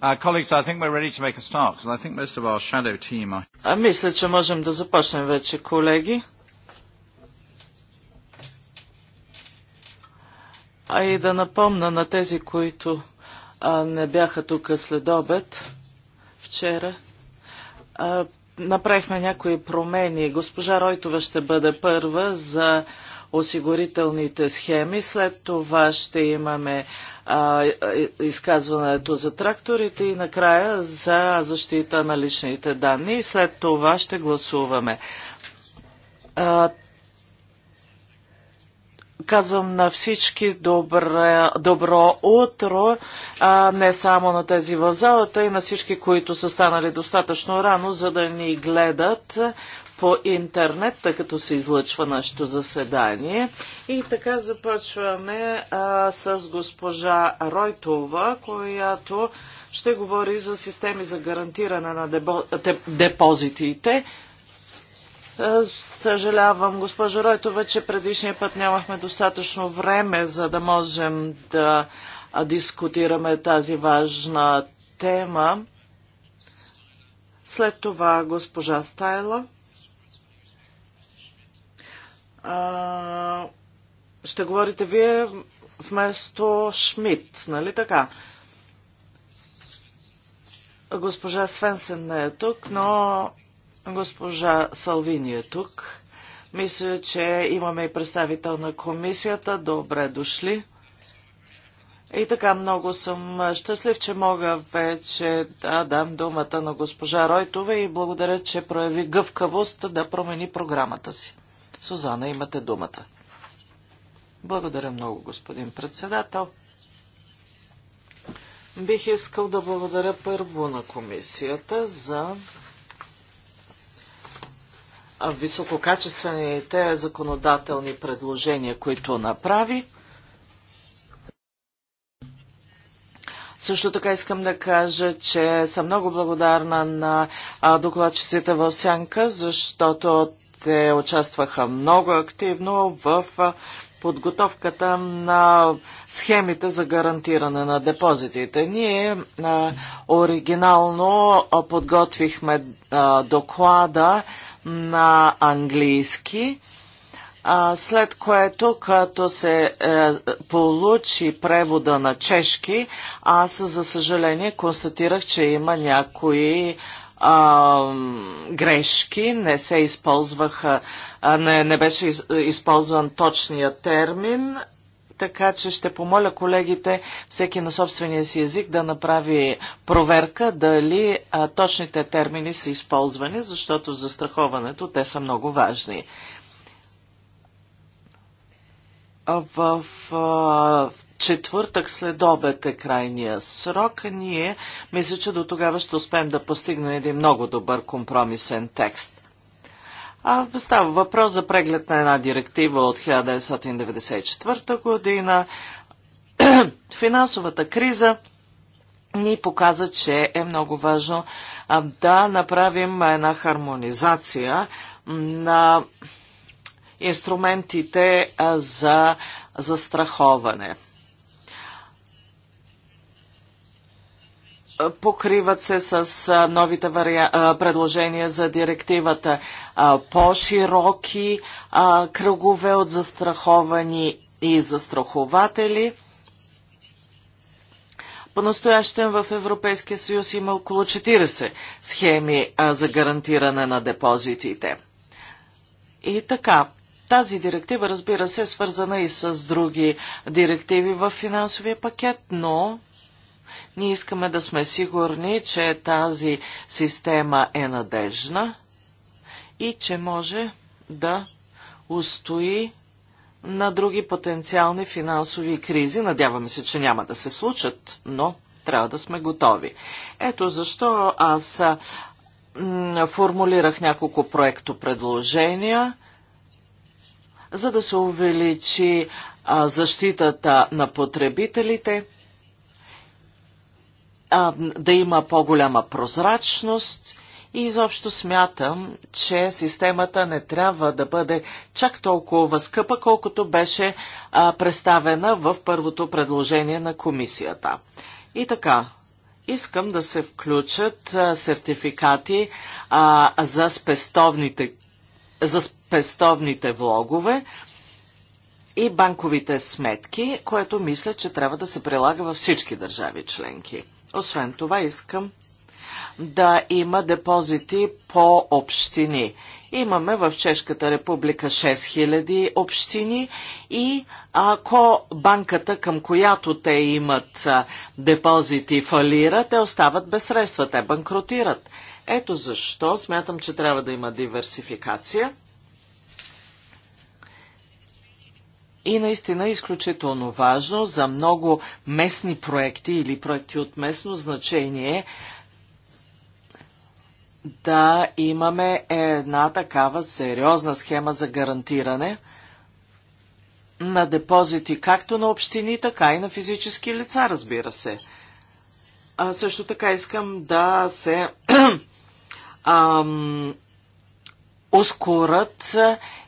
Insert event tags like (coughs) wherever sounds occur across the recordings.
А мисля, че можем да започнем вече, колеги. А и да напомна на тези, които не бяха тук след обед вчера. направихме някои промени. Госпожа Ройтова ще бъде първа за осигурителните схеми. След това ще имаме а, изказването за тракторите и накрая за защита на личните данни. И след това ще гласуваме. А, казвам на всички добре, добро утро, а не само на тези в залата и на всички, които са станали достатъчно рано, за да ни гледат по интернет, тъй като се излъчва нашето заседание. И така започваме а, с госпожа Ройтова, която ще говори за системи за гарантиране на депозитите. Съжалявам, госпожо Ройтова, че предишния път нямахме достатъчно време, за да можем да дискутираме тази важна тема. След това госпожа Стайла а, ще говорите вие вместо Шмидт, нали така? Госпожа Свенсен не е тук, но госпожа Салвини е тук. Мисля, че имаме и представител на комисията. Добре дошли. И така много съм щастлив, че мога вече да дам думата на госпожа Ройтова и благодаря, че прояви гъвкавост да промени програмата си. Сузана, имате думата. Благодаря много, господин председател. Бих искал да благодаря първо на комисията за висококачествените законодателни предложения, които направи. Също така искам да кажа, че съм много благодарна на докладчиците в Сянка, защото те участваха много активно в подготовката на схемите за гарантиране на депозитите. Ние а, оригинално подготвихме а, доклада на английски, а, след което, като се е, получи превода на чешки, аз за съжаление констатирах, че има някои а, грешки, не се използваха, а, не, не беше из, използван точния термин, така че ще помоля колегите, всеки на собствения си език, да направи проверка дали а, точните термини са използвани, защото за застраховането те са много важни. В, в, в четвъртък след обед е крайния срок. Ние мисля, че до тогава ще успеем да постигнем един много добър компромисен текст. А става въпрос за преглед на една директива от 1994 година. (clears throat) Финансовата криза ни показа, че е много важно да направим една хармонизация на инструментите за застраховане. покриват се с новите вариа... предложения за директивата по-широки кръгове от застраховани и застрахователи. По-настоящем в Европейския съюз има около 40 схеми за гарантиране на депозитите. И така, тази директива, разбира се, е свързана и с други директиви в финансовия пакет, но ние искаме да сме сигурни, че тази система е надежна и че може да устои на други потенциални финансови кризи. Надяваме се, че няма да се случат, но трябва да сме готови. Ето защо аз формулирах няколко проекто предложения, за да се увеличи защитата на потребителите а, да има по-голяма прозрачност и изобщо смятам, че системата не трябва да бъде чак толкова скъпа, колкото беше а, представена в първото предложение на комисията. И така, искам да се включат а, сертификати а, за, спестовните, за спестовните влогове и банковите сметки, което мисля, че трябва да се прилага във всички държави членки. Освен това искам да има депозити по общини. Имаме в Чешката република 6000 общини и ако банката, към която те имат депозити, фалира, те остават без средства, те банкротират. Ето защо смятам, че трябва да има диверсификация и наистина е изключително важно за много местни проекти или проекти от местно значение да имаме една такава сериозна схема за гарантиране на депозити, както на общини, така и на физически лица, разбира се. А, също така искам да се (clears throat) ам, ускорат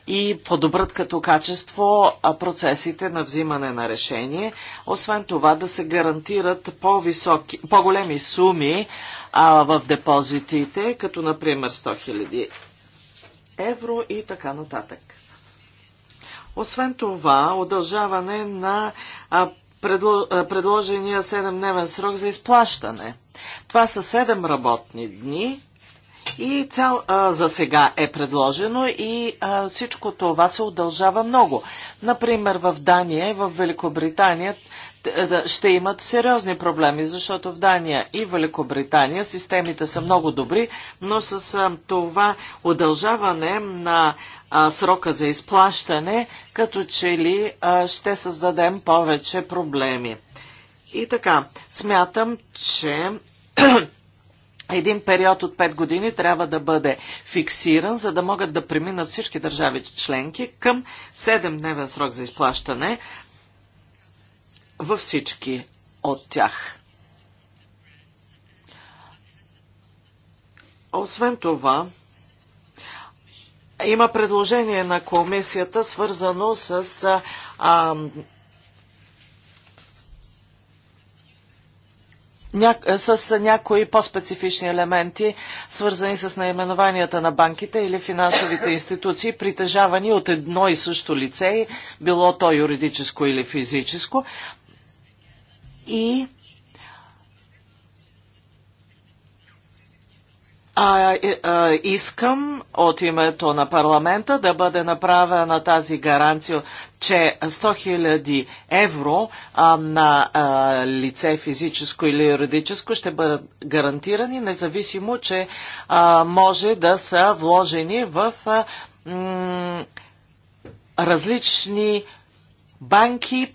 и подобрат като качество процесите на взимане на решение. Освен това да се гарантират по-високи, по-големи суми а, в депозитите, като например 100 000 евро и така нататък. Освен това, удължаване на а, предложения 7-дневен срок за изплащане. Това са 7 работни дни и цял а, за сега е предложено и а, всичко това се удължава много. Например, в Дания и в Великобритания е, ще имат сериозни проблеми, защото в Дания и Великобритания системите са много добри, но с това удължаване на срока за изплащане, като че ли ще създадем повече проблеми. И така, смятам, че един период от 5 години трябва да бъде фиксиран, за да могат да преминат всички държави членки към 7-дневен срок за изплащане във всички от тях. Освен това, има предложение на комисията, свързано с а, ня... Е, с някои по-специфични елементи, свързани с наименованията на банките или финансовите институции, притежавани от едно и също лице, било то юридическо или физическо. И а, е, а, искам от името на парламента да бъде направена тази гаранция, че 100 000 евро а, на а, лице физическо или юридическо ще бъдат гарантирани, независимо, че а, може да са вложени в а, различни банки,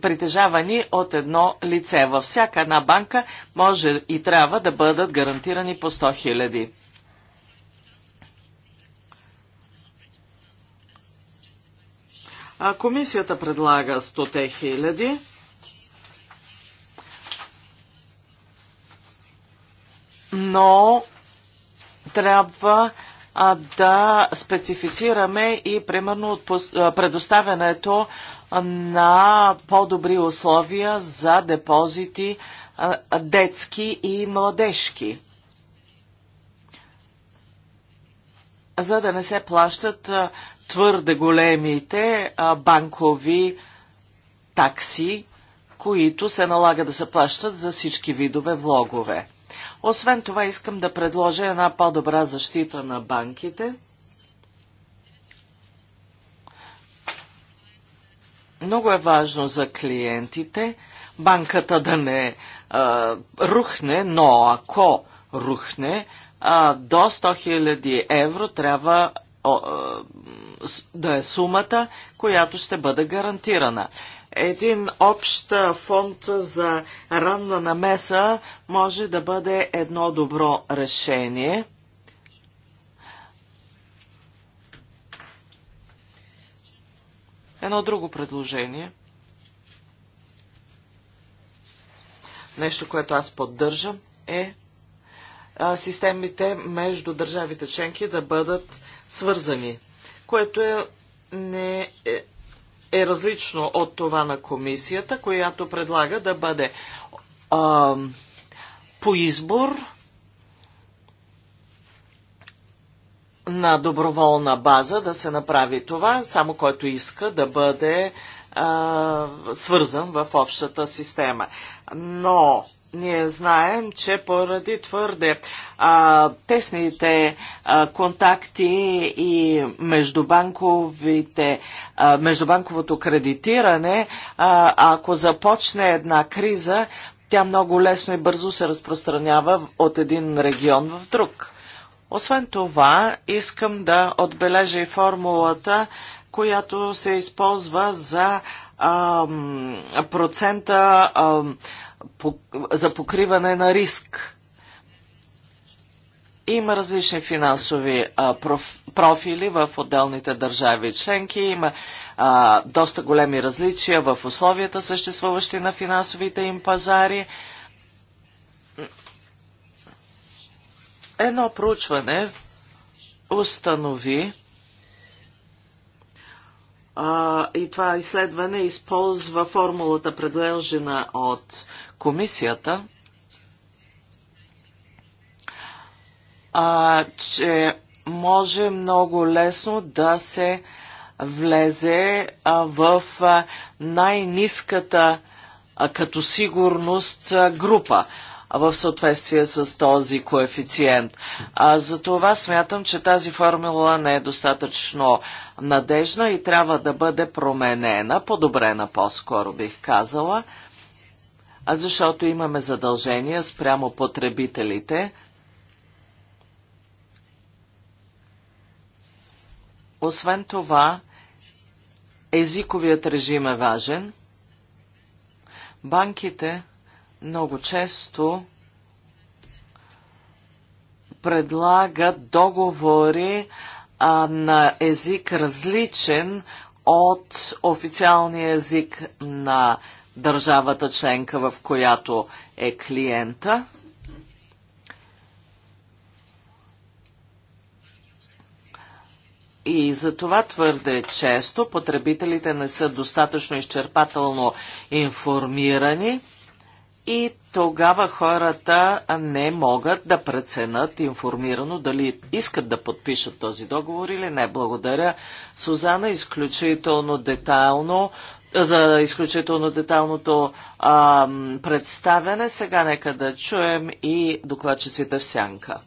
притежавани от едно лице. Във всяка една банка може и трябва да бъдат гарантирани по 100 хиляди. Комисията предлага 100 хиляди. Но трябва да специфицираме и примерно предоставянето на по-добри условия за депозити детски и младежки. За да не се плащат твърде големите банкови такси, които се налага да се плащат за всички видове влогове. Освен това искам да предложа една по-добра защита на банките. Много е важно за клиентите банката да не а, рухне, но ако рухне, а, до 100 000 евро трябва да е сумата, която ще бъде гарантирана един общ фонд за ранна намеса може да бъде едно добро решение. Едно друго предложение. Нещо, което аз поддържам е системите между държавите членки да бъдат свързани, което е не е е различно от това на комисията, която предлага да бъде а, по избор на доброволна база да се направи това, само който иска да бъде а, свързан в общата система. Но ние знаем, че поради твърде а, тесните а, контакти и междубанковите, а, междубанковото кредитиране, а, ако започне една криза, тя много лесно и бързо се разпространява от един регион в друг. Освен това, искам да отбележа и формулата, която се използва за а, процента а, за покриване на риск. Има различни финансови а, проф, профили в отделните държави членки. Има а, доста големи различия в условията, съществуващи на финансовите им пазари. Едно проучване установи, а, и това изследване използва формулата, предложена от комисията, а, че може много лесно да се влезе а, в най-низката като сигурност група в съответствие с този коефициент. А, за това смятам, че тази формула не е достатъчно надежна и трябва да бъде променена, подобрена по-скоро бих казала, а защото имаме задължения спрямо потребителите, Освен това, езиковият режим е важен. Банките много често предлагат договори а, на език различен от официалния език на държавата членка, в която е клиента. И за това твърде често потребителите не са достатъчно изчерпателно информирани и тогава хората не могат да преценят информирано дали искат да подпишат този договор или не. Благодаря Сузана изключително детайлно за изключително детайлното а, представяне. Сега нека да чуем и докладчиците в сянка.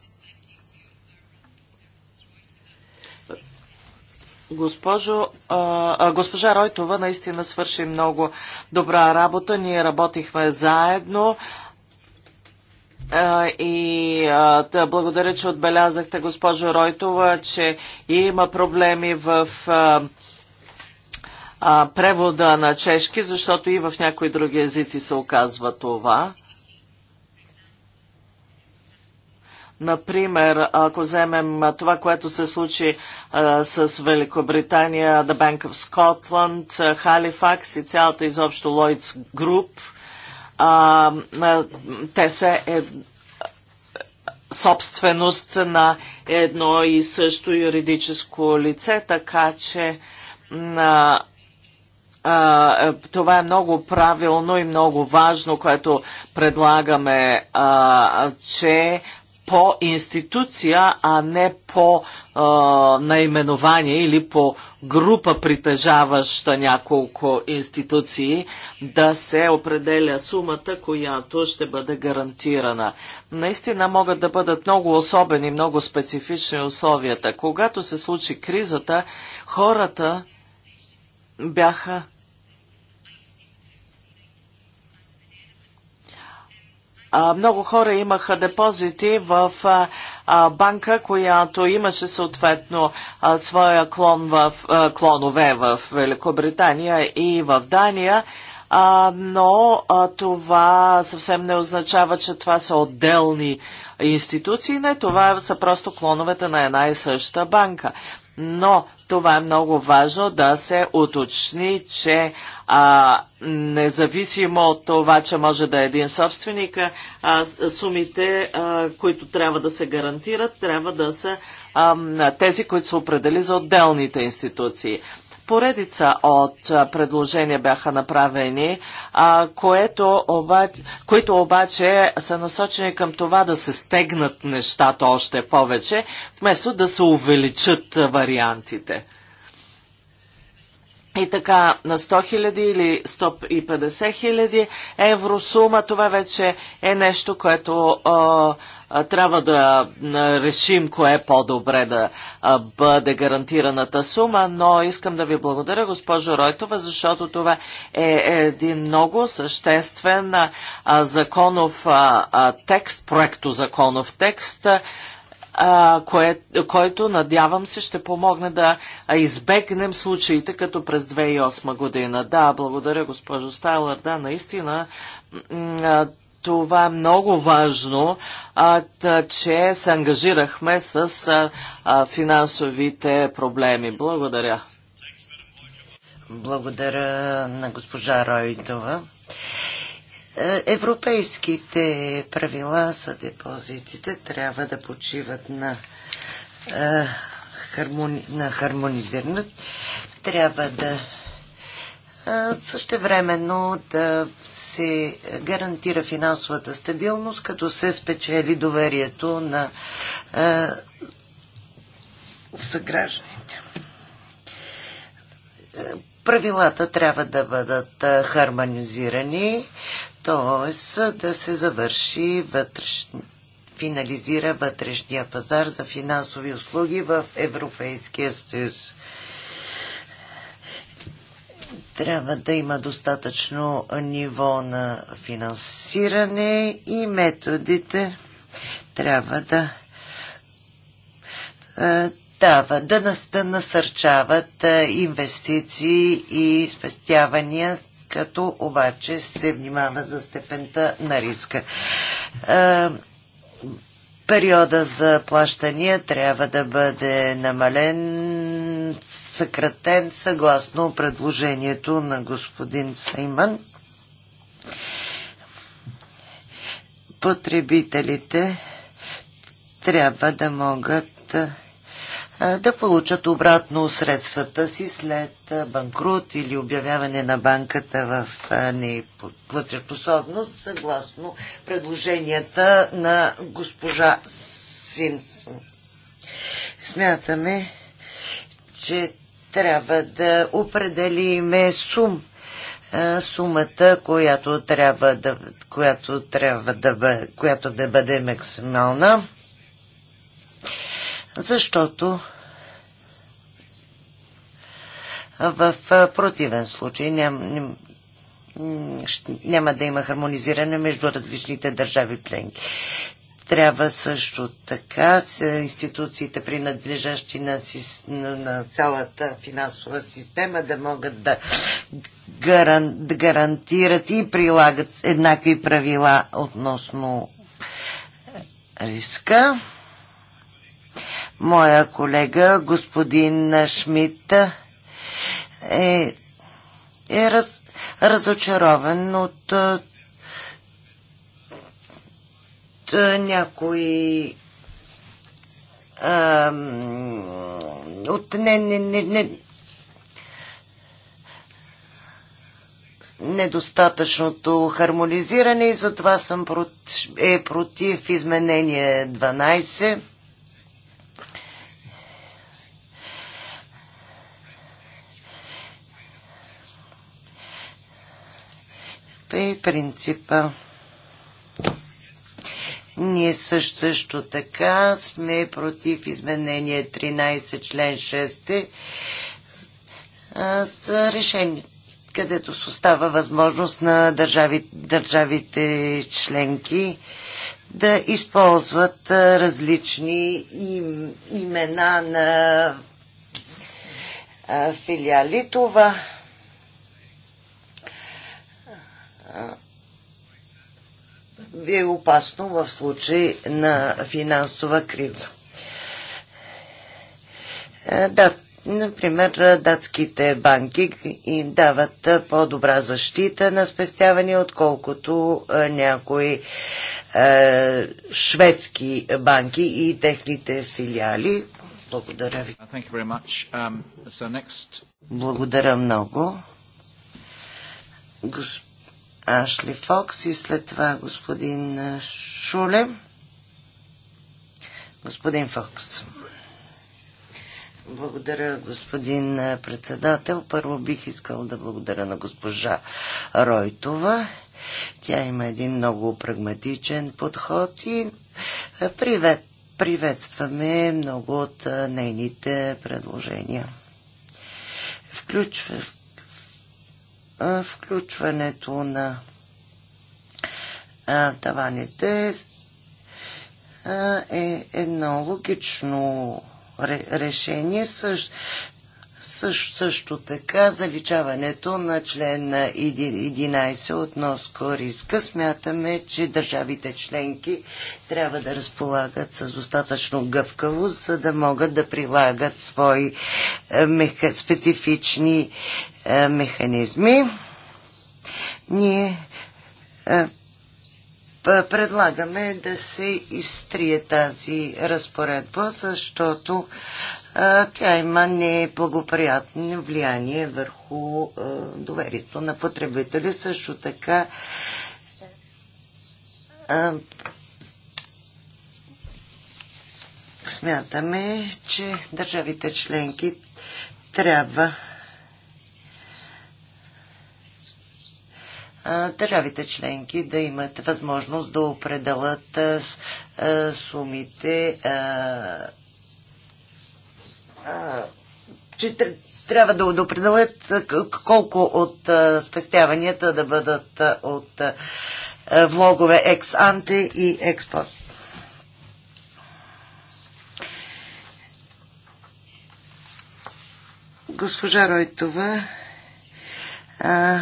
Госпожо, а, госпожа Ройтова наистина свърши много добра работа. Ние работихме заедно и да, благодаря, че отбелязахте, госпожо Ройтова, че има проблеми в а, а, превода на чешки, защото и в някои други езици се оказва това. Например, ако вземем това, което се случи а, с Великобритания, The Bank of Scotland, Халифакс и цялата изобщо Lloyds Group, а, а, те се е, собственост на едно и също юридическо лице, така че а, а, е, това е много правилно и много важно, което предлагаме, а, че по институция, а не по а, наименование или по група, притежаваща няколко институции, да се определя сумата, която ще бъде гарантирана. Наистина могат да бъдат много особени, много специфични условията. Когато се случи кризата, хората бяха а, много хора имаха депозити в а, банка, която имаше съответно а, своя клон в, а, клонове в Великобритания и в Дания. А, но а, това съвсем не означава, че това са отделни институции. Не, това са просто клоновете на една и съща банка. Но това е много важно да се уточни, че а, независимо от това, че може да е един собственик, а, сумите, а, които трябва да се гарантират, трябва да са а, тези, които се определи за отделните институции поредица от предложения бяха направени, а, което обаче, които обаче са насочени към това да се стегнат нещата още повече, вместо да се увеличат вариантите. И така, на 100 000 или 150 000 евро сума, това вече е нещо, което а, трябва да решим кое е по-добре да бъде гарантираната сума, но искам да ви благодаря, госпожо Ройтова, защото това е един много съществен законов текст, проекто законов текст, който надявам се ще помогне да избегнем случаите като през 2008 година. Да, благодаря госпожо Стайлър, да, наистина това е много важно, а, та, че се ангажирахме с а, а, финансовите проблеми. Благодаря. Благодаря на госпожа Ройтова. Е, европейските правила за депозитите трябва да почиват на, е, хармони, на хармонизиране. Трябва да същевременно да се гарантира финансовата стабилност, като се спечели доверието на съгражданите. Правилата трябва да бъдат хармонизирани, т.е. да се завърши вътрешно финализира вътрешния пазар за финансови услуги в Европейския съюз трябва да има достатъчно ниво на финансиране и методите трябва да е, дава, да, да насърчават е, инвестиции и спестявания, като обаче се внимава за степента на риска. Е, Периода за плащания трябва да бъде намален, съкратен съгласно предложението на господин Сайман. Потребителите трябва да могат да получат обратно средствата си след банкрут или обявяване на банката в неплатежпособност, съгласно предложенията на госпожа Симсон. Смятаме, че трябва да определиме сум, сумата, която трябва да, която трябва да, която да бъде максимална защото в противен случай няма, няма да има хармонизиране между различните държави членки. Трябва също така институциите, принадлежащи на, на цялата финансова система, да могат да гарантират и прилагат еднакви правила относно риска моя колега господин Шмидт е, е раз, разочарован от, от, е, някои а, от не, не, не, не, недостатъчното хармонизиране и затова съм прот, е против изменение 12 и принципа. Ние също, също така сме против изменение 13 член 6 за решение, където се остава възможност на държави, държавите членки да използват различни им, имена на филиали. Това е опасно в случай на финансова криза. Е, да, например, датските банки им дават по-добра защита на спестяване, отколкото е, някои е, шведски банки и техните филиали. Благодаря ви. Um, Благодаря много. Господин Ашли Фокс и след това господин Шуле. Господин Фокс. Благодаря, господин председател. Първо бих искал да благодаря на госпожа Ройтова. Тя има един много прагматичен подход и привет, приветстваме много от нейните предложения. Включва, включването на таваните е едно логично решение. Също, също, така заличаването на член 11 относно риска. Смятаме, че държавите членки трябва да разполагат с достатъчно гъвкавост, за да могат да прилагат свои е, специфични е, механизми. Ние е, предлагаме да се изтрие тази разпоредба, защото е, тя има неблагоприятно влияние върху доверието на потребители. Също така смятаме, че държавите членки трябва държавите членки да имат възможност да определят сумите че трябва да, определят колко от спестяванията да бъдат от влогове ex-ante и експост. Госпожа Ройтова а,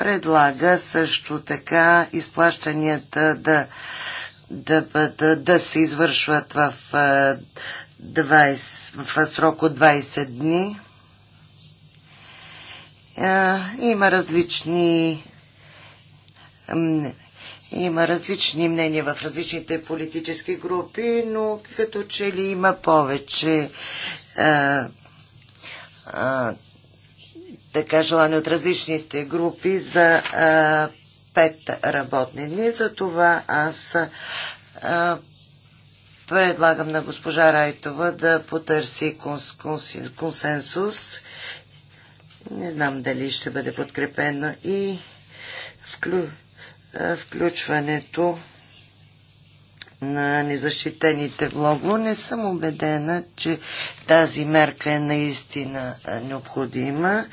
Предлага също така изплащанията да, да, да, да се извършват в, 20, в срок от 20 дни. Има различни има различни мнения в различните политически групи, но като че ли има повече а, а, така желани от различните групи за пет работни дни. За това аз предлагам на госпожа Райтова да потърси консенсус. Не знам дали ще бъде подкрепено и включването на незащитените влогове. Не съм убедена, че тази мерка е наистина необходима.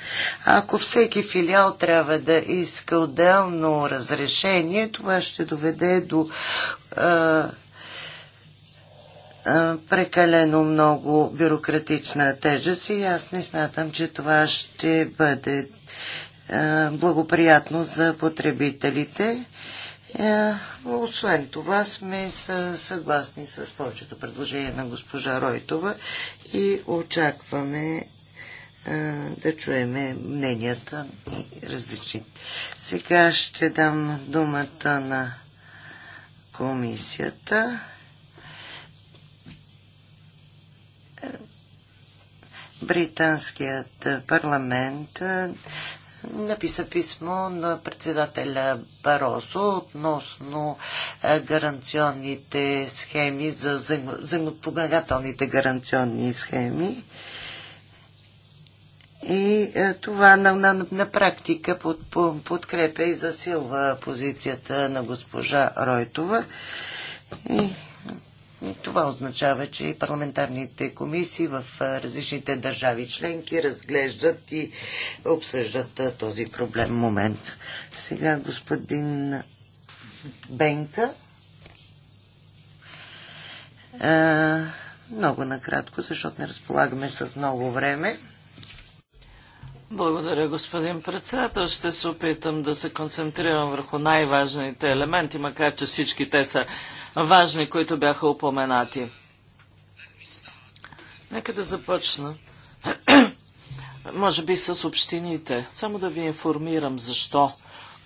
Ако всеки филиал трябва да иска отделно разрешение, това ще доведе до прекалено много бюрократична тежест и аз не смятам, че това ще бъде благоприятно за потребителите. Е, освен това сме съгласни с повечето предложения на госпожа Ройтова и очакваме е, да чуеме мненията и различните. Сега ще дам думата на комисията. Е, Британският парламент написа писмо на председателя Баросо относно е, гаранционните схеми, за взаимопомагателните гаранционни схеми. И е, това на, на, на практика под, подкрепя и засилва позицията на госпожа Ройтова. И това означава, че и парламентарните комисии в различните държави членки разглеждат и обсъждат този проблем момент. Сега господин Бенка. много накратко, защото не разполагаме с много време. Благодаря, господин председател. Ще се опитам да се концентрирам върху най-важните елементи, макар че всички те са важни, които бяха упоменати. Нека да започна. (clears throat) Може би с общините. Само да ви информирам защо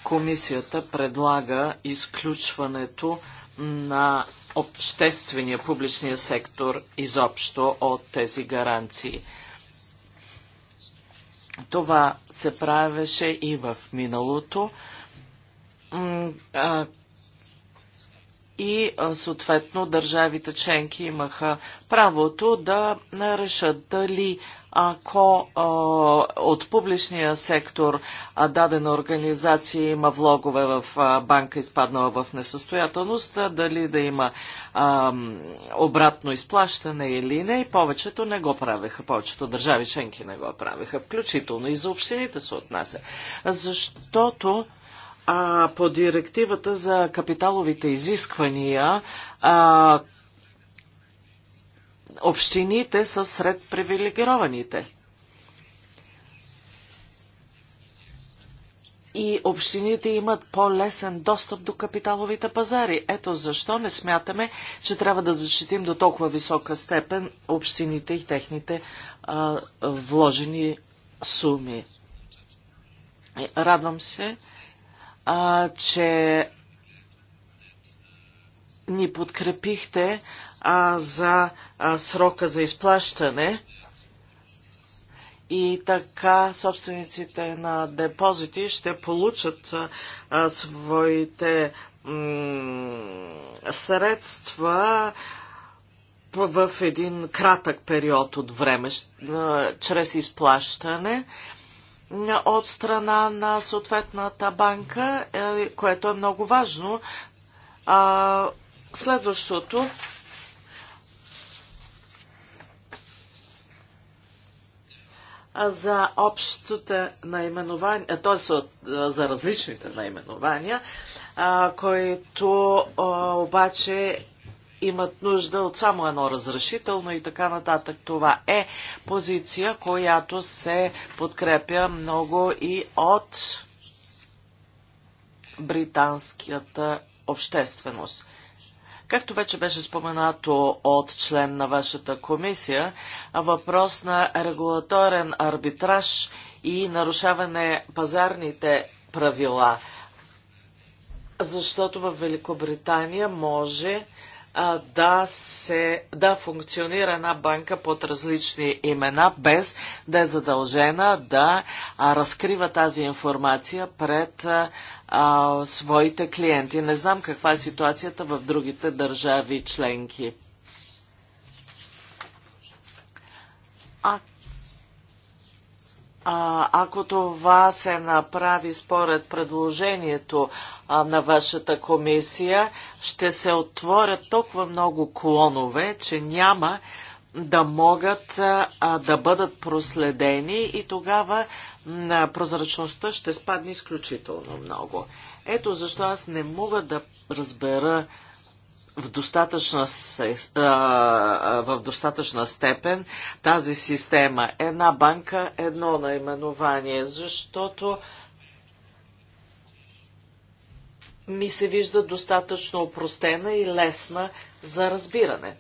комисията предлага изключването на обществения, публичния сектор изобщо от тези гаранции – това се правеше и в миналото. И съответно държавите членки имаха правото да решат дали ако а, от публичния сектор а, дадена организация има влогове в а, банка, изпаднала в несъстоятелност, а, дали да има а, обратно изплащане или не, и повечето не го правеха, повечето държави членки не го правеха, включително и за общините се отнася. Защото а, по директивата за капиталовите изисквания, а, общините са сред привилегированите. и общините имат по-лесен достъп до капиталовите пазари. Ето защо не смятаме, че трябва да защитим до толкова висока степен общините и техните а, вложени суми. Е, радвам се, а, че ни подкрепихте а, за а, срока за изплащане и така собствениците на депозити ще получат а, своите средства в един кратък период от време, чрез изплащане от страна на съответната банка, е, което е много важно. Следващото за общите наименования, т.е. за различните наименования, които обаче имат нужда от само едно разрешително и така нататък. Това е позиция, която се подкрепя много и от британската общественост. Както вече беше споменато от член на вашата комисия, въпрос на регулаторен арбитраж и нарушаване пазарните правила. Защото в Великобритания може да, се, да функционира една банка под различни имена, без да е задължена да разкрива тази информация пред а, своите клиенти. Не знам каква е ситуацията в другите държави членки. А, ако това се направи според предложението а, на вашата комисия, ще се отворят толкова много клонове, че няма да могат а, да бъдат проследени и тогава а, прозрачността ще спадне изключително много. Ето защо аз не мога да разбера в достатъчна, в достатъчна степен тази система. Една банка, едно наименование, защото ми се вижда достатъчно опростена и лесна за разбиране.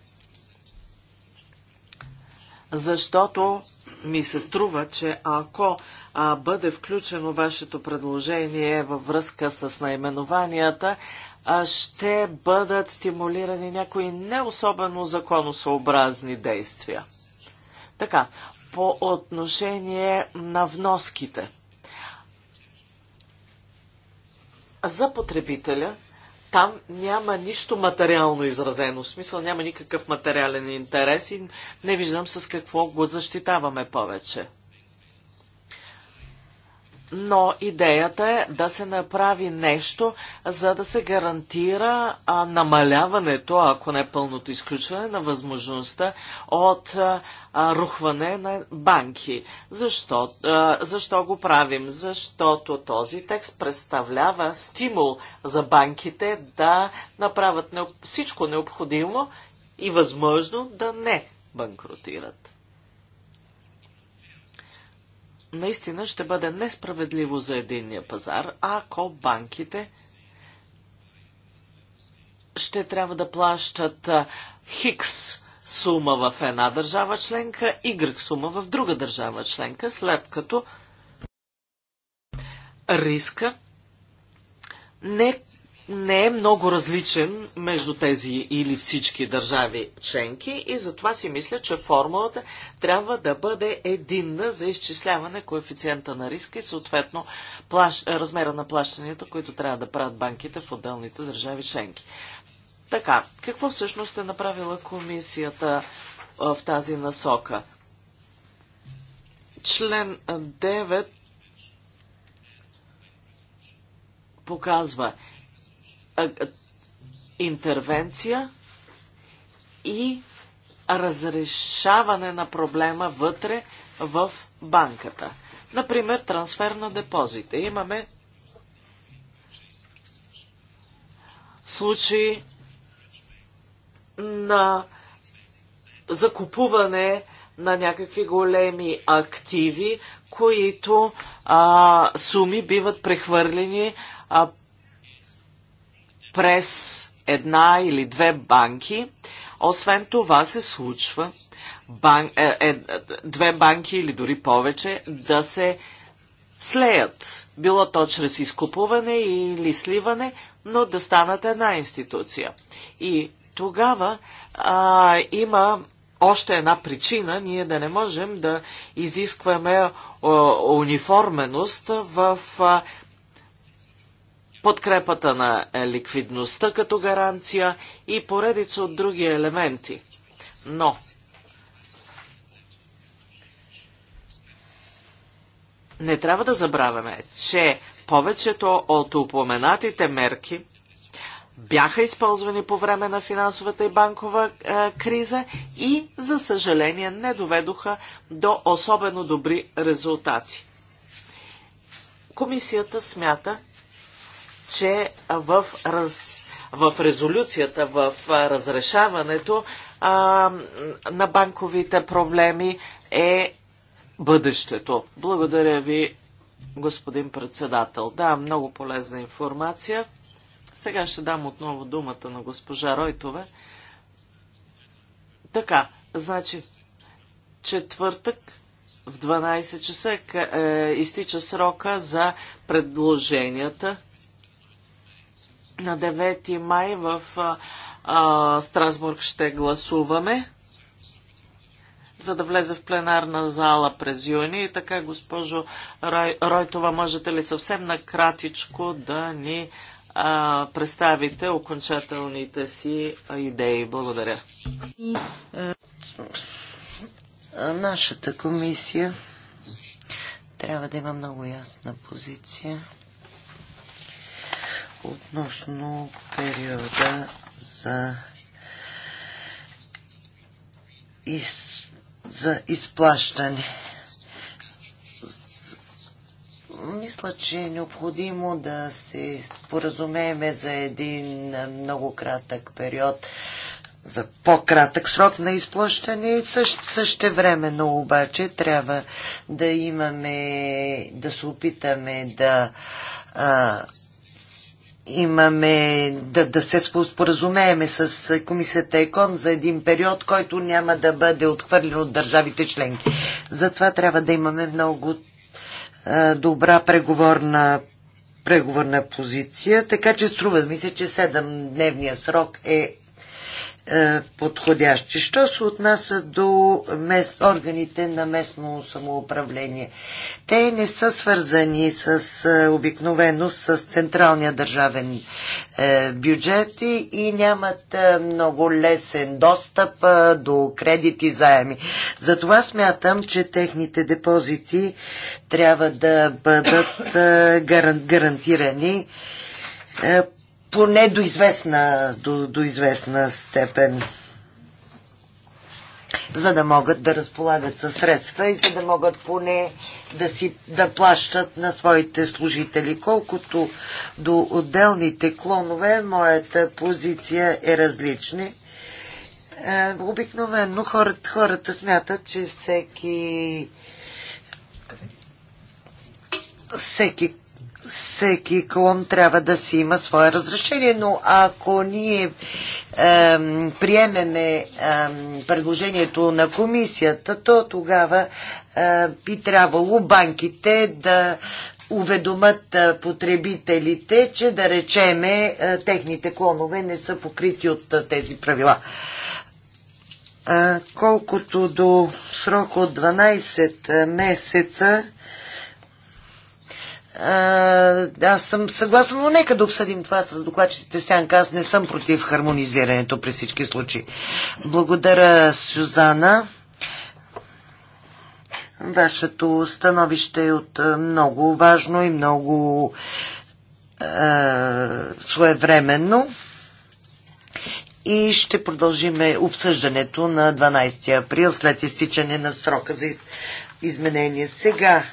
Защото ми се струва, че ако а, бъде включено вашето предложение във връзка с наименованията, ще бъдат стимулирани някои не особено законосъобразни действия. Така, по отношение на вноските. За потребителя там няма нищо материално изразено. В смисъл няма никакъв материален интерес и не виждам с какво го защитаваме повече но идеята е да се направи нещо, за да се гарантира а, намаляването, ако не пълното изключване, на възможността от а, рухване на банки. Защо, а, защо го правим? Защото този текст представлява стимул за банките да направят всичко необходимо и възможно да не банкротират наистина ще бъде несправедливо за единния пазар, ако банките ще трябва да плащат хикс сума в една държава членка, Y сума в друга държава членка, след като риска не не е много различен между тези или всички държави членки и затова си мисля, че формулата трябва да бъде единна за изчисляване коефициента на риска и съответно плащ, размера на плащанията, които трябва да правят банките в отделните държави членки. Така, какво всъщност е направила комисията в тази насока? Член 9 показва, интервенция и разрешаване на проблема вътре в банката. Например, трансфер на депозите. Имаме случаи на закупуване на някакви големи активи, които а, суми биват прехвърлени а, през една или две банки. Освен това се случва бан, е, е, две банки или дори повече да се слеят, било то чрез изкупуване или сливане, но да станат една институция. И тогава а, има още една причина ние да не можем да изискваме униформеност в а, подкрепата на ликвидността като гаранция и поредица от други елементи. Но не трябва да забравяме, че повечето от упоменатите мерки бяха използвани по време на финансовата и банкова е, криза и, за съжаление, не доведоха до особено добри резултати. Комисията смята, че в, раз, в резолюцията, в разрешаването а, на банковите проблеми е бъдещето. Благодаря ви, господин председател. Да, много полезна информация. Сега ще дам отново думата на госпожа Ройтове. Така, значи, четвъртък в 12 часа е, изтича срока за предложенията на 9 май в а, Страсбург ще гласуваме, за да влезе в пленарна зала през юни. И така, госпожо Рой, Ройтова, можете ли съвсем накратичко да ни а, представите окончателните си идеи? Благодаря. Нашата комисия трябва да има много ясна позиция относно периода за, из, за изплащане. Мисля, че е необходимо да се споразумееме за един много кратък период, за по-кратък срок на изплащане. Също, но обаче трябва да имаме, да се опитаме да а, имаме да, да се споразумееме с комисията ЕКОН за един период, който няма да бъде отхвърлен от държавите членки. Затова трябва да имаме много а, добра преговорна, преговорна позиция, така че струва ми се, че 7-дневния срок е е, подходящи. Що се отнася до мес, органите на местно самоуправление? Те не са свързани с е, обикновено с централния държавен е, бюджет и нямат много лесен достъп до кредити заеми. Затова смятам, че техните депозити трябва да бъдат гарантирани поне до известна, до, до известна степен, за да могат да разполагат със средства и за да могат поне да, си, да плащат на своите служители. Колкото до отделните клонове, моята позиция е различна. Е, обикновено хората, хората смятат, че всеки всеки всеки клон трябва да си има свое разрешение, но ако ние е, приемеме е, предложението на комисията, то тогава е, би трябвало банките да уведомат е, потребителите, че да речеме е, техните клонове не са покрити от е, тези правила. Е, колкото до срок от 12 е, месеца, аз съм съгласна, но нека да обсъдим това с докладчиците сянка. Аз не съм против хармонизирането при всички случаи. Благодаря, Сюзана. Вашето становище е от много важно и много а, своевременно. И ще продължиме обсъждането на 12 април след изтичане на срока за изменение. Сега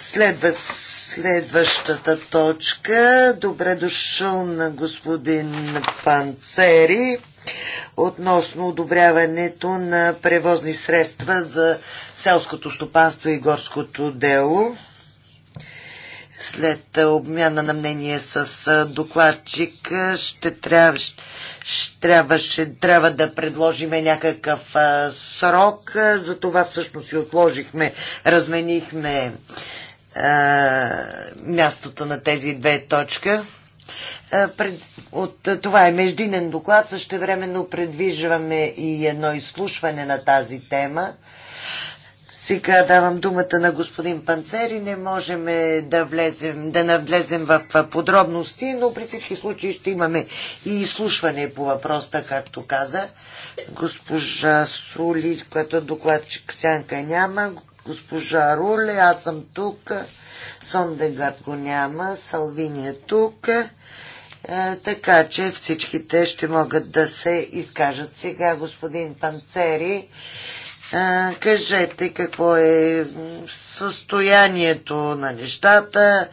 Следва следващата точка. Добре дошъл на господин Панцери относно одобряването на превозни средства за селското стопанство и горското дело. След обмяна на мнение с докладчик ще, трябва, ще, трябва, ще трябва да предложим някакъв срок. За това всъщност и отложихме, разменихме мястото на тези две точки. От, това е междинен доклад, същевременно предвижваме и едно изслушване на тази тема. Сега давам думата на господин Панцери. Не можем да, влезем, да навлезем в подробности, но при всички случаи ще имаме и изслушване по въпроса, както каза госпожа Сули, която докладчик сянка няма, госпожа Руле, аз съм тук, Сондегард го няма, Салвини е тук, е, така че всичките ще могат да се изкажат. Сега господин Панцери, е, кажете какво е състоянието на нещата,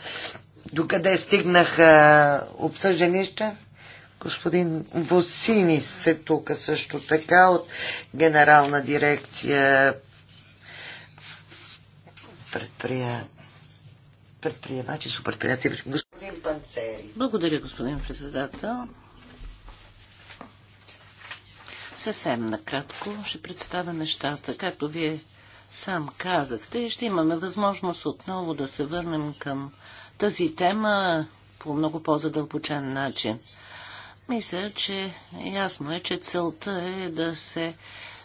докъде стигнаха обсъжданища? Господин Восинис е тук също така от Генерална дирекция предприятия предприемачи с предприятие. Господин Панцери. Благодаря, господин председател. Съвсем накратко ще представя нещата, както вие сам казахте, и ще имаме възможност отново да се върнем към тази тема по много по-задълбочен начин. Мисля, че ясно е, че целта е да се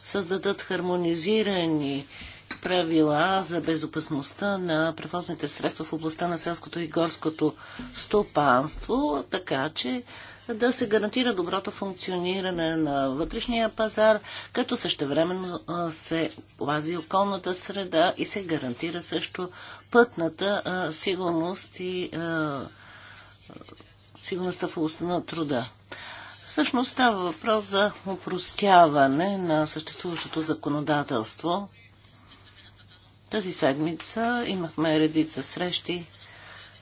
създадат хармонизирани правила за безопасността на превозните средства в областта на селското и горското стопанство, така че да се гарантира доброто функциониране на вътрешния пазар, като същевременно се пази околната среда и се гарантира също пътната сигурност и сигурността в областта на труда. Всъщност става въпрос за упростяване на съществуващото законодателство тази седмица имахме редица срещи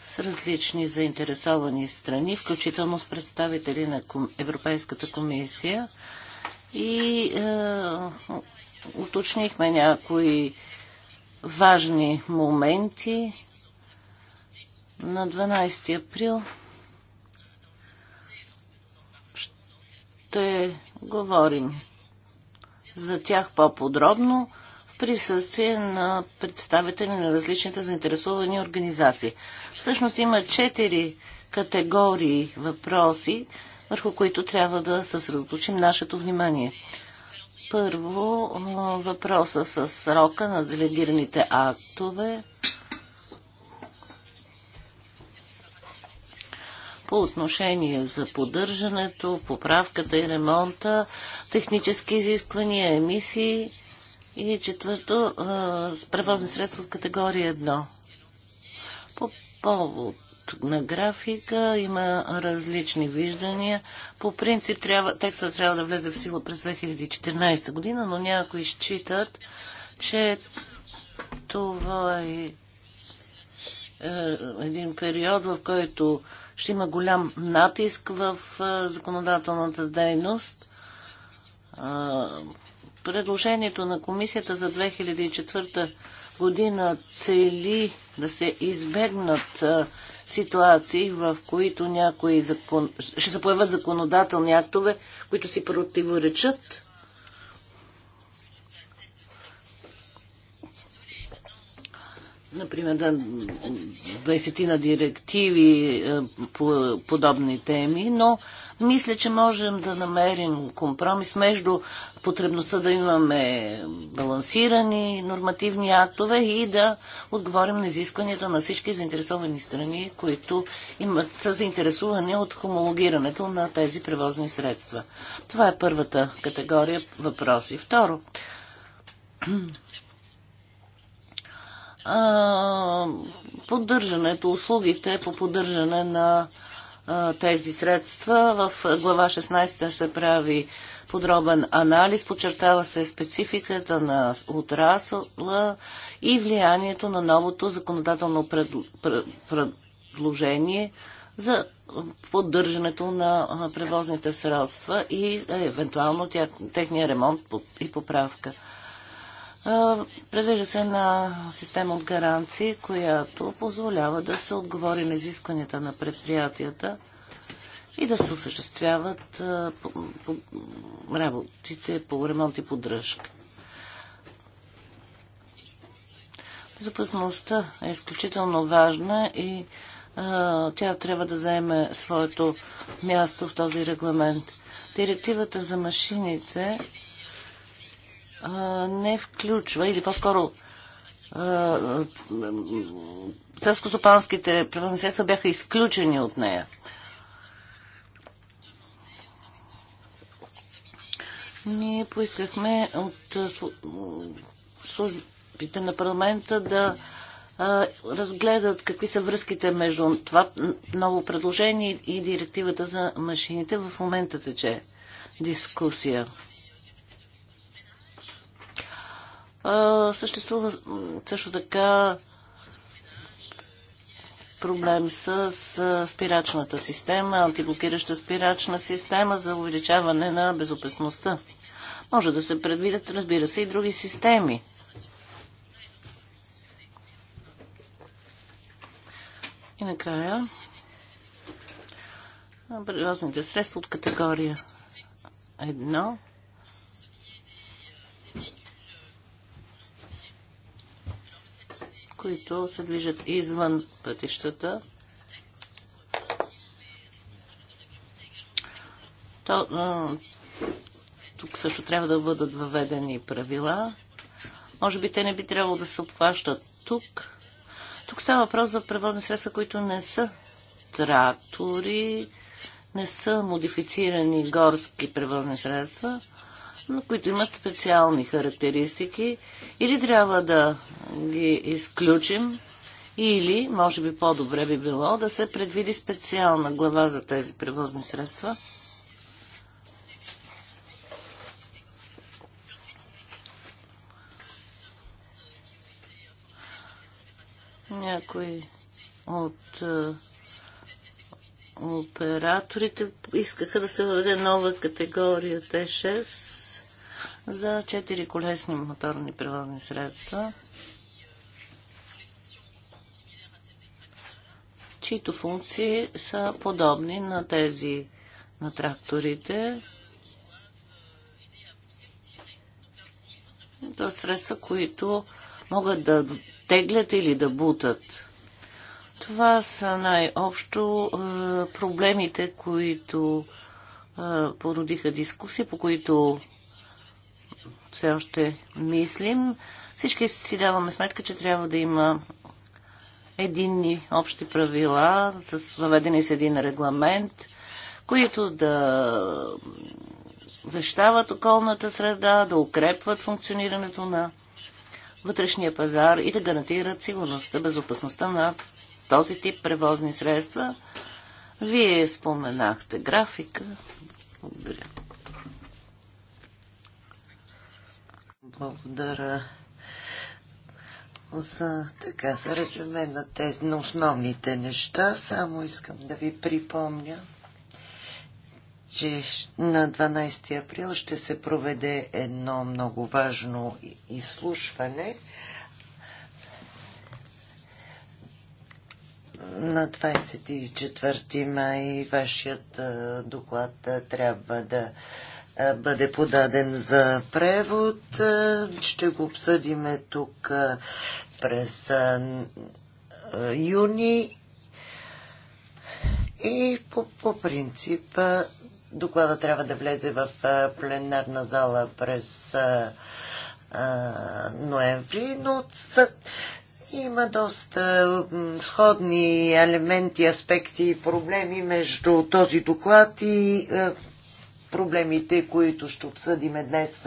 с различни заинтересовани страни, включително с представители на Европейската комисия и е, уточнихме някои важни моменти. На 12 април ще говорим за тях по-подробно присъствие на представители на различните заинтересовани организации. Всъщност има четири категории въпроси, върху които трябва да съсредоточим нашето внимание. Първо, въпроса с срока на делегираните актове. По отношение за поддържането, поправката и ремонта, технически изисквания, емисии, и четвърто, с превозни средства от категория 1. По повод на графика има различни виждания. По принцип трябва, текстът трябва да влезе в сила през 2014 година, но някои считат, че това е, е един период, в който ще има голям натиск в е, законодателната дейност Предложението на комисията за 2004 година цели да се избегнат ситуации, в които някои закон... ще се появят законодателни актове, които си противоречат например, да, на директиви е, по подобни теми, но мисля, че можем да намерим компромис между потребността да имаме балансирани нормативни актове и да отговорим на изискванията на всички заинтересовани страни, които имат, са заинтересувани от хомологирането на тези превозни средства. Това е първата категория въпроси. Второ, поддържането, услугите по поддържане на тези средства. В глава 16 се прави подробен анализ, подчертава се спецификата на отрасла и влиянието на новото законодателно предложение за поддържането на превозните средства и е, евентуално техния ремонт и поправка. Предвижда се една система от гаранции, която позволява да се отговори на изискванията на предприятията и да се осъществяват работите по ремонт и поддръжка. Безопасността е изключително важна и а, тя трябва да заеме своето място в този регламент. Директивата за машините не включва, или по-скоро селскостопанските правенсества бяха изключени от нея. Ние поискахме от службите на парламента да разгледат какви са връзките между това ново предложение и директивата за машините. В момента тече дискусия. съществува също така проблем с, с спирачната система, антиблокираща спирачна система за увеличаване на безопасността. Може да се предвидят, разбира се, и други системи. И накрая превозните средства от категория 1 които се движат извън пътищата. То, тук също трябва да бъдат въведени правила. Може би те не би трябвало да се обхващат тук. Тук става въпрос за превозни средства, които не са трактори, не са модифицирани горски превозни средства – които имат специални характеристики, или трябва да ги изключим, или, може би по-добре би било, да се предвиди специална глава за тези превозни средства. Някои от е, операторите искаха да се въведе нова категория Т6 за 4 колесни моторни природни средства, чието функции са подобни на тези на тракторите. Това средства, които могат да теглят или да бутат. Това са най-общо е, проблемите, които е, породиха дискусии, по които все още мислим. Всички си даваме сметка, че трябва да има единни общи правила, с въведени с един регламент, които да защитават околната среда, да укрепват функционирането на вътрешния пазар и да гарантират сигурността, безопасността на този тип превозни средства. Вие споменахте графика. Благодаря. Благодаря за така за резюме на тези на основните неща. Само искам да ви припомня, че на 12 април ще се проведе едно много важно изслушване. На 24 май вашият доклад трябва да бъде подаден за превод. Ще го обсъдиме тук през юни. И по, по принцип доклада трябва да влезе в пленарна зала през ноември, но съд има доста сходни елементи, аспекти и проблеми между този доклад и проблемите, които ще обсъдиме днес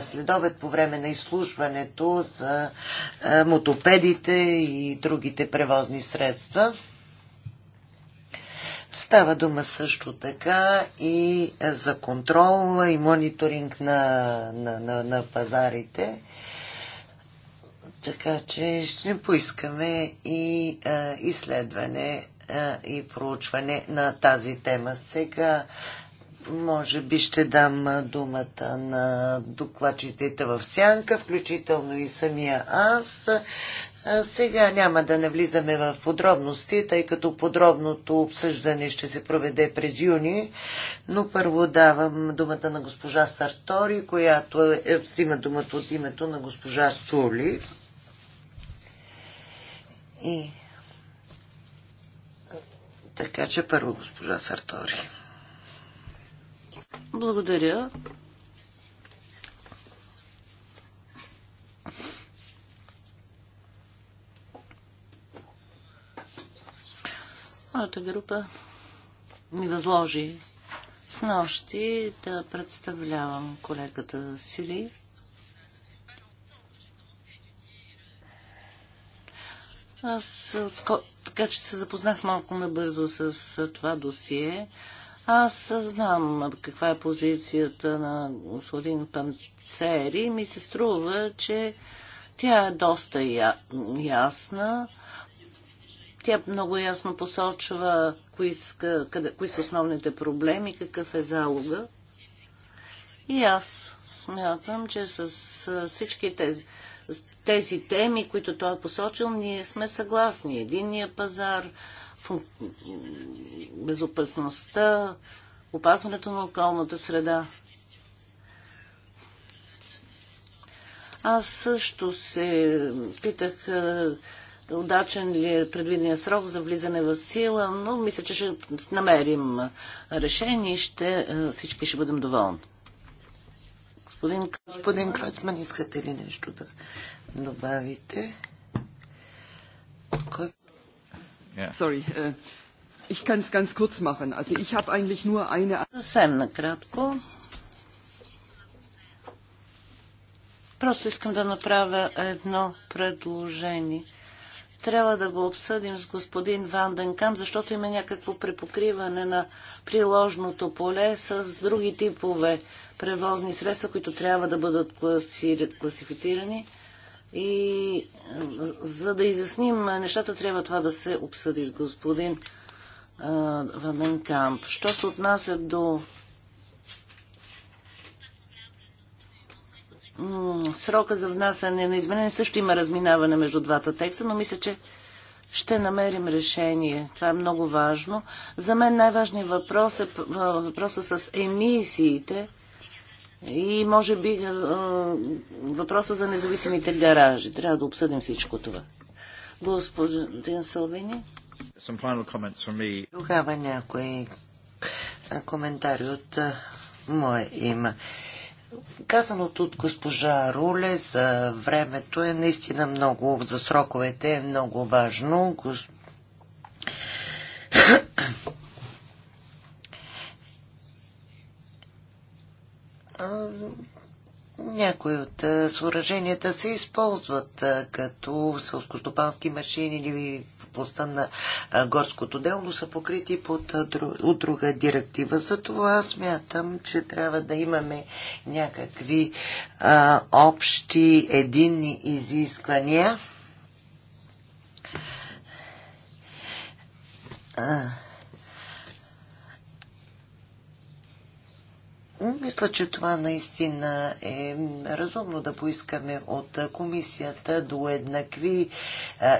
следовет по време на изслушването за мотопедите и другите превозни средства. Става дума също така и за контрол и мониторинг на, на, на, на пазарите. Така че ще поискаме и а, изследване а, и проучване на тази тема. Сега може би ще дам думата на докладчиците в сянка, включително и самия аз. Сега няма да навлизаме в подробности, тъй като подробното обсъждане ще се проведе през юни, но първо давам думата на госпожа Сартори, която е, е взима думата от името на госпожа Сули. И... Така че първо госпожа Сартори. Благодаря. Моята група ми възложи с нощи да представлявам колегата Сюли. Аз така че се запознах малко набързо с това досие. Аз знам каква е позицията на господин Панцери. Ми се струва, че тя е доста я... ясна. Тя много ясно посочва кои, къде, кои са основните проблеми, какъв е залога. И аз смятам, че с всички тези, тези теми, които той е посочил, ние сме съгласни. Единния пазар, безопасността, опазването на околната среда. Аз също се питах удачен ли е предвидения срок за влизане в сила, но мисля, че ще намерим решение и ще, всички ще бъдем доволни. Господин, господин Кротман, искате ли нещо да добавите? Кой? Sorry. Äh, ich kann es ganz kurz machen. Also ich habe eigentlich nur eine... Съвсем Просто искам да направя едно предложение. Трябва да го обсъдим с господин Ванденкам, защото има някакво препокриване на приложното поле с други типове превозни средства, които трябва да бъдат класифицирани. И за да изясним нещата, трябва това да се обсъди с господин Вамен Камп. Що се отнася до срока за внасяне на изменение, също има разминаване между двата текста, но мисля, че ще намерим решение. Това е много важно. За мен най-важният въпрос е въпроса с емисиите и може би въпроса за независимите гаражи. Трябва да обсъдим всичко това. Господин Салвини. Тогава някои коментари от мое има. Казаното от госпожа Руле за времето е наистина много, за сроковете е много важно. Гос... някои от съоръженията се използват като сълскостопански машини или в областта на горското дело, но са покрити под, от друга директива. Затова аз мятам, че трябва да имаме някакви а, общи, единни изисквания. А Мисля, че това наистина е разумно да поискаме от комисията до еднакви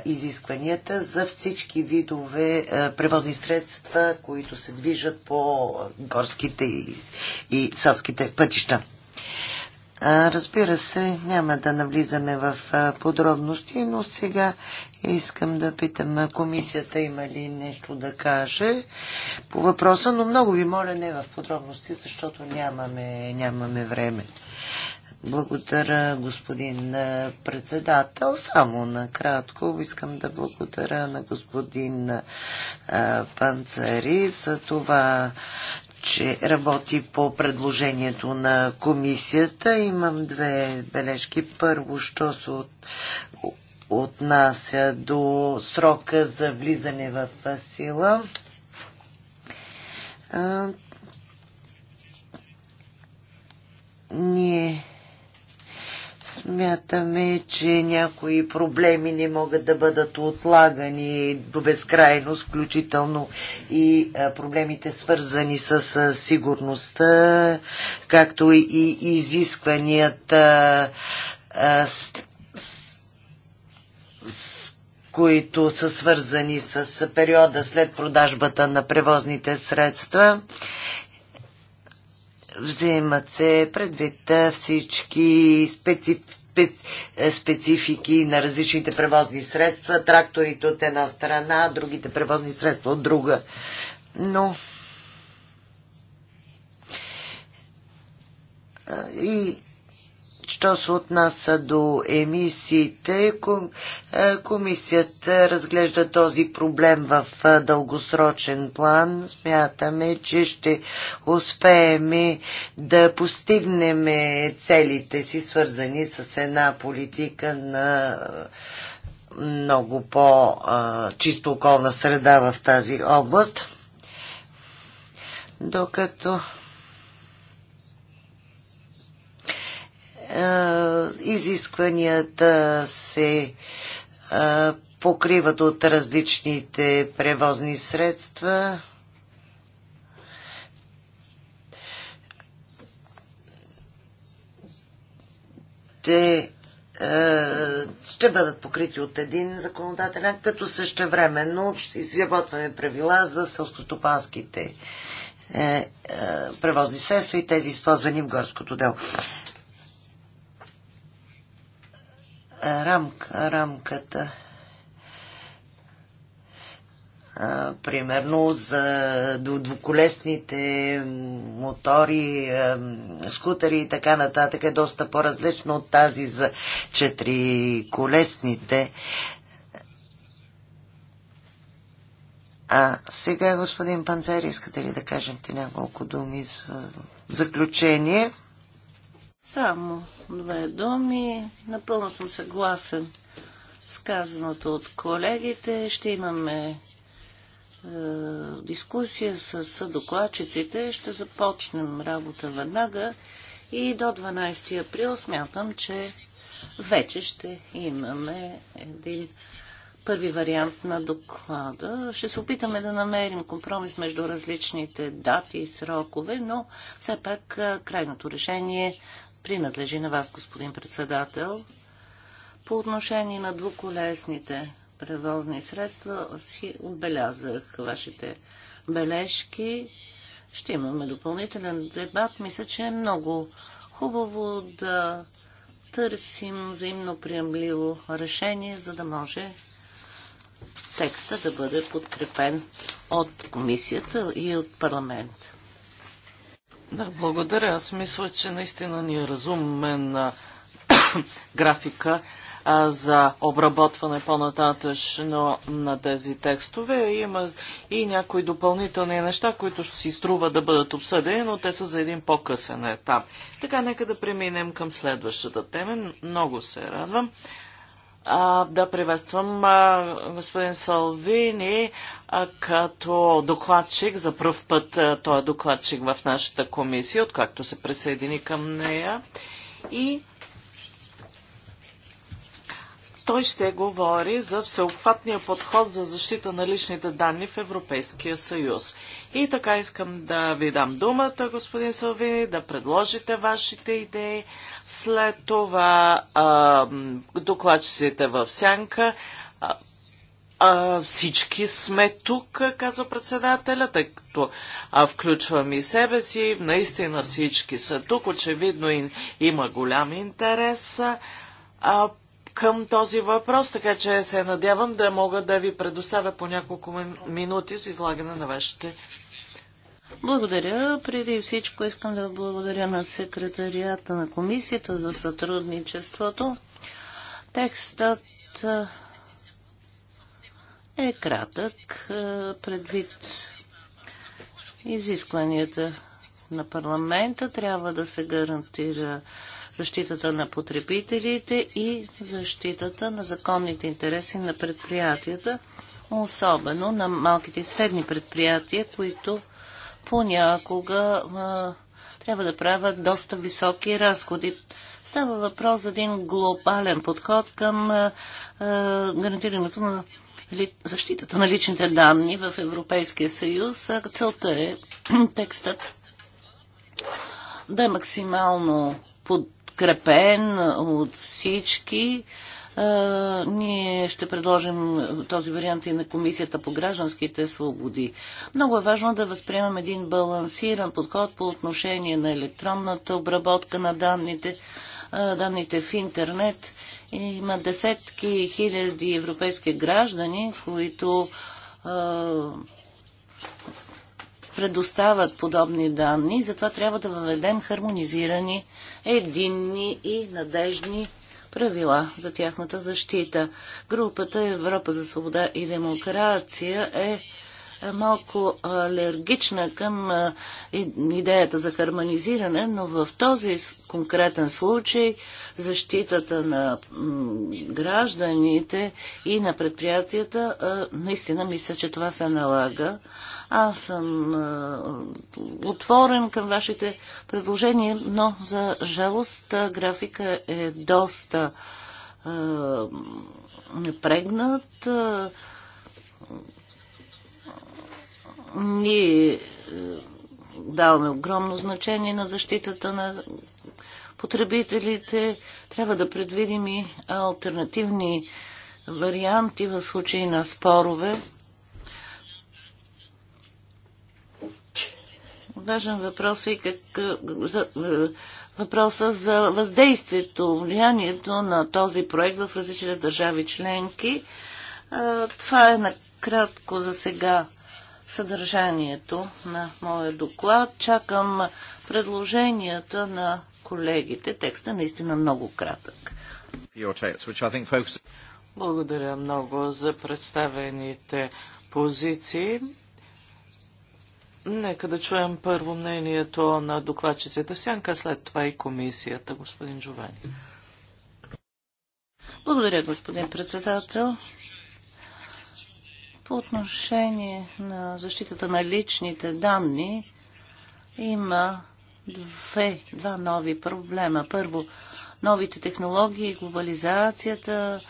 изискванията за всички видове преводни средства, които се движат по горските и, и селските пътища. Разбира се, няма да навлизаме в подробности, но сега искам да питам комисията има ли нещо да каже по въпроса, но много ви моля не в подробности, защото нямаме, нямаме време. Благодаря, господин председател. Само накратко искам да благодаря на господин Панцари за това че работи по предложението на комисията. Имам две бележки. Първо, що се от, отнася до срока за влизане в сила. А, ние Смятаме, че някои проблеми не могат да бъдат отлагани до безкрайност, включително и проблемите свързани с сигурността, както и изискванията, които са свързани с периода след продажбата на превозните средства Вземат се предвид всички специ, специ, специфики на различните превозни средства, тракторите от една страна, другите превозни средства от друга. Но и Що се отнася до емисиите, е, комисията разглежда този проблем в е, дългосрочен план. Смятаме, че ще успеем да постигнем е, целите си, свързани с една политика на много по-чисто околна среда в тази област. Докато Е, изискванията се е, покриват от различните превозни средства. Те е, ще бъдат покрити от един законодателен акт, като същевременно изработваме правила за селскостопанските превозни средства и тези използвани в горското дело. рамка, рамката примерно за двуколесните мотори, скутери и така нататък е доста по-различно от тази за четириколесните. А сега, господин Панцер, искате ли да кажете няколко думи за заключение? Само две думи. Напълно съм съгласен с казаното от колегите. Ще имаме е, дискусия с докладчиците. Ще започнем работа веднага и до 12 април смятам, че вече ще имаме един първи вариант на доклада. Ще се опитаме да намерим компромис между различните дати и срокове, но все пак е, крайното решение принадлежи на вас, господин председател. По отношение на двуколесните превозни средства си отбелязах вашите бележки. Ще имаме допълнителен дебат. Мисля, че е много хубаво да търсим взаимно приемливо решение, за да може текста да бъде подкрепен от комисията и от парламента. Да, благодаря. Аз мисля, че наистина ни е разумен (coughs) графика а, за обработване по-нататъчно на тези текстове. Има и някои допълнителни неща, които ще си струва да бъдат обсъдени, но те са за един по-късен етап. Така, нека да преминем към следващата тема. Много се радвам, а, да приветствам а, господин Салвини а, като докладчик. За първ път а, той е докладчик в нашата комисия, откакто се присъедини към нея. И той ще говори за всеобхватния подход за защита на личните данни в Европейския съюз. И така искам да ви дам думата, господин Салвини, да предложите вашите идеи. След това а, докладчиците в сянка. А, а, всички сме тук, казва председателя, тъй като а, включвам и себе си. Наистина всички са тук. Очевидно им, има голям интерес. А, към този въпрос, така че се надявам да мога да ви предоставя по няколко минути с излагане на вашите. Благодаря. Преди всичко искам да благодаря на секретарията на комисията за сътрудничеството. Текстът е, е кратък е, предвид изискванията на парламента. Трябва да се гарантира защитата на потребителите и защитата на законните интереси на предприятията, особено на малките и средни предприятия, които понякога а, трябва да правят доста високи разходи. Става въпрос за един глобален подход към а, а, гарантирането на или защитата на личните данни в Европейския съюз. Целта е (clears throat) текстът да е максимално подкрепен от всички. ние ще предложим този вариант и на Комисията по гражданските свободи. Много е важно да възприемем един балансиран подход по отношение на електронната обработка на данните, данните в интернет. Има десетки хиляди европейски граждани, които предоставят подобни данни, затова трябва да въведем хармонизирани, единни и надежни правила за тяхната защита. Групата Европа за свобода и демокрация е малко алергична към идеята за хармонизиране, но в този конкретен случай защитата на гражданите и на предприятията, наистина мисля, че това се налага. Аз съм отворен към вашите предложения, но за жалост графика е доста напрегнат. Ние е, даваме огромно значение на защитата на потребителите. Трябва да предвидим и альтернативни варианти в случай на спорове. Важен въпрос е и как, е, за, е, въпроса за въздействието, влиянието на този проект в различните държави членки. Това е накратко за сега съдържанието на моя доклад. Чакам предложенията на колегите. Текстът е наистина много кратък. Благодаря много за представените позиции. Нека да чуем първо мнението на докладчицата сянка, след това и комисията, господин Жовани. Благодаря, господин председател. По отношение на защитата на личните данни има две, два нови проблема. Първо, новите технологии, глобализацията,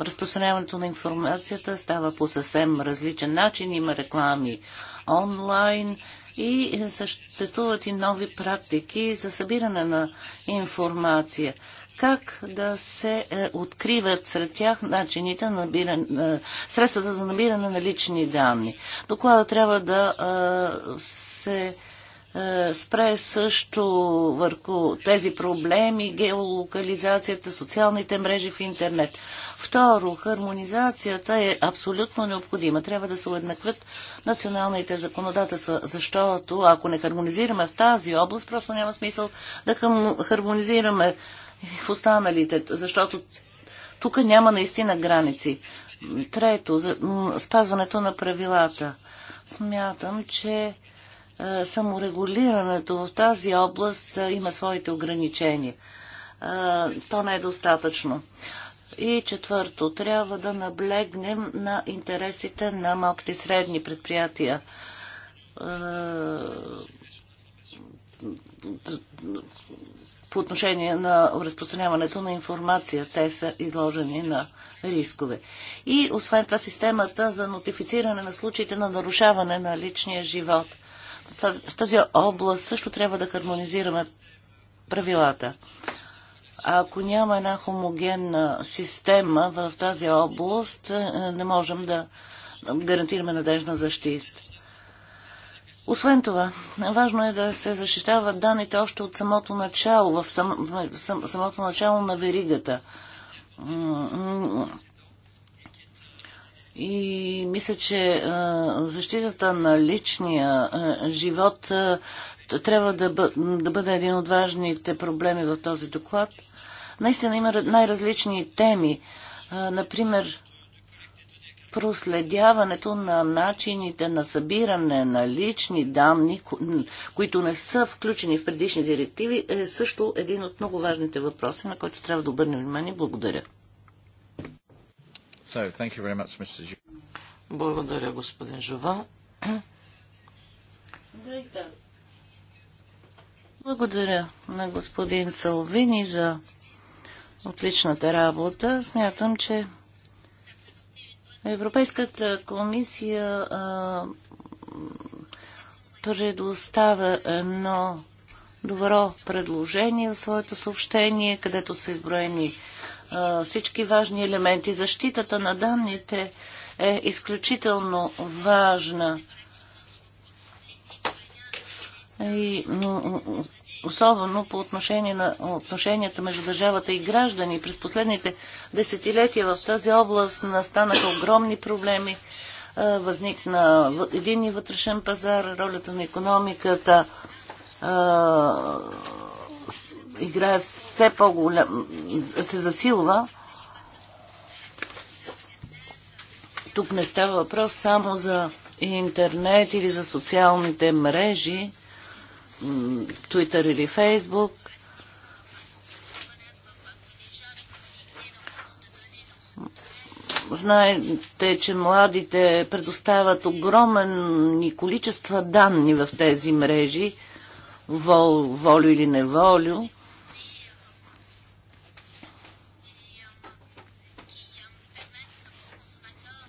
разпространяването на информацията става по съвсем различен начин. Има реклами онлайн и съществуват и нови практики за събиране на информация как да се е, откриват сред тях начините на набиране, е, средствата за набиране на лични данни. Доклада трябва да е, се е, спре също върху тези проблеми, геолокализацията, социалните мрежи в интернет. Второ, хармонизацията е абсолютно необходима. Трябва да се уеднакват националните законодателства, защото ако не хармонизираме в тази област, просто няма смисъл да хармонизираме в останалите, защото тук няма наистина граници. Трето, за, спазването на правилата. Смятам, че е, саморегулирането в тази област е, има своите ограничения. Е, то не е достатъчно. И четвърто, трябва да наблегнем на интересите на малките и средни предприятия по отношение на разпространяването на информация. Те са изложени на рискове. И освен това системата за нотифициране на случаите на нарушаване на личния живот. В тази област също трябва да хармонизираме правилата. А ако няма една хомогенна система в тази област, е, не можем да гарантираме надежна защита. Освен това, важно е да се защитават данните още от самото начало, в, сам, в сам, самото начало на веригата. И мисля, че защитата на личния живот трябва да, бъ, да бъде един от важните проблеми в този доклад. Наистина има най-различни теми. Например, проследяването на начините на събиране на лични данни, които не са включени в предишни директиви, е също един от много важните въпроси, на който трябва да обърнем внимание. Благодаря. So, thank you very much, Mr. Благодаря, господин Жова. Благодаря на господин Салвини за отличната работа. Смятам, че Европейската комисия а, предоставя едно добро предложение в своето съобщение, където са изброени а, всички важни елементи. Защитата на данните е изключително важна. И особено по отношение на отношенията между държавата и граждани. През последните десетилетия в тази област настанаха огромни проблеми. Възникна един вътрешен пазар, ролята на економиката играе все по-голям, се засилва. Тук не става въпрос само за интернет или за социалните мрежи, Twitter или Facebook. Знаете, че младите предоставят огромни количества данни в тези мрежи, вол, волю или неволю.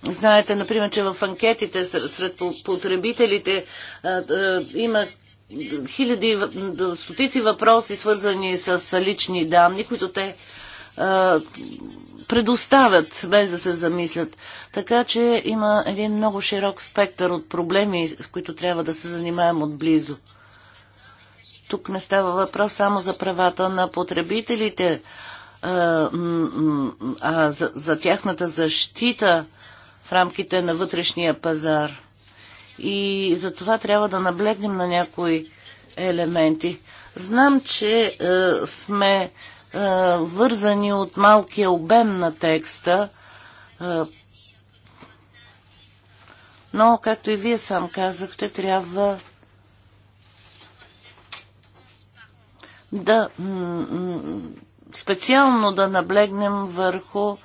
Знаете, например, че в анкетите сред потребителите а, а, има хиляди, стотици въпроси, свързани с лични данни, които те предоставят, без да се замислят. Така че има един много широк спектър от проблеми, с които трябва да се занимаем отблизо. Тук не става въпрос само за правата на потребителите, а за, за тяхната защита в рамките на вътрешния пазар и за това трябва да наблегнем на някои елементи. Знам, че е, сме е, вързани от малкия обем на текста, е, но, както и вие сам казахте, трябва да специално да наблегнем върху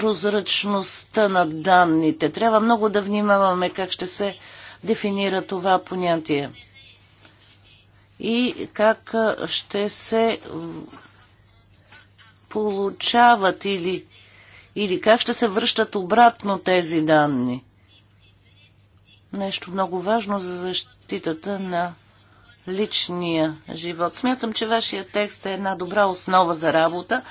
прозрачността на данните. Трябва много да внимаваме как ще се дефинира това понятие и как ще се получават или, или как ще се връщат обратно тези данни. Нещо много важно за защитата на личния живот. Смятам, че вашия текст е една добра основа за работа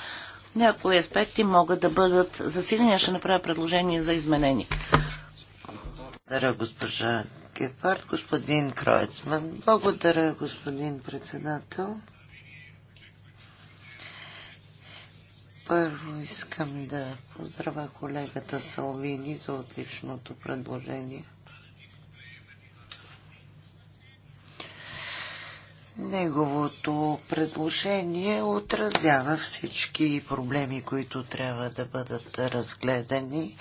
някои аспекти могат да бъдат засилени. Аз ще направя предложение за изменение. Благодаря, госпожа Гепард, господин Кройцман. Благодаря, господин председател. Първо искам да поздравя колегата Салвини за отличното предложение. Неговото предложение отразява всички проблеми, които трябва да бъдат разгледани.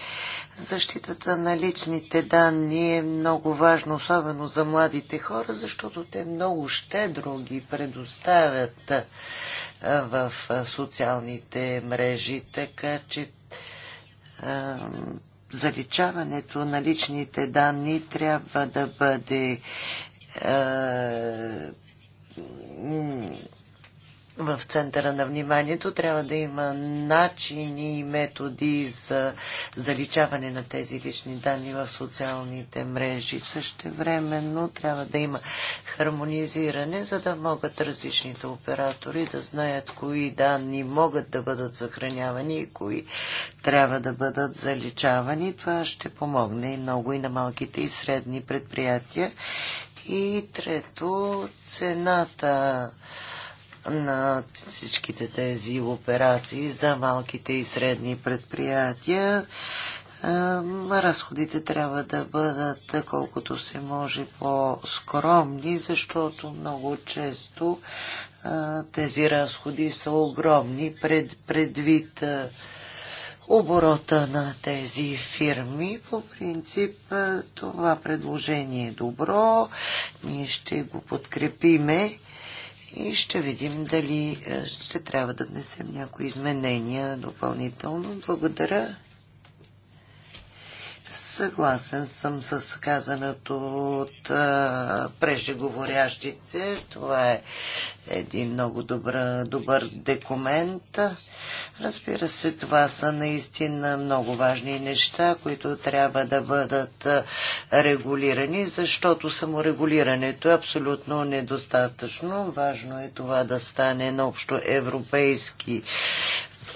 Защитата на личните данни е много важно, особено за младите хора, защото те много щедро ги предоставят в социалните мрежи, така че заличаването на личните данни трябва да бъде в центъра на вниманието. Трябва да има начини и методи за заличаване на тези лични данни в социалните мрежи. Също времено трябва да има хармонизиране, за да могат различните оператори да знаят кои данни могат да бъдат съхранявани и кои трябва да бъдат заличавани. Това ще помогне и много и на малките и средни предприятия и трето, цената на всичките тези операции за малките и средни предприятия. Разходите трябва да бъдат колкото се може по-скромни, защото много често тези разходи са огромни пред, предвид оборота на тези фирми. По принцип това предложение е добро. Ние ще го подкрепиме и ще видим дали ще трябва да внесем някои изменения допълнително. Благодаря. Съгласен съм с казаното от а, преждеговорящите. Това е един много добра, добър документ. Разбира се, това са наистина много важни неща, които трябва да бъдат регулирани, защото саморегулирането е абсолютно недостатъчно. Важно е това да стане на общо европейски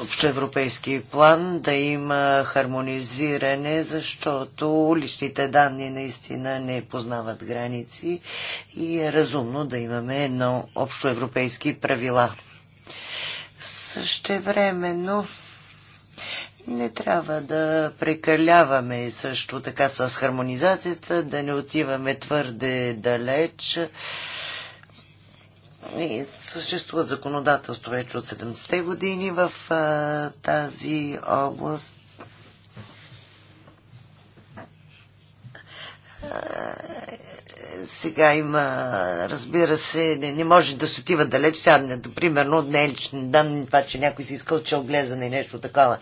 общоевропейски план, да има хармонизиране, защото личните данни наистина не познават граници и е разумно да имаме едно общоевропейски правила. Същевременно не трябва да прекаляваме също така с хармонизацията, да не отиваме твърде далеч и съществува законодателство вече от 70-те години в а, тази област. А, сега има, разбира се, не, не може да се отива далеч. Сега, не, примерно, не е лични данни, това, че някой си изкълчал глезане и нещо такова.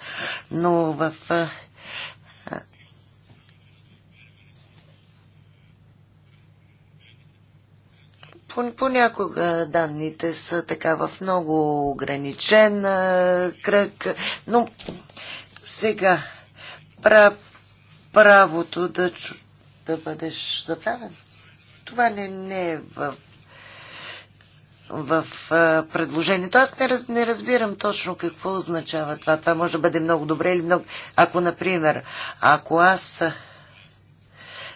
Но в а, Понякога данните са така в много ограничен кръг, но сега правото да, да бъдеш забравен. Това не, не е в в предложението. Аз не, раз, не разбирам точно какво означава това. Това може да бъде много добре или много... Ако, например, ако аз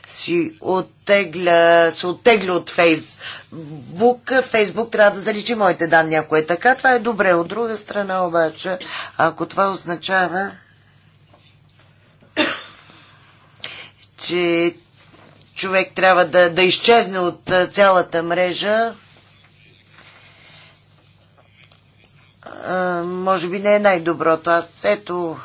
си оттегля, се оттегля от Фейсбук. Фейсбук трябва да заличи моите данни, ако е така. Това е добре. От друга страна обаче, ако това означава, че човек трябва да, да изчезне от цялата мрежа, може би не е най-доброто. Аз ето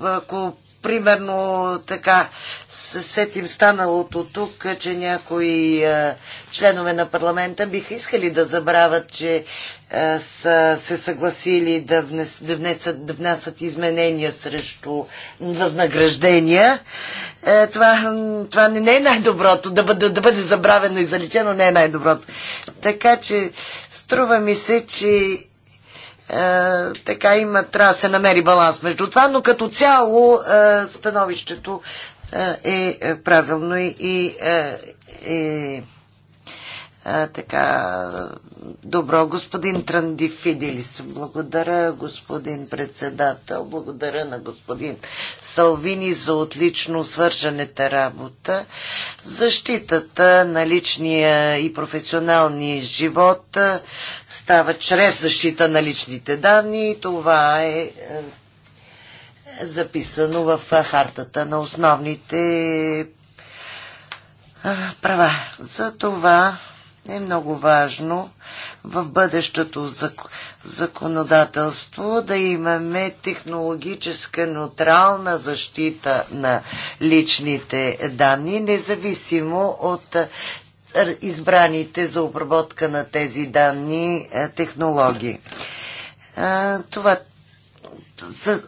ако примерно така сетим станалото тук, че някои а, членове на парламента биха искали да забравят, че а, са се съгласили да, внес, да, внесат, да внесат изменения срещу възнаграждения. Е, това, това не, не е най-доброто. Да, да, да бъде забравено и заличено не е най-доброто. Така че струва ми се, че е, така има, трябва да се намери баланс между това, но като цяло е, становището е, е правилно и, и, е, а, така добро. Господин Трандифидилис, благодаря господин председател, благодаря на господин Салвини за отлично свършената работа. Защитата на личния и професионалния живот става чрез защита на личните данни и това е, е записано в хартата на основните права. За това е много важно в бъдещото законодателство да имаме технологическа неутрална защита на личните данни, независимо от е, избраните за обработка на тези данни е, технологии. Е, това за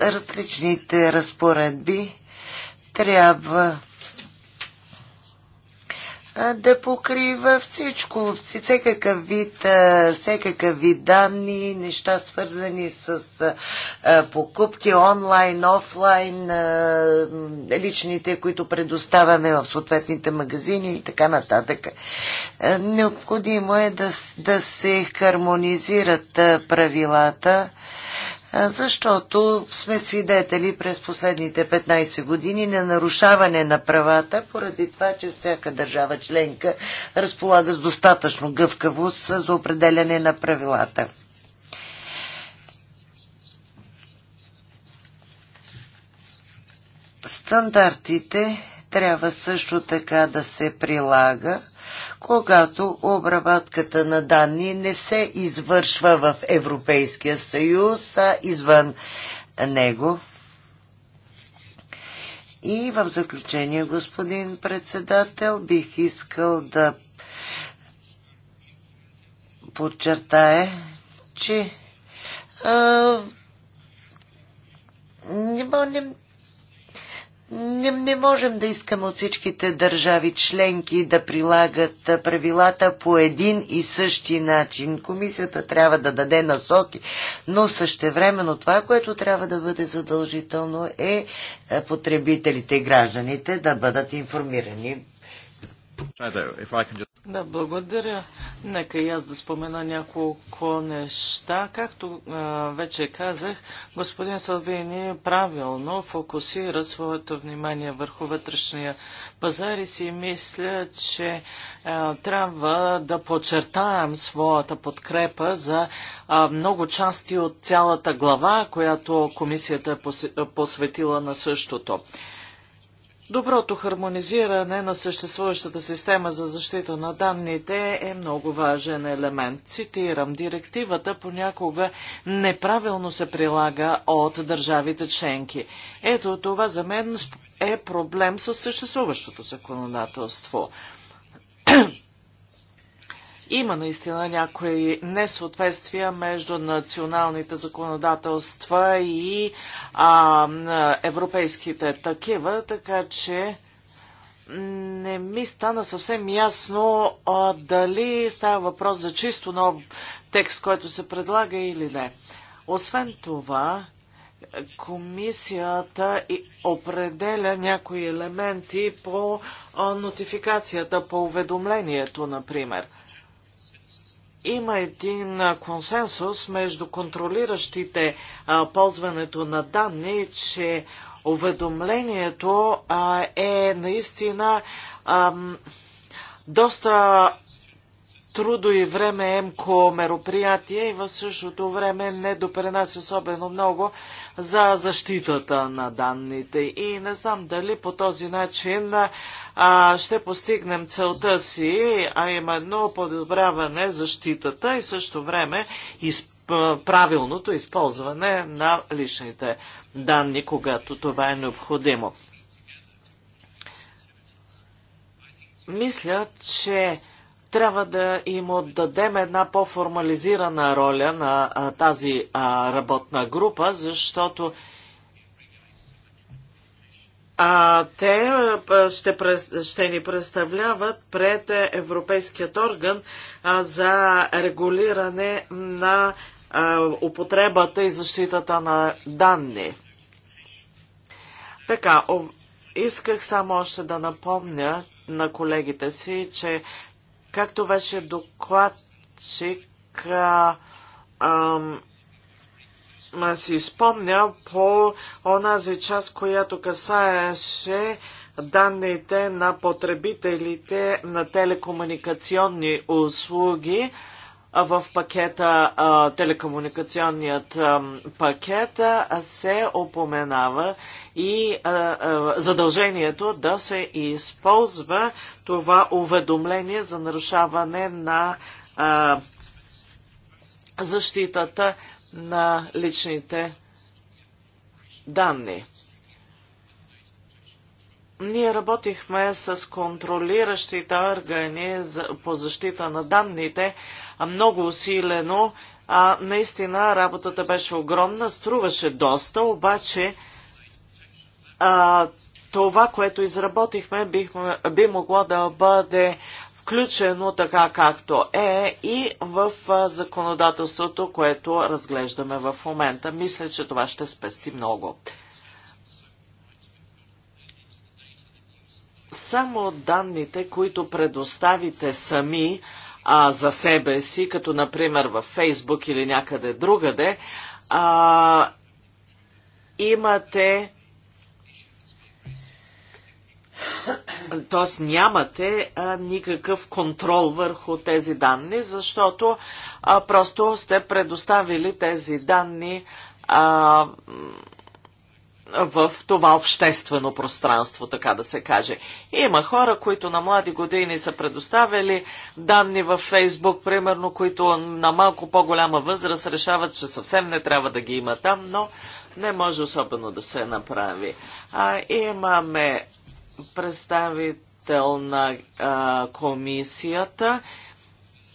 различните разпоредби трябва да покрива всичко, всекакъв вид, всекакъв вид данни, неща свързани с покупки онлайн, офлайн, личните, които предоставяме в съответните магазини и така нататък. Необходимо е да, да се хармонизират правилата защото сме свидетели през последните 15 години на нарушаване на правата, поради това, че всяка държава членка разполага с достатъчно гъвкавост за определяне на правилата. Стандартите трябва също така да се прилага когато обработката на данни не се извършва в Европейския съюз, а извън него. И в заключение, господин председател, бих искал да подчертая, че а, не, можем. Не, не можем да искаме от всичките държави членки да прилагат правилата по един и същи начин. Комисията трябва да даде насоки, но същевременно това, което трябва да бъде задължително е, е потребителите и гражданите да бъдат информирани. Да, благодаря. Нека и аз да спомена няколко неща. Както а, вече казах, господин Салвини правилно фокусира своето внимание върху вътрешния пазар и си мисля, че а, трябва да подчертаем своята подкрепа за а, много части от цялата глава, която комисията е посветила на същото. Доброто хармонизиране на съществуващата система за защита на данните е много важен елемент. Цитирам, директивата понякога неправилно се прилага от държавите членки. Ето това за мен е проблем с съществуващото законодателство. Има наистина някои несъответствия между националните законодателства и а, европейските такива, така че не ми стана съвсем ясно а, дали става въпрос за чисто нов текст, който се предлага или не. Освен това, комисията определя някои елементи по нотификацията, по уведомлението, например – има един консенсус между контролиращите а, ползването на данни, че уведомлението а, е наистина а, доста трудо и време емко мероприятие и в същото време не допринася особено много за защитата на данните. И не знам дали по този начин а, ще постигнем целта си, а именно подобряване защитата и също време изпълнение правилното използване на личните данни, когато това е необходимо. Мисля, че трябва да им отдадем една по-формализирана роля на а, тази а, работна група, защото а, те а, ще, през, ще ни представляват пред Европейският орган а, за регулиране на а, употребата и защитата на данни. Така, исках само още да напомня на колегите си, че Както беше докладчик, а, си спомня по онази част, която касаеше данните на потребителите на телекомуникационни услуги в пакета, а, телекомуникационният а, пакет а, се опоменава и задължението да се използва това уведомление за нарушаване на защитата на личните данни. Ние работихме с контролиращите органи по защита на данните, много усилено. А, наистина работата беше огромна, струваше доста, обаче а, това, което изработихме, бих, би могло да бъде включено така както е и в законодателството, което разглеждаме в момента. Мисля, че това ще спести много. Само данните, които предоставите сами, а, за себе си, като например във Фейсбук или някъде другаде, а, имате т.е. нямате а, никакъв контрол върху тези данни, защото а, просто сте предоставили тези данни а, в това обществено пространство, така да се каже. Има хора, които на млади години са предоставили данни във Фейсбук, примерно, които на малко по-голяма възраст решават, че съвсем не трябва да ги има там, но не може особено да се направи. А, имаме представител на а, комисията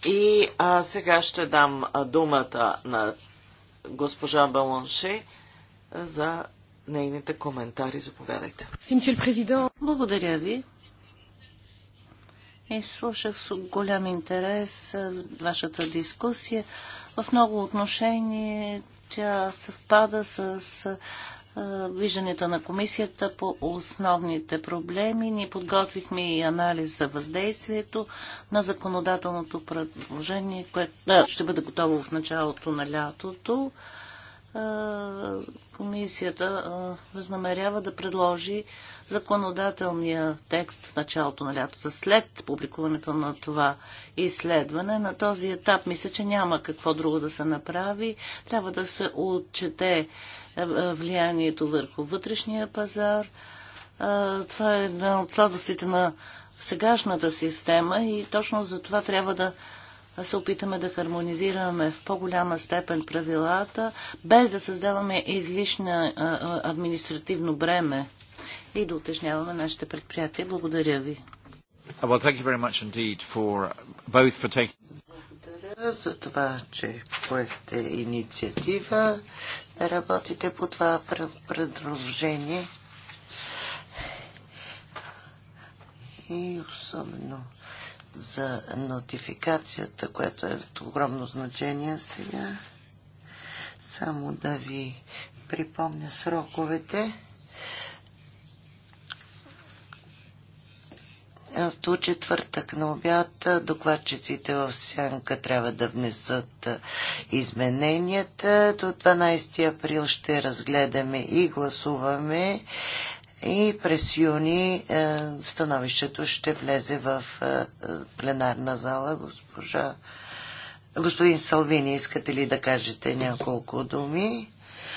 и а, сега ще дам думата на госпожа Балонши за нейните коментари. Заповядайте. Благодаря ви. И слушах с голям интерес вашата дискусия. В много отношение тя съвпада с виждането на комисията по основните проблеми. Ние подготвихме и анализ за въздействието на законодателното предложение, което ще бъде готово в началото на лятото. Е, комисията е, възнамерява да предложи законодателния текст в началото на лятото. След публикуването на това изследване, на този етап мисля, че няма какво друго да се направи. Трябва да се отчете е, влиянието върху вътрешния пазар. Това е една от сладостите на сегашната система и точно за това трябва да се опитаме да хармонизираме в по-голяма степен правилата, без да създаваме излишна административно бреме и да утежняваме нашите предприятия. Благодаря ви. Well, thank you very much indeed for uh, both for taking... Благодаря за това, че поехте инициатива да работите по това предложение. И особено за нотификацията, което е от огромно значение сега. Само да ви припомня сроковете. В ту четвъртък на обяд докладчиците в Сянка трябва да внесат измененията. До 12 април ще разгледаме и гласуваме и през юни е, становището ще влезе в е, е, пленарна зала. Госпожа... Господин Салвини, искате ли да кажете няколко думи?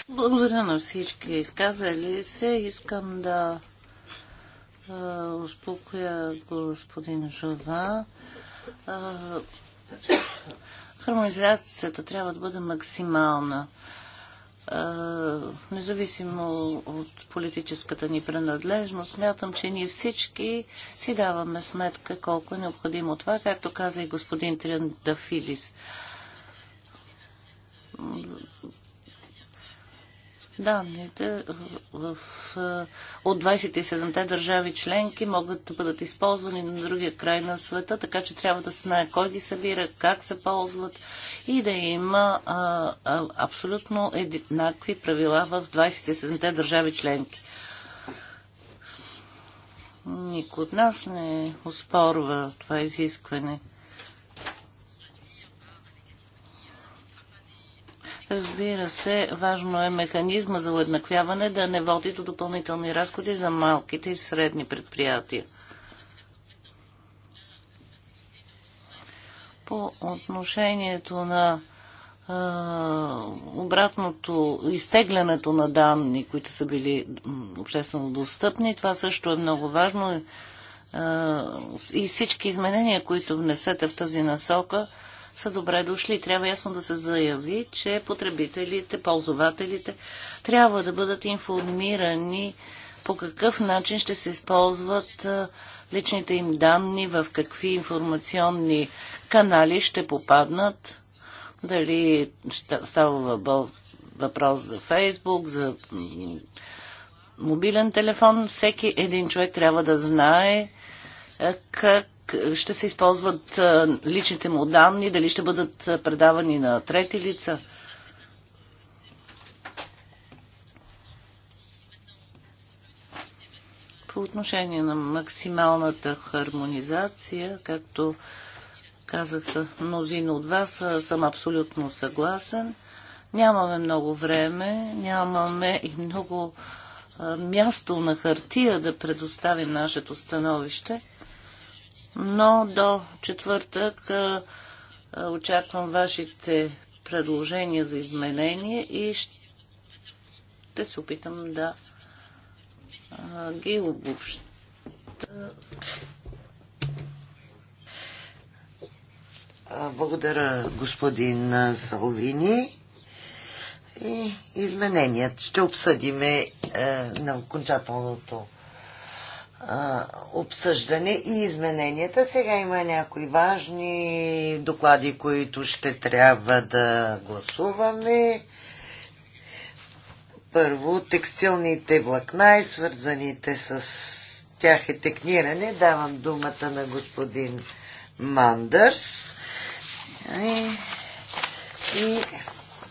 Благодаря на всички изказали се. Искам да успокоя господин Жова. Хармонизацията трябва да бъде максимална независимо от политическата ни принадлежност, смятам, че ние всички си даваме сметка колко е необходимо това, както каза и господин Триандафилис. Данните е, в, в, е, от 27-те държави членки могат да бъдат използвани на другия край на света, така че трябва да се знае кой ги събира, как се ползват и да има а, а, абсолютно еднакви правила в 27-те държави членки. Никой от нас не оспорва това изискване. Разбира се, важно е механизма за уеднаквяване да не води до допълнителни разходи за малките и средни предприятия. По отношението на обратното изтеглянето на данни, които са били обществено достъпни. Това също е много важно. И всички изменения, които внесете в тази насока, са добре дошли. Трябва ясно да се заяви, че потребителите, ползвателите трябва да бъдат информирани по какъв начин ще се използват личните им данни, в какви информационни канали ще попаднат, дали става въпрос за Фейсбук, за мобилен телефон. Всеки един човек трябва да знае как ще се използват личните му данни, дали ще бъдат предавани на трети лица? По отношение на максималната хармонизация, както казаха мнозина от вас, съм абсолютно съгласен. Нямаме много време, нямаме и много място на хартия да предоставим нашето становище но до четвъртък очаквам вашите предложения за изменение и ще се опитам да ги обобща. Благодаря, господин Салвини. И измененият ще обсъдиме е, на окончателното обсъждане и измененията. Сега има някои важни доклади, които ще трябва да гласуваме. Първо, текстилните влакна и свързаните с тях е текниране. Давам думата на господин Мандърс. И, и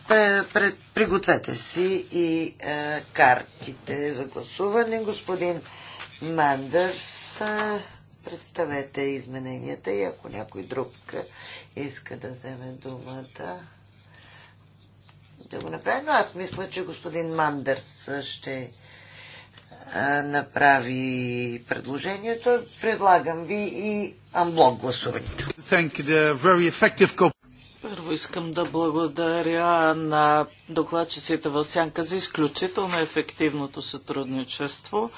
пред, пригответе си и е, картите за гласуване. Господин Мандърс. Представете измененията и ако някой друг иска да вземе думата, да го направи. Но аз мисля, че господин Мандърс ще направи предложението. Предлагам ви и амблок гласуването. Първо искам да благодаря на докладчиците в Сянка за изключително ефективното сътрудничество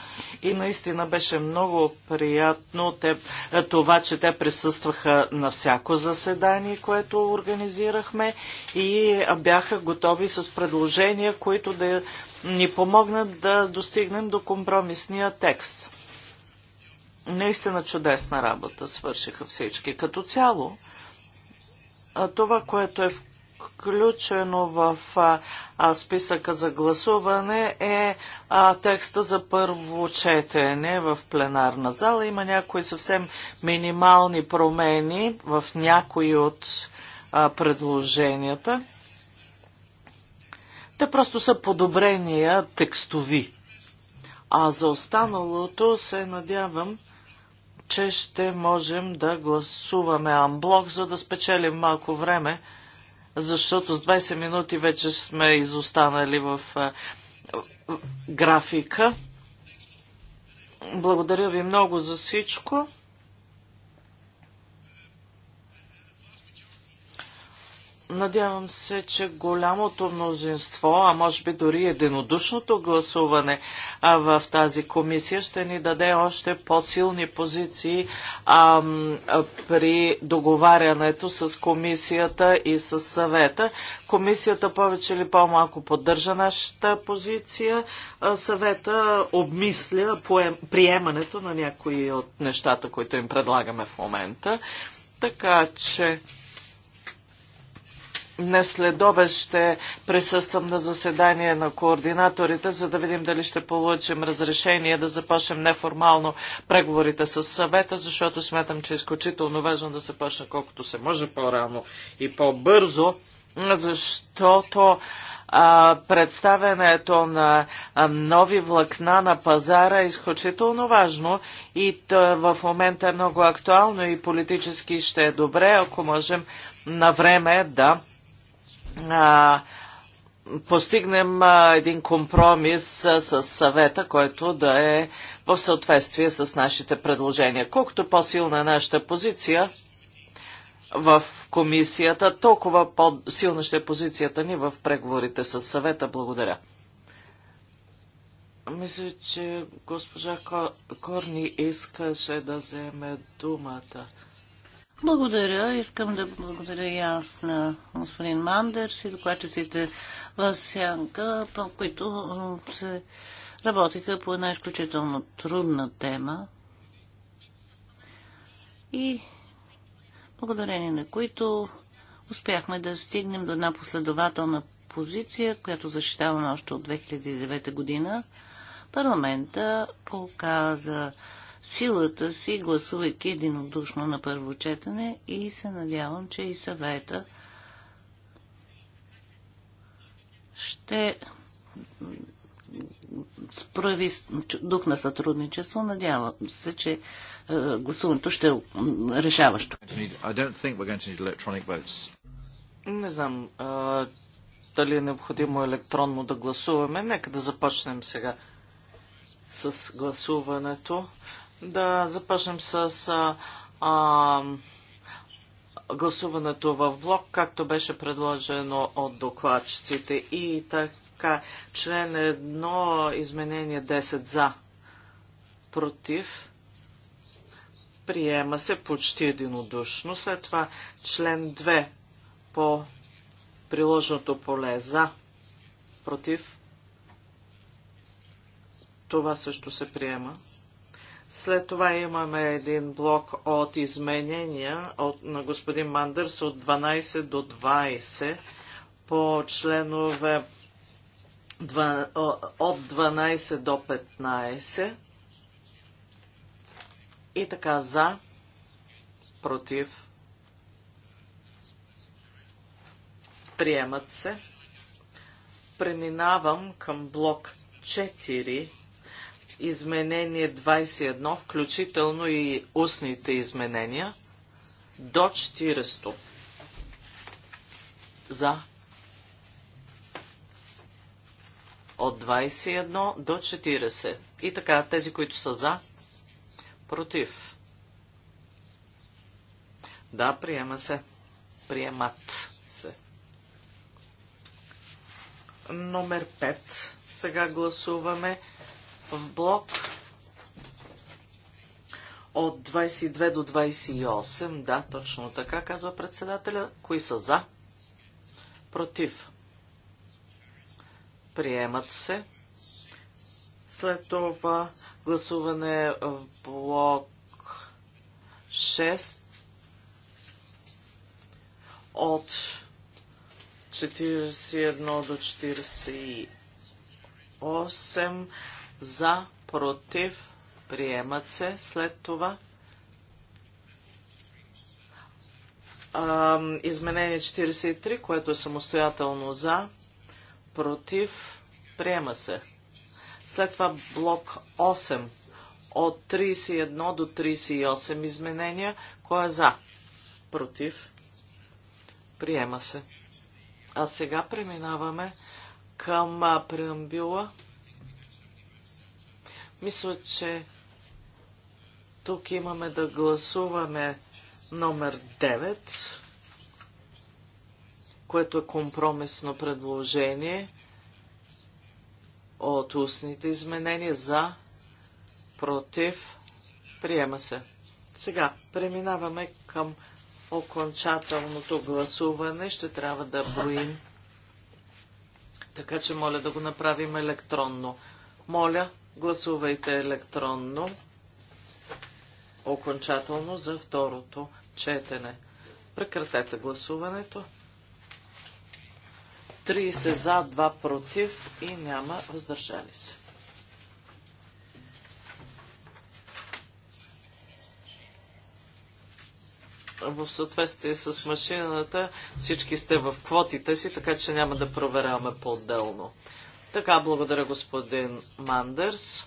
и наистина беше много приятно те, това, че те присъстваха на всяко заседание, което организирахме и бяха готови с предложения, които да ни помогнат да достигнем до компромисния текст. Наистина чудесна работа свършиха всички. Като цяло, това, което е включено в а, списъка за гласуване е а, текста за първо четене в пленарна зала. Има някои съвсем минимални промени в някои от а, предложенията. Те просто са подобрения текстови. А за останалото се надявам че ще можем да гласуваме амблок, за да спечелим малко време, защото с 20 минути вече сме изостанали е, в графика. Благодаря ви много за всичко. Надявам се, че голямото мнозинство, а може би дори единодушното гласуване в тази комисия ще ни даде още по-силни позиции а, при договарянето с комисията и с съвета. Комисията повече или по-малко поддържа нашата позиция, а съвета обмисля поем, приемането на някои от нещата, които им предлагаме в момента. Така че на следобед ще присъствам на заседание на координаторите, за да видим дали ще получим разрешение да започнем неформално преговорите с съвета, защото смятам, че е изключително важно да се почне колкото се може по-рано и по-бързо, защото а, представенето на а, нови влакна на пазара е изключително важно и то в момента е много актуално и политически ще е добре, ако можем на време да а, постигнем а, един компромис с съвета, който да е в съответствие с нашите предложения. Колкото по-силна е нашата позиция в комисията, толкова по-силна ще е позицията ни в преговорите с съвета. Благодаря. Мисля, че госпожа Корни искаше да вземе думата. Благодаря. Искам да благодаря и аз на господин Мандерс и докладчиците в Сянка, по които се работиха по една изключително трудна тема и благодарение на които успяхме да стигнем до една последователна позиция, която защитаваме още от 2009 година. Парламента показа силата си, гласувайки единодушно на първо четене и се надявам, че и съвета ще прояви дух на сътрудничество. Надявам се, че е, гласуването ще е решаващо. Не знам а, дали е необходимо електронно да гласуваме. Нека да започнем сега с гласуването. Да започнем с а, а, гласуването в блок, както беше предложено от докладчиците. И така, член едно, изменение 10 за, против, приема се почти единодушно. След това член 2 по приложното поле за, против, това също се приема. След това имаме един блок от изменения от, на господин Мандърс от 12 до 20 по членове от 12 до 15. И така за, против, приемат се. Преминавам към блок 4 изменение 21, включително и устните изменения, до 400. За. От 21 до 40. И така, тези, които са за, против. Да, приема се. Приемат се. Номер 5. Сега гласуваме в блок от 22 до 28. Да, точно така, казва председателя. Кои са за? Против. Приемат се. След това гласуване в блок 6 от 41 до 48 за, против, приемат се. След това изменение 43, което е самостоятелно за, против, приема се. След това блок 8 от 31 до 38 изменения. кое е за? Против. Приема се. А сега преминаваме към преамбюла мисля, че тук имаме да гласуваме номер 9, което е компромисно предложение от устните изменения за, против, приема се. Сега преминаваме към окончателното гласуване. Ще трябва да броим. Така че моля да го направим електронно. Моля, Гласувайте електронно, окончателно за второто четене. Прекратете гласуването. 30 за, 2 против и няма въздържали се. в съответствие с машината, всички сте в квотите си, така че няма да проверяваме по-отделно. Така, благодаря господин Мандърс.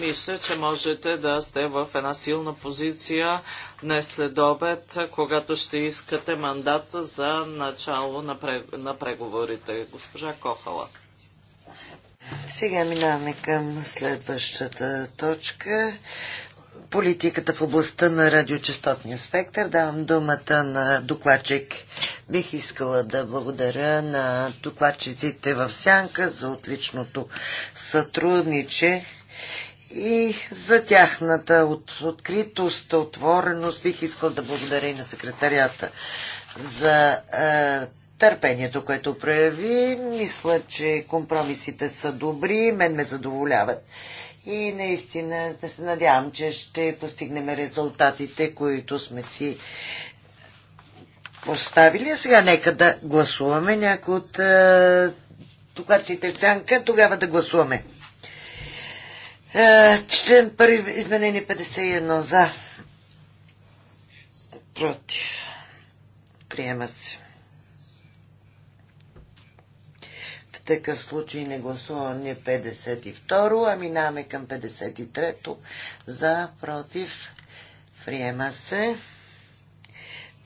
мисля, че можете да сте в една силна позиция днес след обед, когато ще искате мандат за начало на, на преговорите. Госпожа Кохала. Сега минаваме към следващата точка политиката в областта на радиочастотния спектър. Давам думата на докладчик. Бих искала да благодаря на докладчиците в Сянка за отличното сътрудниче и за тяхната от, откритост, отвореност. Бих искала да благодаря и на секретарията за е, търпението, което прояви. Мисля, че компромисите са добри, мен ме задоволяват и наистина да се надявам, че ще постигнем резултатите, които сме си поставили. А сега нека да гласуваме някои от е, докладците в сянка, тогава да гласуваме. Е, член първи, изменени 51 за. Против. Приема се. такъв случай не гласуваме 52, а минаваме към 53 за, против, приема се.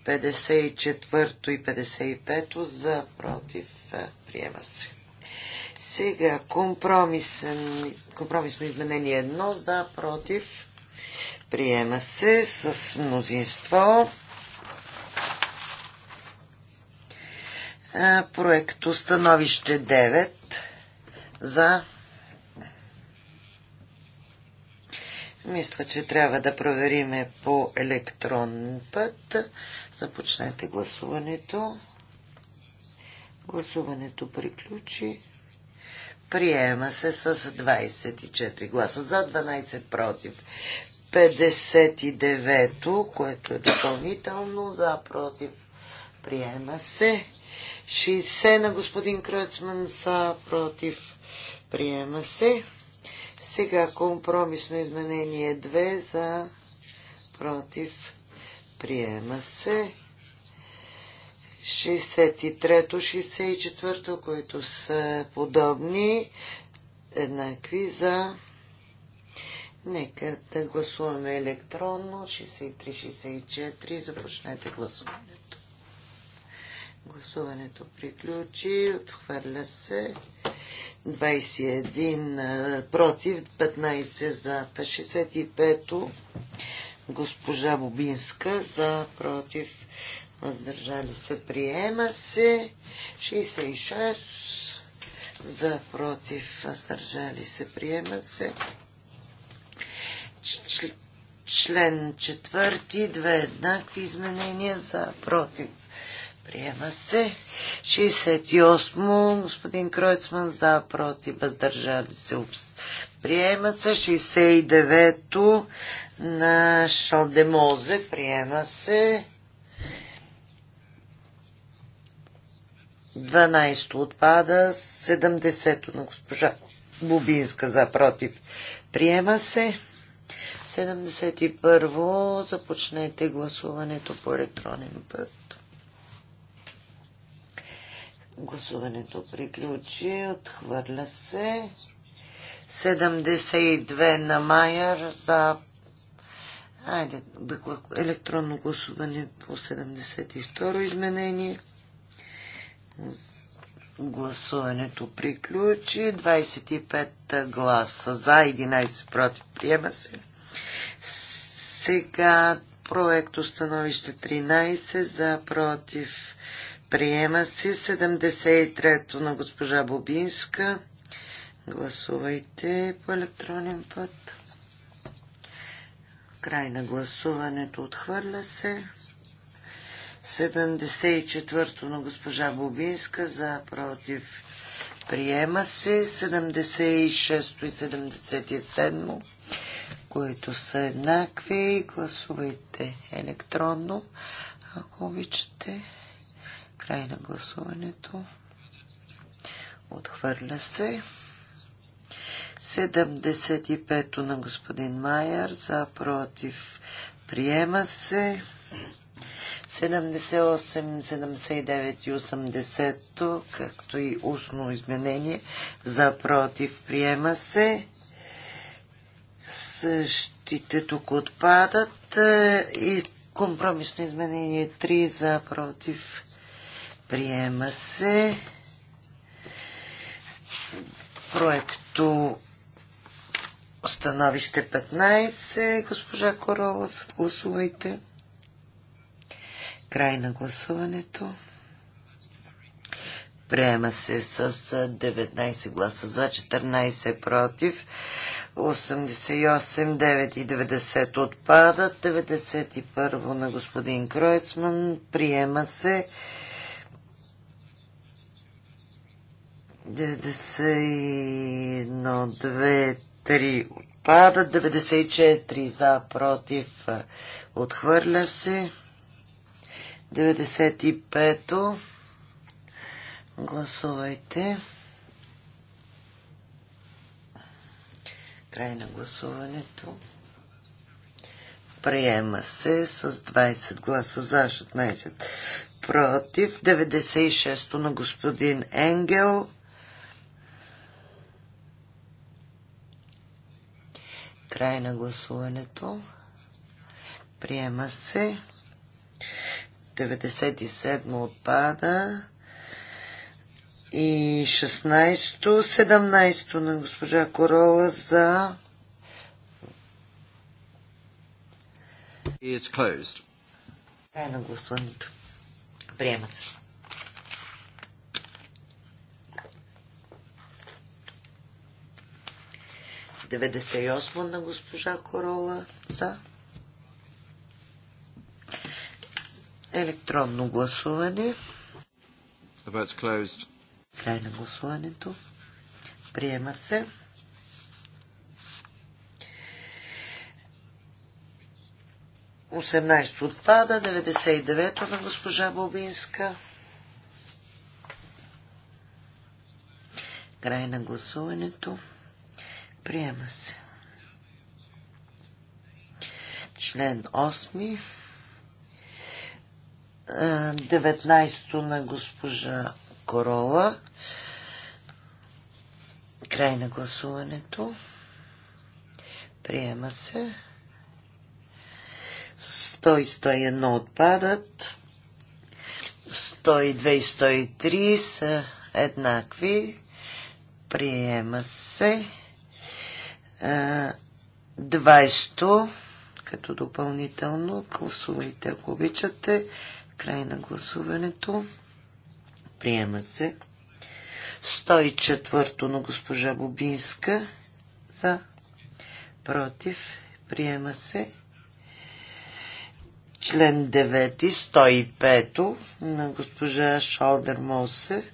54 и 55 за, против, приема се. Сега компромисно изменение 1 за, против, приема се с мнозинство. Проекто становище 9 за Мисля, че трябва да провериме по електронен път. Започнете гласуването. Гласуването приключи. Приема се с 24 гласа за, 12 против. 59-то, което е допълнително за, против. Приема се. 60 на господин Кръцман са против. Приема се. Сега компромисно изменение 2 за против. Приема се. 63-то, 64-то, които са подобни, еднакви за... Нека да гласуваме електронно. 63-64. Започнете гласуването. Гласуването приключи. Отхвърля се. 21 против, 15 за 65-то. Госпожа Бобинска за против. Въздържали се. Приема се. 66 за против. Въздържали се. Приема се. Член четвърти, две еднакви изменения за против Приема се. 68. Господин Кройцман за, против, въздържали се. Приема се. 69-то на Шалдемозе. Приема се. 12-то отпада. 70-то на госпожа Бубинска за, против. Приема се. 71-во. Започнете гласуването по електронен път. Гласуването приключи. Отхвърля се. 72 на Майер за Айде, електронно гласуване по 72 изменение. Гласуването приключи. 25 гласа за, 11 против. Приема се. Сега проекто становище 13 за, против. Приема се 73-то на госпожа Бобинска. Гласувайте по електронен път. Край на гласуването отхвърля се. 74-то на госпожа Бобинска за против. Приема се 76-то и 77-то, които са еднакви. Гласувайте електронно, ако обичате. Край на гласуването. Отхвърля се. 75-то на господин Майер. За, против. Приема се. 78, 79 и 80, както и устно изменение за против приема се. Същите тук отпадат и компромисно изменение 3 за против Приема се проекто становище 15. Госпожа Корола, гласувайте. Край на гласуването. Приема се с 19 гласа за, 14 против, 88, 9 и 90 отпадат, 91 на господин Кройцман. Приема се 91, 2, 3 отпада. 94 за, против, отхвърля се. 95-то. Гласувайте. Край на гласуването. Приема се с 20 гласа за 16 против. 96-то на господин Енгел. Край на гласуването. Приема се. 97 отпада. И 16 17 на госпожа Корола за... Край на гласуването. Приема се. 98 на госпожа Корола за електронно гласуване. Край на гласуването. Приема се. Осемнайсто отпада, 99-то на госпожа Бобинска. Край на гласуването. Приема се. Член 8. 19 на госпожа Корола. Край на гласуването. Приема се. 100 и 101 отпадат. 102 и 103 са еднакви. Приема се. 20 е, като допълнително. Гласувайте, ако обичате. Край на гласуването. Приема се. 104 на госпожа Бобинска. За. Против. Приема се. Член 9, 105 на госпожа Шалдер Мосе.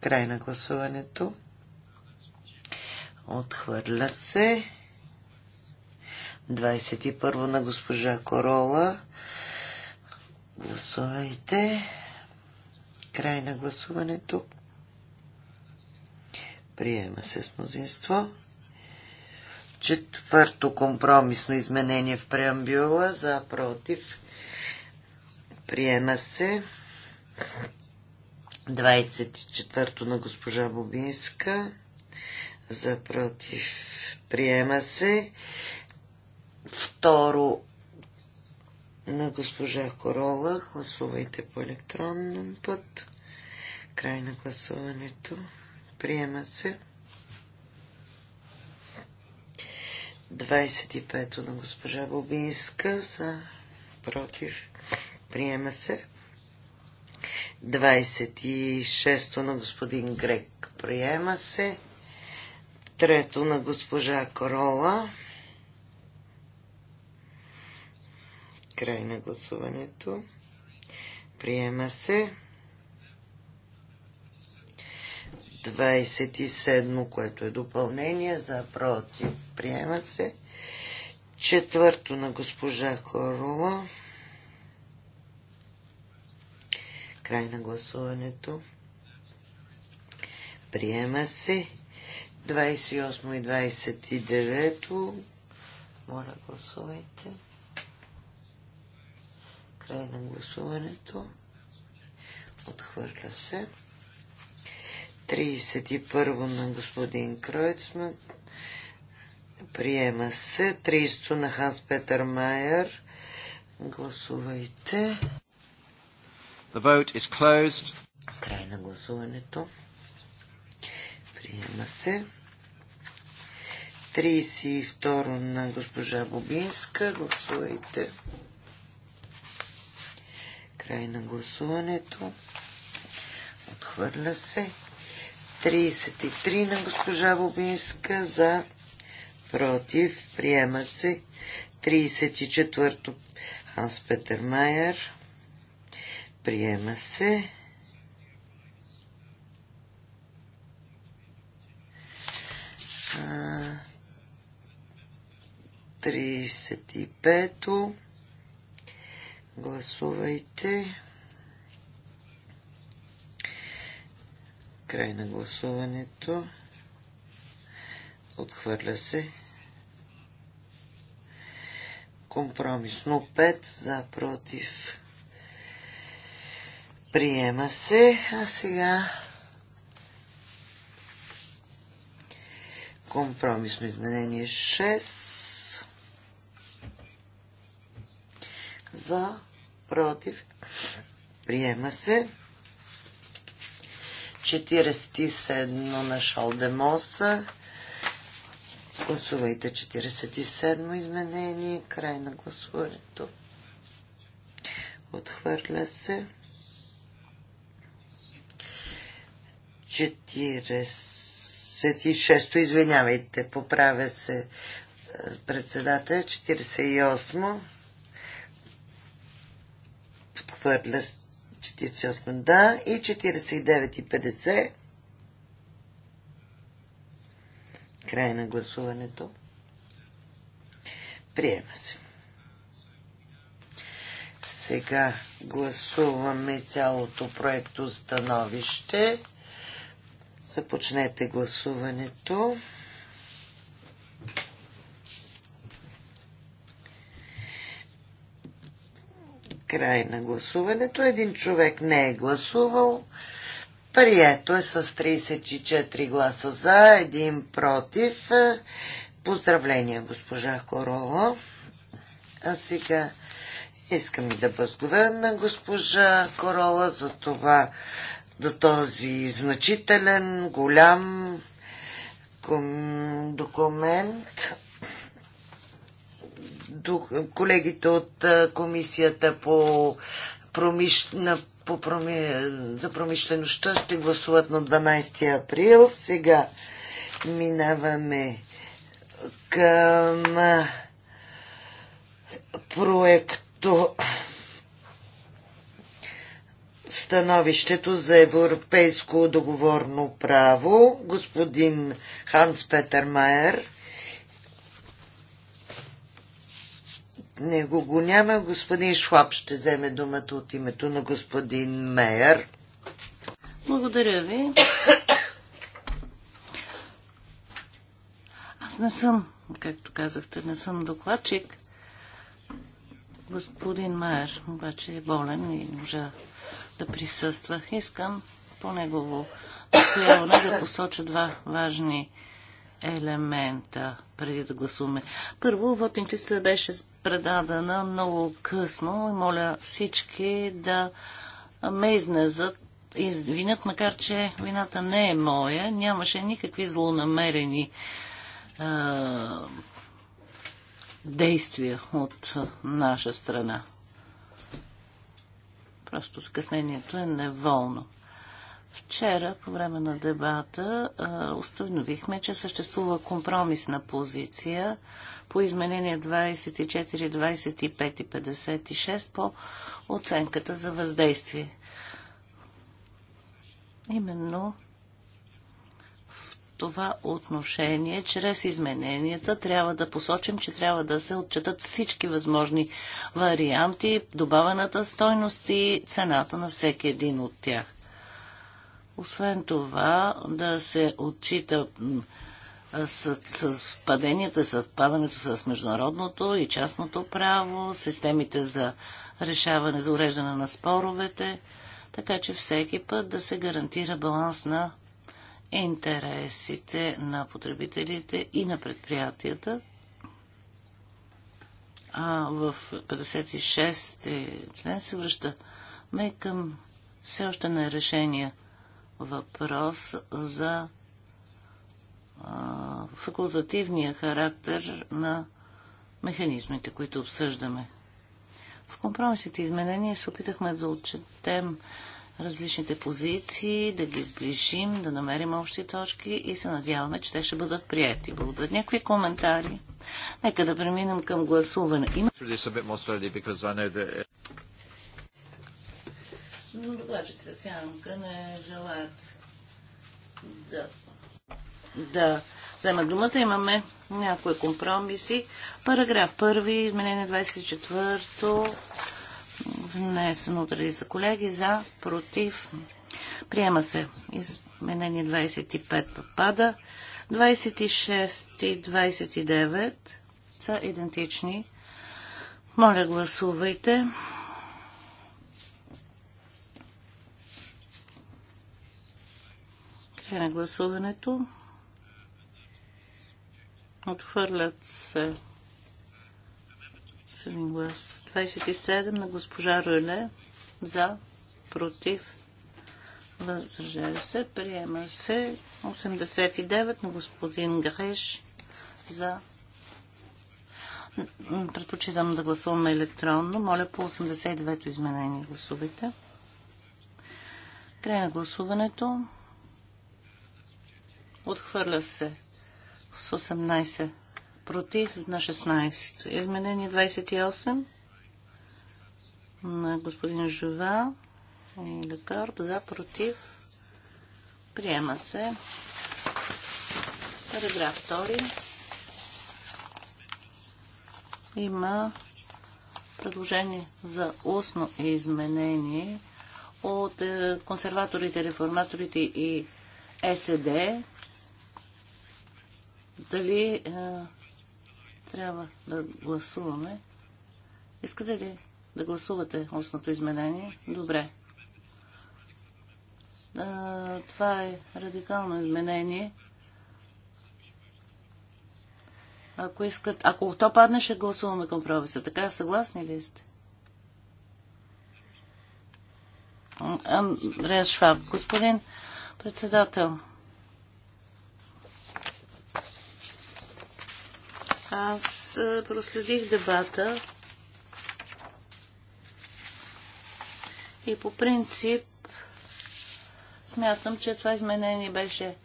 Край на гласуването. Отхвърля се. 21 на госпожа Корола. Гласувайте. Край на гласуването. Приема се с мнозинство. Четвърто компромисно изменение в преамбюла за против. Приема се. 24-то на госпожа Бобинска за против приема се. Второ на госпожа Корола. Гласувайте по електронен път. Край на гласуването. Приема се. 25-то на госпожа Бобинска за против. Приема се. 26-то на господин Грек. Приема се трето на госпожа Корола. Край на гласуването. Приема се. 27, което е допълнение за против. Приема се. Четвърто на госпожа Корола. Край на гласуването. Приема се. 28 и 29. Моля, гласувайте. Край на гласуването. Отхвърля се. 31 на господин Кройцман. Приема се. 30 на Ханс Петър Майер. Гласувайте. The vote is closed. Край на гласуването. Приема се. 32 на госпожа Бобинска. Гласувайте. Край на гласуването. Отхвърля се. 33 на госпожа Бобинска за против. Приема се. 34-то Ханс Петър Майер. Приема се. 35-то. Гласувайте. Край на гласуването. Отхвърля се. Компромисно 5 за против. Приема се. А сега компромисно изменение 6. за, против, приема се. 47 на Шалдемоса. Гласувайте 47 изменение. Край на гласуването. Отхвърля се. 46-то, извинявайте, поправя се е, председател, 48 Отхвърля е 48, да. И 49 и 50. Край на гласуването. Приема се. Сега гласуваме цялото проекто становище. Започнете гласуването. Край на гласуването. Един човек не е гласувал. Прието е с 34 гласа за, един против. Поздравления, госпожа Корола. А сега искам и да възглавя на госпожа Корола за това, за този значителен, голям документ дух, колегите от комисията по промишлена по проми... за промишлеността ще гласуват на 12 април. Сега минаваме към проекто становището за европейско договорно право. Господин Ханс Петър Майер него го няма. Господин Шваб ще вземе думата от името на господин Мейер. Благодаря ви. Аз не съм, както казахте, не съм докладчик. Господин Майер обаче е болен и може можа да присъства. Искам по негово настояване да посоча два важни елемента преди да гласуваме. Първо, вотинг листа беше предадена много късно и моля всички да ме изнезат, извинят, макар че вината не е моя. Нямаше никакви злонамерени е, действия от наша страна. Просто скъснението е неволно. Вчера, по време на дебата, установихме, че съществува компромисна позиция по изменения 24, 25 и 56 по оценката за въздействие. Именно в това отношение, чрез измененията, трябва да посочим, че трябва да се отчетат всички възможни варианти, добавената стойност и цената на всеки един от тях. Освен това, да се отчита съвпаденията, съвпадането с международното и частното право, системите за решаване, за уреждане на споровете, така че всеки път да се гарантира баланс на интересите на потребителите и на предприятията. А в 56 член се връща ме към все още на решение въпрос за факултативния характер на механизмите, които обсъждаме. В компромисите изменения се опитахме да отчетем различните позиции, да ги сближим, да намерим общи точки и се надяваме, че те ще бъдат прияти. Благодаря. Някакви коментари? Нека да преминем към гласуване. Има... Докладчиците сянка не желаят да да взема думата. Имаме някои компромиси. Параграф 1, изменение 24, внесено от за колеги, за, против. Приема се. Изменение 25 попада. 26 и 29 са идентични. Моля, гласувайте. Край на гласуването. Отхвърлят се Съм глас. 27 на госпожа Рюле. За. Против. Въздържали се. Приема се 89 на господин Греш. За. Предпочитам да гласуваме електронно. Моля по 89-то изменение гласувайте. Край на гласуването. Отхвърля се с 18 против на 16. Изменение 28 на господин Жува и Лекарб за против. Приема се. Параграф 2. Има предложение за устно изменение от е, консерваторите, реформаторите и СД дали а, е, трябва да гласуваме? Искате ли да гласувате устното изменение? Добре. А, е, това е радикално изменение. Ако искат, ако то падне, ще гласуваме компромиса. Така съгласни ли сте? Андреас Шваб. Господин председател, Аз проследих дебата и по принцип смятам, че това изменение беше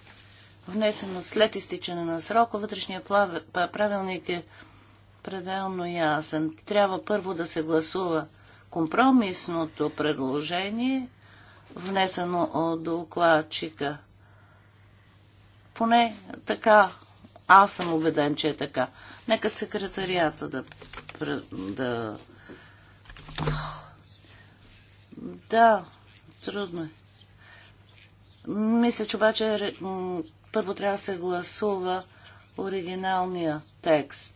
внесено след изтичане на срока. Вътрешния правилник е пределно ясен. Трябва първо да се гласува компромисното предложение, внесено от докладчика. Поне така аз съм убеден, че е така. Нека секретарията да... да... Да, трудно е. Мисля, че обаче първо трябва да се гласува оригиналния текст.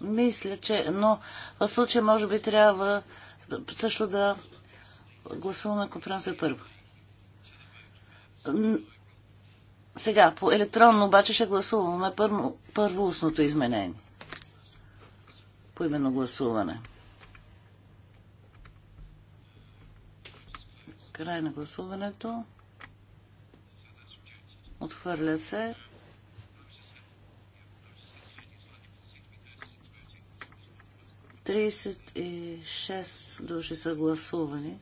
Мисля, че... Но в случай може би трябва също да гласуваме компромиса първо. Сега, по електронно обаче ще гласуваме първо, първо устното изменение. По именно гласуване. Край на гласуването. Отхвърля се. Тридесет и шест души са гласувани.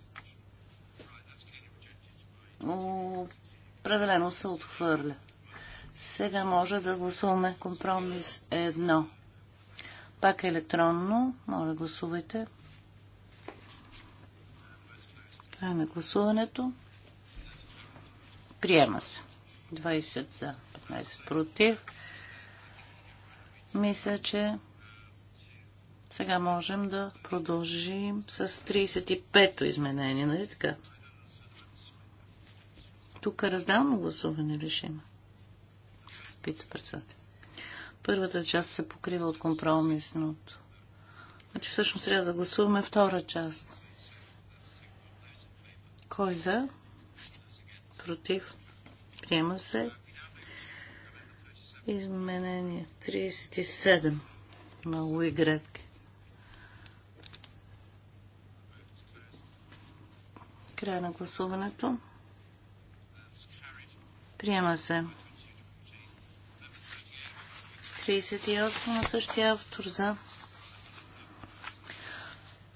Определено се отхвърля. Сега може да гласуваме компромис 1. Пак електронно. Моля, гласувайте. Край на гласуването. Приема се. 20 за, 15 против. Мисля, че сега можем да продължим с 35-то изменение, нали така? тук разделно гласуване ли ще има? Пита председател. Първата част се покрива от компромисното. Значи всъщност трябва да гласуваме втора част. Кой за? Против? Приема се. Изменение 37 на Луи Гретки. Края на гласуването. Приема се. 38 на същия автор за.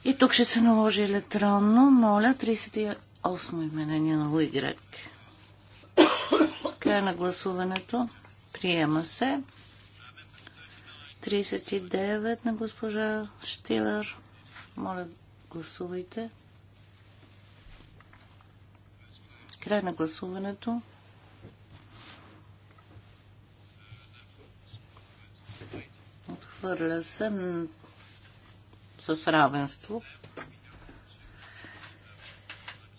И тук ще се наложи електронно. Моля, 38 изменение на Луи Грек. Край на гласуването. Приема се. 39 на госпожа Штилер. Моля, гласувайте. Край на гласуването. Отхвърля се с равенство.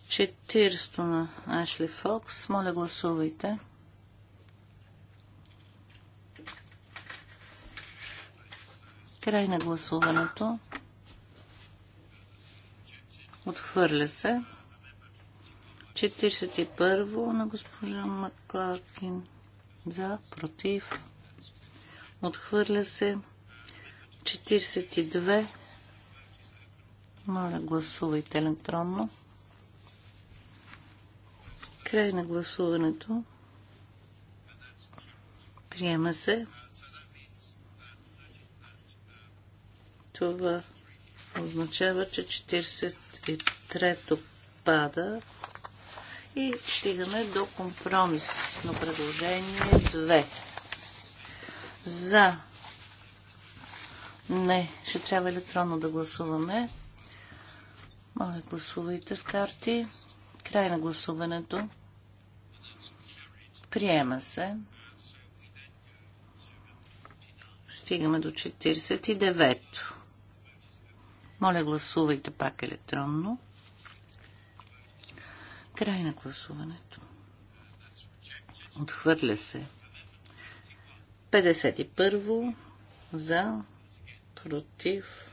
40 на Ашли Фокс. Моля, гласувайте. Край на гласуването. Отхвърля се. 41 на госпожа Маклакин. За, против. Отхвърля се. 42. Моля, гласувайте електронно. Край на гласуването. Приема се. Това означава, че 43-то пада и стигаме до компромисно предложение 2. За. Не, ще трябва електронно да гласуваме. Моля, гласувайте с карти. Край на гласуването. Приема се. Стигаме до 49-то. Моля, гласувайте пак електронно. Край на гласуването. Отхвърля се. 51 за, против,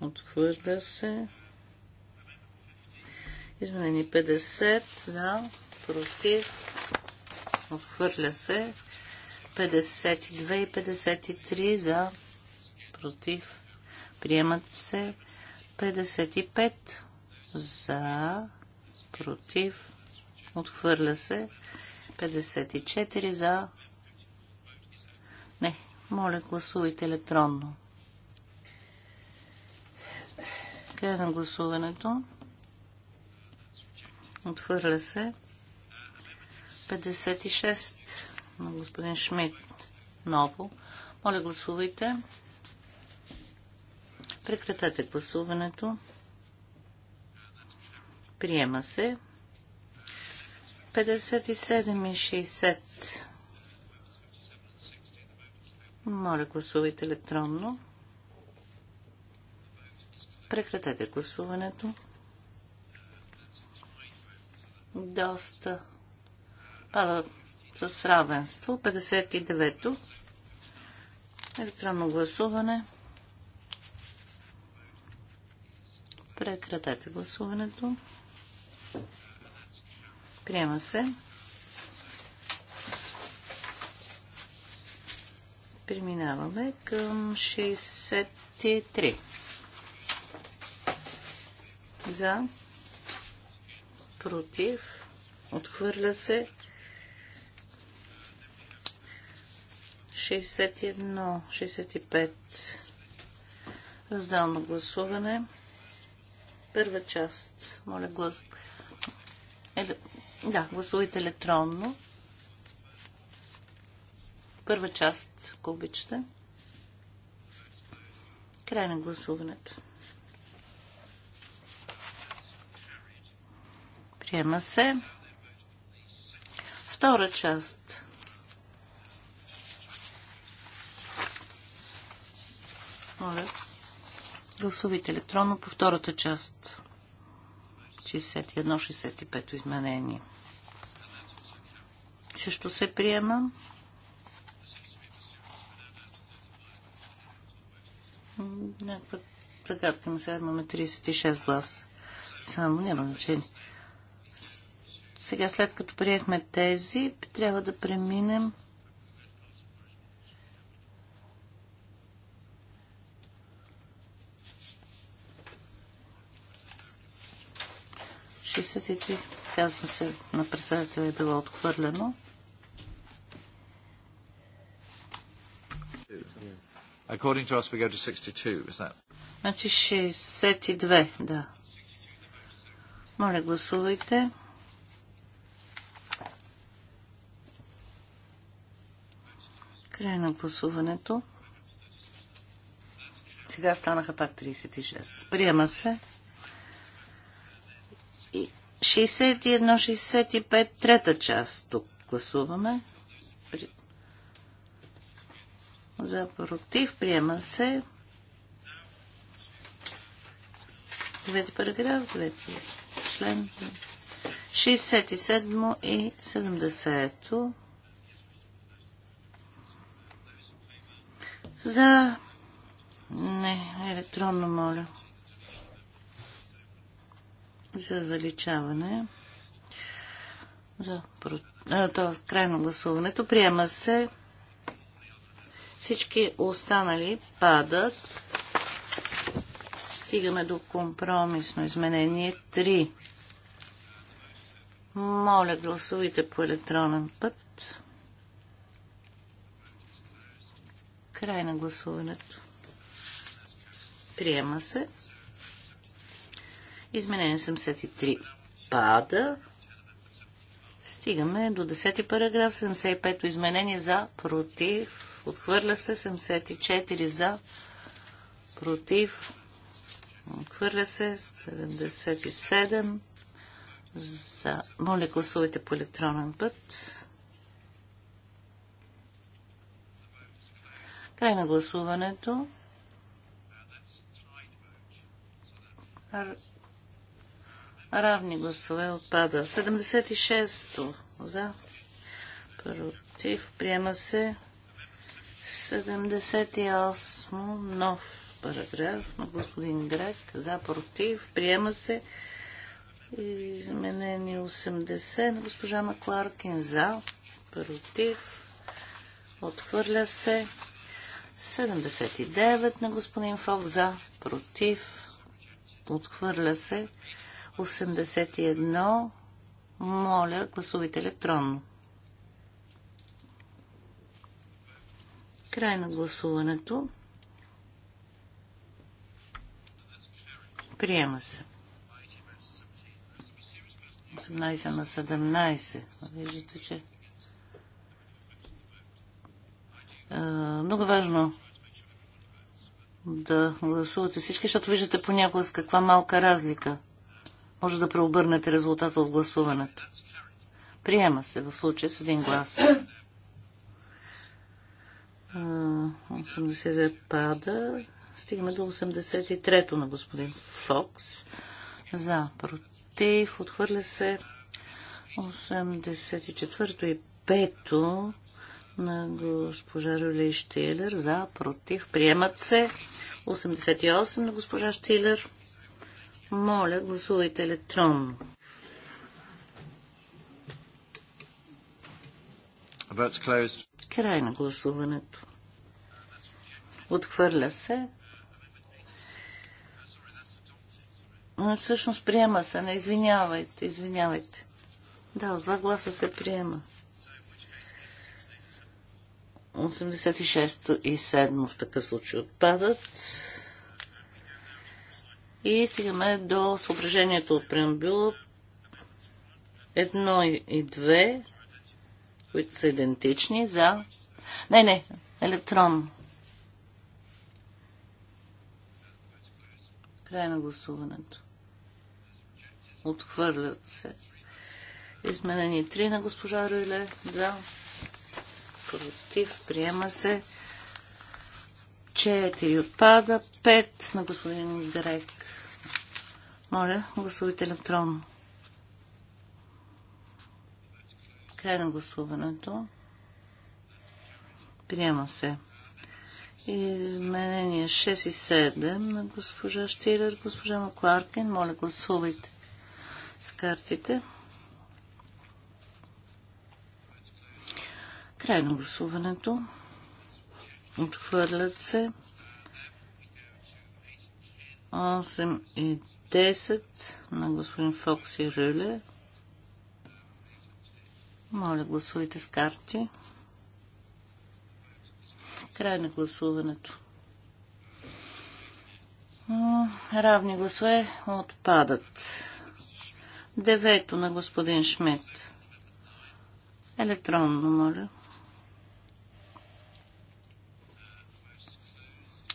отхвърля се. Изменени 50 за, против, отхвърля се. 52 и 53 за, против, приемат се. 55 за, против, отхвърля се. 54 за, не, моля, гласувайте електронно. Къде на гласуването. Отвърля се. 56 на господин Шмидт. Ново. Моля, гласувайте. Прекратете гласуването. Приема се. 57 и 60 моля, гласувайте електронно. Прекратете гласуването. Доста. Пада с равенство. 59-то. Електронно гласуване. Прекратете гласуването. Приема се. Преминаваме към 63. За. Против. Отхвърля се. 61, 65. Раздално гласуване. Първа част. Моля глас. Е, Да, гласувайте електронно. Първа част, ако обичате. Край на гласуването. Приема се. Втора част. Моля, гласувайте електронно по втората част. 61-65 изменение. Също се приема. Някаква загадка ми сега имаме 36 гласа. Само няма значение. Сега след като приехме тези, трябва да преминем казва се, на председателя е било отхвърлено. According to us, we go to 62, is that? Значи 62, да. Моля, гласувайте. Край на гласуването. Сега станаха пак 36. Приема се. 61-65, трета част тук гласуваме за против, приема се. двете параграф, двете член. 67 и 70. За... Не, електронно моля. За заличаване. За... А, то, гласуването. Приема се всички останали падат. Стигаме до компромисно изменение 3. Моля, гласувайте по електронен път. Край на гласуването. Приема се. Изменение 73 пада. Стигаме до 10 параграф, 75-то изменение за против Отхвърля се 74 за. Против. Отхвърля се 77 за. Моля, гласувайте по електронен път. Край на гласуването. Равни гласове отпада. 76-то за. Против. Приема се. 78 нов параграф на господин Грек за против. Приема се изменени 80 на госпожа Макларкин за против. Отхвърля се 79 на господин Фок за против. Отхвърля се 81. Моля, гласувайте електронно. Край на гласуването. Приема се. 18 на 17. Виждате, че... Е, много важно да гласувате всички, защото виждате понякога с каква малка разлика може да преобърнете резултата от гласуването. Приема се в случая с един глас. 80 е пада. Стигаме до 83-то на господин Фокс. За, против, отхвърля се 84-то и 5-то на госпожа Рюли Штилер. За, против, приемат се 88 на госпожа Штилер. Моля, гласувайте електронно. Vote's closed. Край на гласуването. Отхвърля се. Но всъщност приема се. Не извинявайте, извинявайте. Да, с два гласа се приема. 86 и 7 в такъв случай отпадат. И стигаме до съображението от преамбюла. Едно и две които са идентични за... Не, не, електрон. Край на гласуването. Отхвърлят се. Изменени три на госпожа Руиле. Да. Против. Приема се. 4 отпада. Пет на господин Грек. Моля, гласувайте електронно. Край на гласуването. Приема се. Изменения 6 и 7 на госпожа Штилер, госпожа Макларкин. Моля, гласувайте с картите. Край на гласуването. Отхвърлят се. 8 и 10 на господин Фокс и Рюле. Моля, гласуйте с карти. Край на гласуването. Равни гласове отпадат. Девето на господин Шмет. Електронно, моля.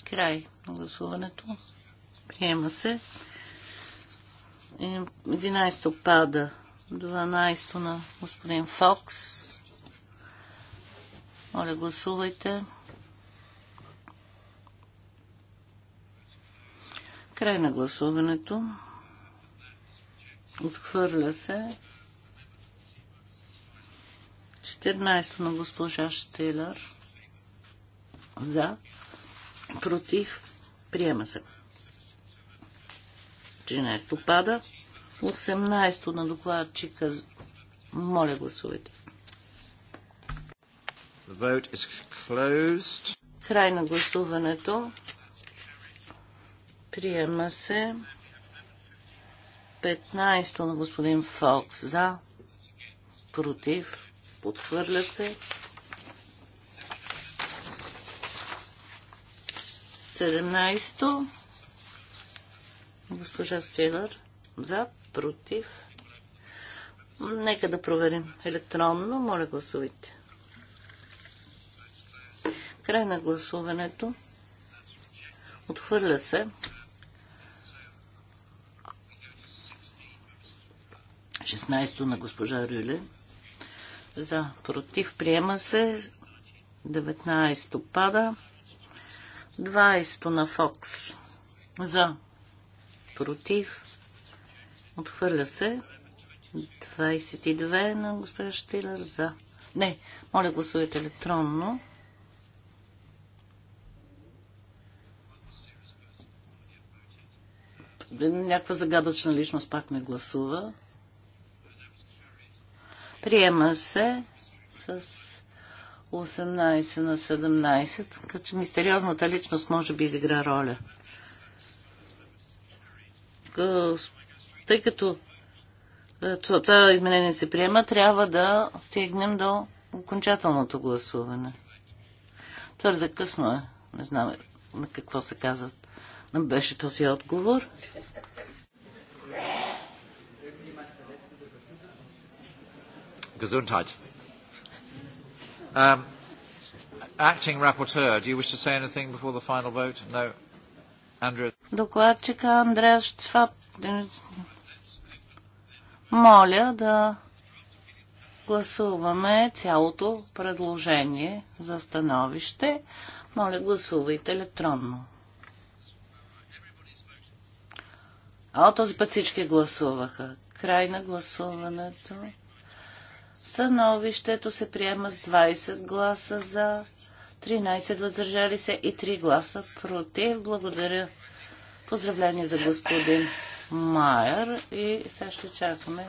Край на гласуването. Приема се. 11 пада 12 то на господин Фокс. Моля, гласувайте. Край на гласуването. Отхвърля се. 14 на госпожа Штилер. За. Против. Приема се. 13 пада. 18 на докладчика. Моля, гласувайте. The vote is closed. Край на гласуването. Приема се 15 на господин Фокс за, против, подхвърля се. 17 госпожа Стилър за, против. Нека да проверим електронно. Моля, гласувайте. Край на гласуването. Отхвърля се. 16 на госпожа Рюле. За против приема се. 19 пада. 20 на Фокс. За против. Отхвърля се. 22 на госпожа Штилер за. Не, моля гласувайте електронно. Някаква загадъчна личност пак не гласува. Приема се с 18 на 17, като че мистериозната личност може би изигра роля. Тъй като е, това, изменение се приема, трябва да стигнем до окончателното гласуване. Твърде късно е. Не знам на какво се казват. Но беше този отговор. Gesundheit. Um, acting rapporteur, do you wish to say anything before the final vote? No. Andrew докладчика Андреас Шваб. Моля да гласуваме цялото предложение за становище. Моля, гласувайте електронно. А този път всички гласуваха. Край на гласуването. Становището се приема с 20 гласа за, 13 въздържали се и 3 гласа против. Благодаря Поздравление за господин Майер и сега ще чакаме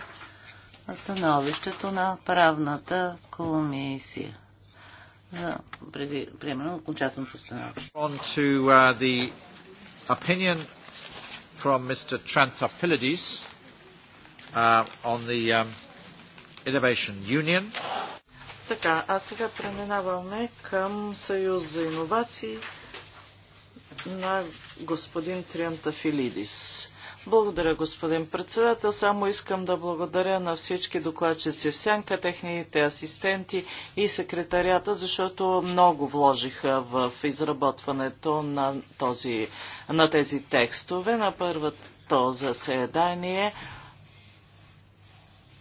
становището на правната комисия. За, преди, примерно, окончателното становище. On to uh, the opinion from Mr. Tranthophilides uh, on the um, Innovation Union. Така, а сега преминаваме към Съюз за иновации на господин Филидис. Благодаря, господин председател. Само искам да благодаря на всички докладчици в Сянка, техните асистенти и секретарята, защото много вложиха в изработването на, този, на тези текстове. На първото заседание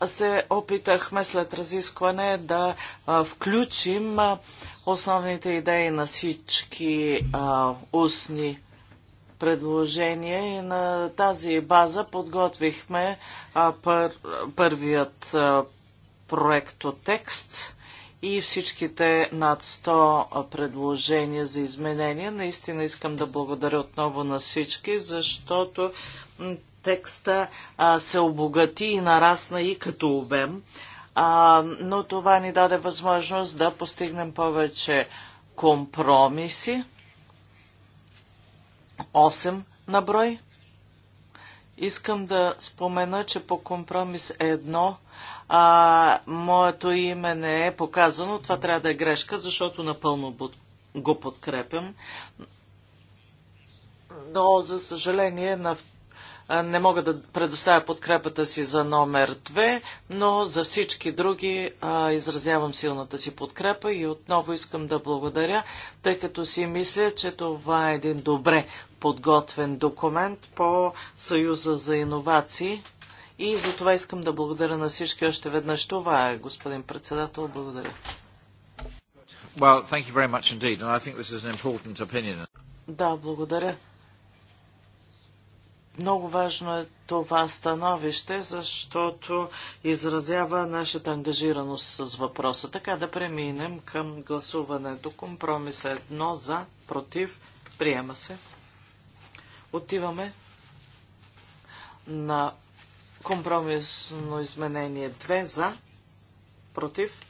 се опитахме след разискване да а, включим а, основните идеи на всички а, устни предложения и на тази база подготвихме а, пър, първият а, проектотекст и всичките над 100 предложения за изменения. Наистина искам да благодаря отново на всички, защото текста а, се обогати и нарасна и като обем, а, но това ни даде възможност да постигнем повече компромиси. 8 на брой. Искам да спомена, че по компромис 1 а, моето име не е показано. Това трябва да е грешка, защото напълно го подкрепям. Но, за съжаление, на не мога да предоставя подкрепата си за номер 2, но за всички други а, изразявам силната си подкрепа и отново искам да благодаря, тъй като си мисля, че това е един добре подготвен документ по Съюза за иновации. И за това искам да благодаря на всички още веднъж. Това е, господин председател. Благодаря. Well, thank you very much indeed, and I think this is an important opinion. Да, благодаря. Много важно е това становище, защото изразява нашата ангажираност с въпроса. Така да преминем към гласуването. Компромис е едно за, против, приема се. Отиваме на компромисно изменение 2 за, против,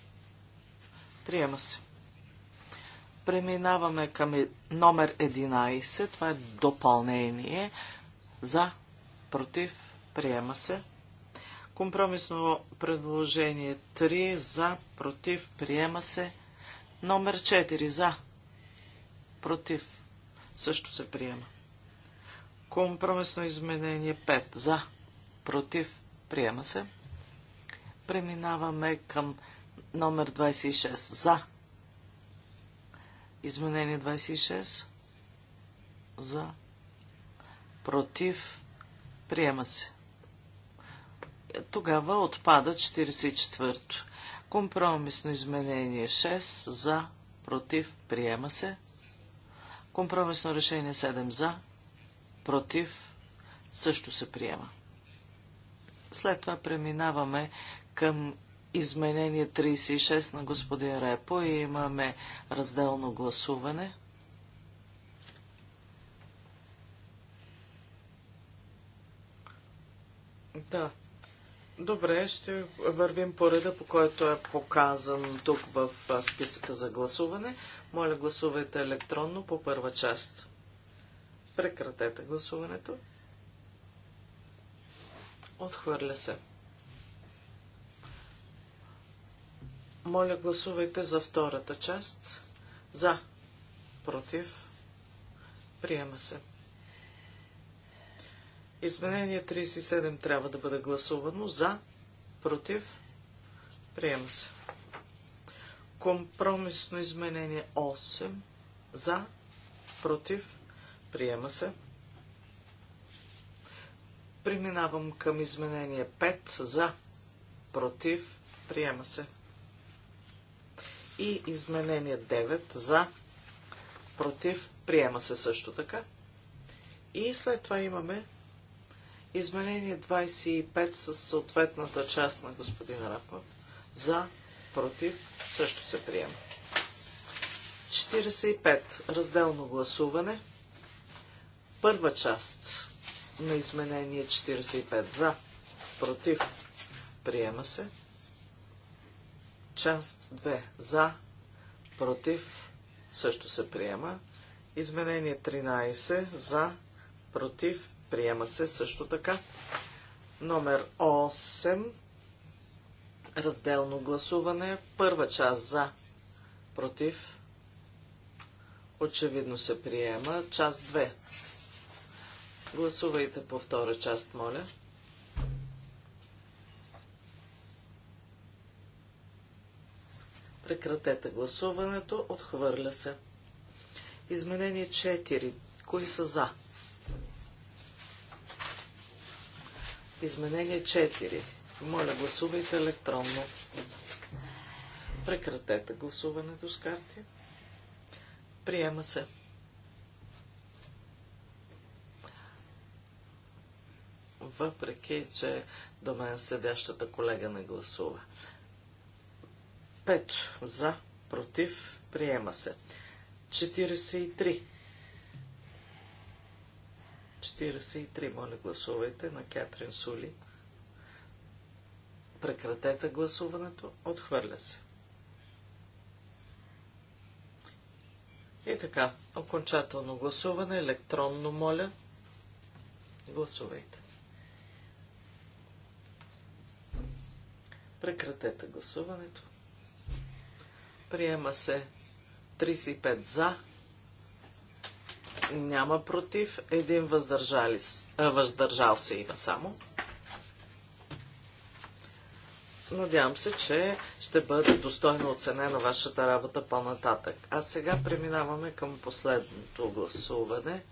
приема се. Преминаваме към е- номер 11. Това е допълнение. За, против, приема се. Компромисно предложение 3 за, против, приема се. Номер 4 за, против, също се приема. Компромисно изменение 5 за, против, приема се. Преминаваме към номер 26 за. Изменение 26 за против, приема се. Тогава отпада 44-то. Компромисно изменение 6 за, против, приема се. Компромисно решение 7 за, против, също се приема. След това преминаваме към изменение 36 на господин Репо и имаме разделно гласуване. Да. Добре, ще вървим по реда, по който е показан тук в списъка за гласуване. Моля, гласувайте електронно по първа част. Прекратете гласуването. Отхвърля се. Моля, гласувайте за втората част. За. Против. Приема се. Изменение 37 трябва да бъде гласувано за, против, приема се. Компромисно изменение 8 за, против, приема се. Преминавам към изменение 5 за, против, приема се. И изменение 9 за, против, приема се също така. И след това имаме Изменение 25 с съответната част на господин Рапов. За, против, също се приема. 45. Разделно гласуване. Първа част на изменение 45. За, против, приема се. Част 2. За, против, също се приема. Изменение 13. За, против, Приема се също така. Номер 8. Разделно гласуване. Първа част за. Против. Очевидно се приема. Част 2. Гласувайте по втора част, моля. Прекратете гласуването. Отхвърля се. Изменение 4. Кои са за? Изменение 4. Моля, гласувайте електронно. Прекратете гласуването с карти. Приема се. Въпреки, че до мен седящата колега не гласува. Пето. За. Против. Приема се. 43. 43. Моля, гласувайте на Кетрин Сули. Прекратете гласуването. Отхвърля се. И така, окончателно гласуване, електронно моля. Гласувайте. Прекратете гласуването. Приема се 35 за, няма против. Един въздържал се има само. Надявам се, че ще бъде достойно оценена вашата работа по-нататък. А сега преминаваме към последното гласуване.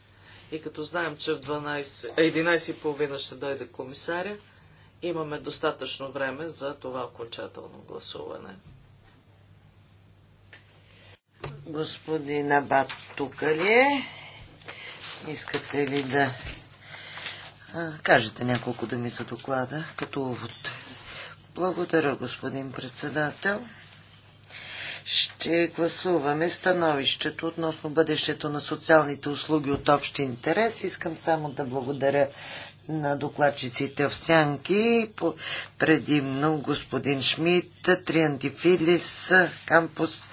И като знаем, че в 12, 11.30 ще дойде комисаря, имаме достатъчно време за това окончателно гласуване. Господин Абат тук ли е? Искате ли да а, кажете няколко думи за доклада като увод? Благодаря, господин председател. Ще гласуваме становището относно бъдещето на социалните услуги от общ интерес. Искам само да благодаря на докладчиците в Сянки, предимно господин Шмидт, Триантифилис, Кампус.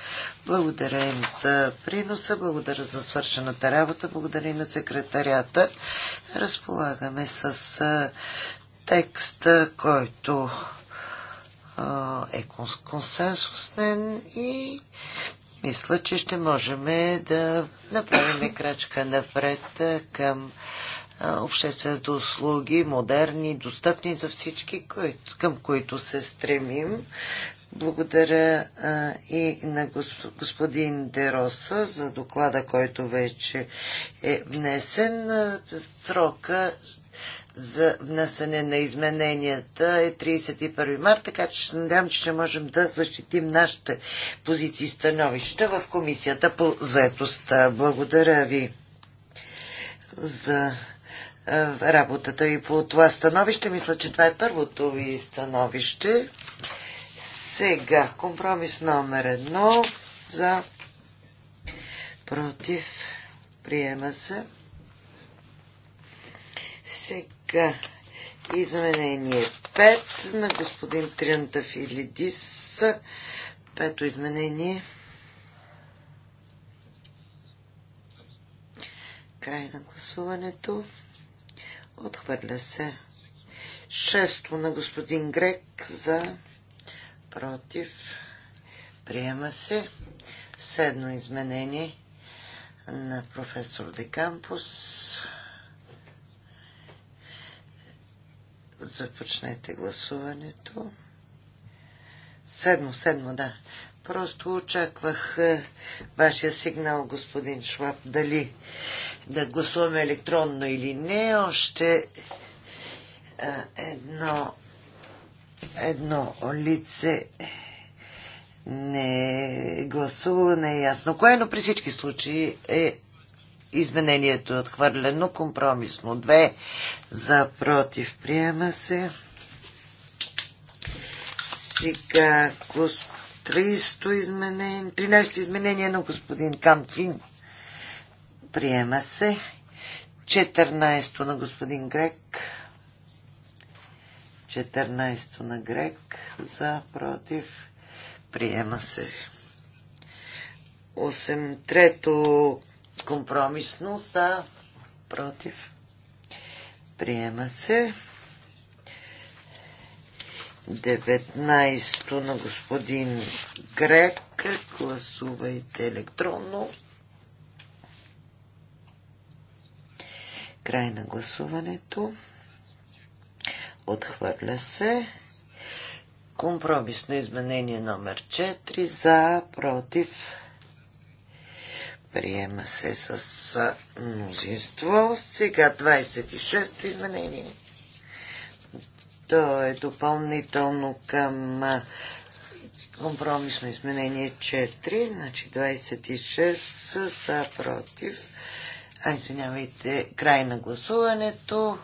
Благодаря им за приноса, благодаря за свършената работа, благодаря и на секретарията. Разполагаме с текста, който е консенсуснен и мисля, че ще можем да направим крачка напред към обществените услуги, модерни, достъпни за всички, към които се стремим. Благодаря а, и на господин Дероса за доклада, който вече е внесен. Срока за внесене на измененията е 31 марта, така че се надявам, че ще можем да защитим нашите позиции и становища в Комисията по заетостта. Благодаря ви за е, работата ви по това становище. Мисля, че това е първото ви становище. Сега, компромис номер едно за против. Приема се. Сега, изменение 5 на господин Триантафилидис. Пето изменение. Край на гласуването. Отхвърля се. Шесто на господин Грек за против. Приема се. Седмо изменение на професор Декампус. Започнете гласуването. Седмо, седмо, да. Просто очаквах е, вашия сигнал, господин Шваб, дали да гласуваме електронно или не, още едно, едно лице не е гласувало, не е ясно. Кое, но при всички случаи е изменението е отхвърлено компромисно. Две за против приема се. Сега 300 изменение, 13 изменение на господин Камфин Приема се. 14-то на господин Грек. 14-то на Грек. За, против. Приема се. 8-трето компромисно. За, против. Приема се. 19-то на господин Грек. Гласувайте електронно. Край на гласуването. Отхвърля се. Компромисно изменение номер 4 за, против. Приема се с мнозинство. Сега 26 изменение. То е допълнително към компромисно изменение 4, значи 26 за, против. А, извинявайте, край на гласуването.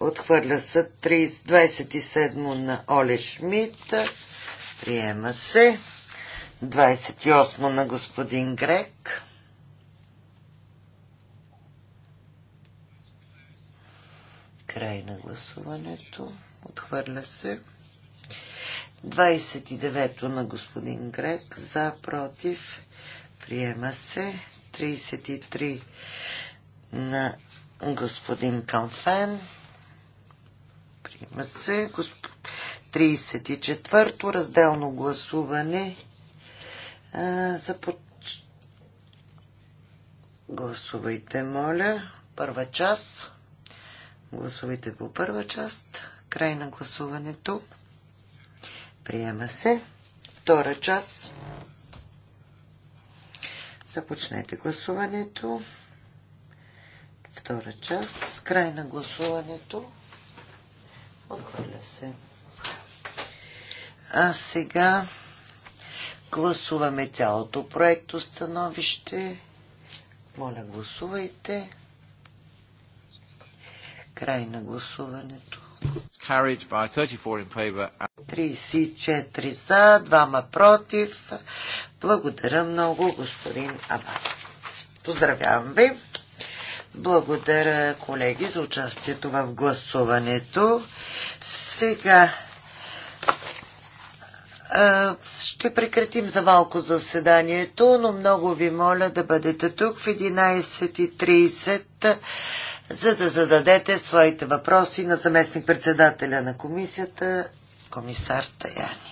Отхвърля се 27 на Оле Шмидт. Приема се. 28 на господин Грек. Край на гласуването. Отхвърля се. 29-то на господин Грек. За, против. Приема се. 33 на господин Канфен. Приема се. 34-то разделно гласуване а, за Гласувайте, моля. Първа част. Гласувайте по първа част. Край на гласуването. Приема се. Втора част. Започнете гласуването. Втора част. Край на гласуването. Отхвърля се. А сега гласуваме цялото проекто становище. Моля, гласувайте. Край на гласуването. 34 за, двама против. Благодаря много, господин Абат. Поздравявам ви. Благодаря, колеги, за участието в гласуването. Сега ще прекратим за малко заседанието, но много ви моля да бъдете тук в 11.30 за да зададете своите въпроси на заместник-председателя на комисията, комисар Таяни.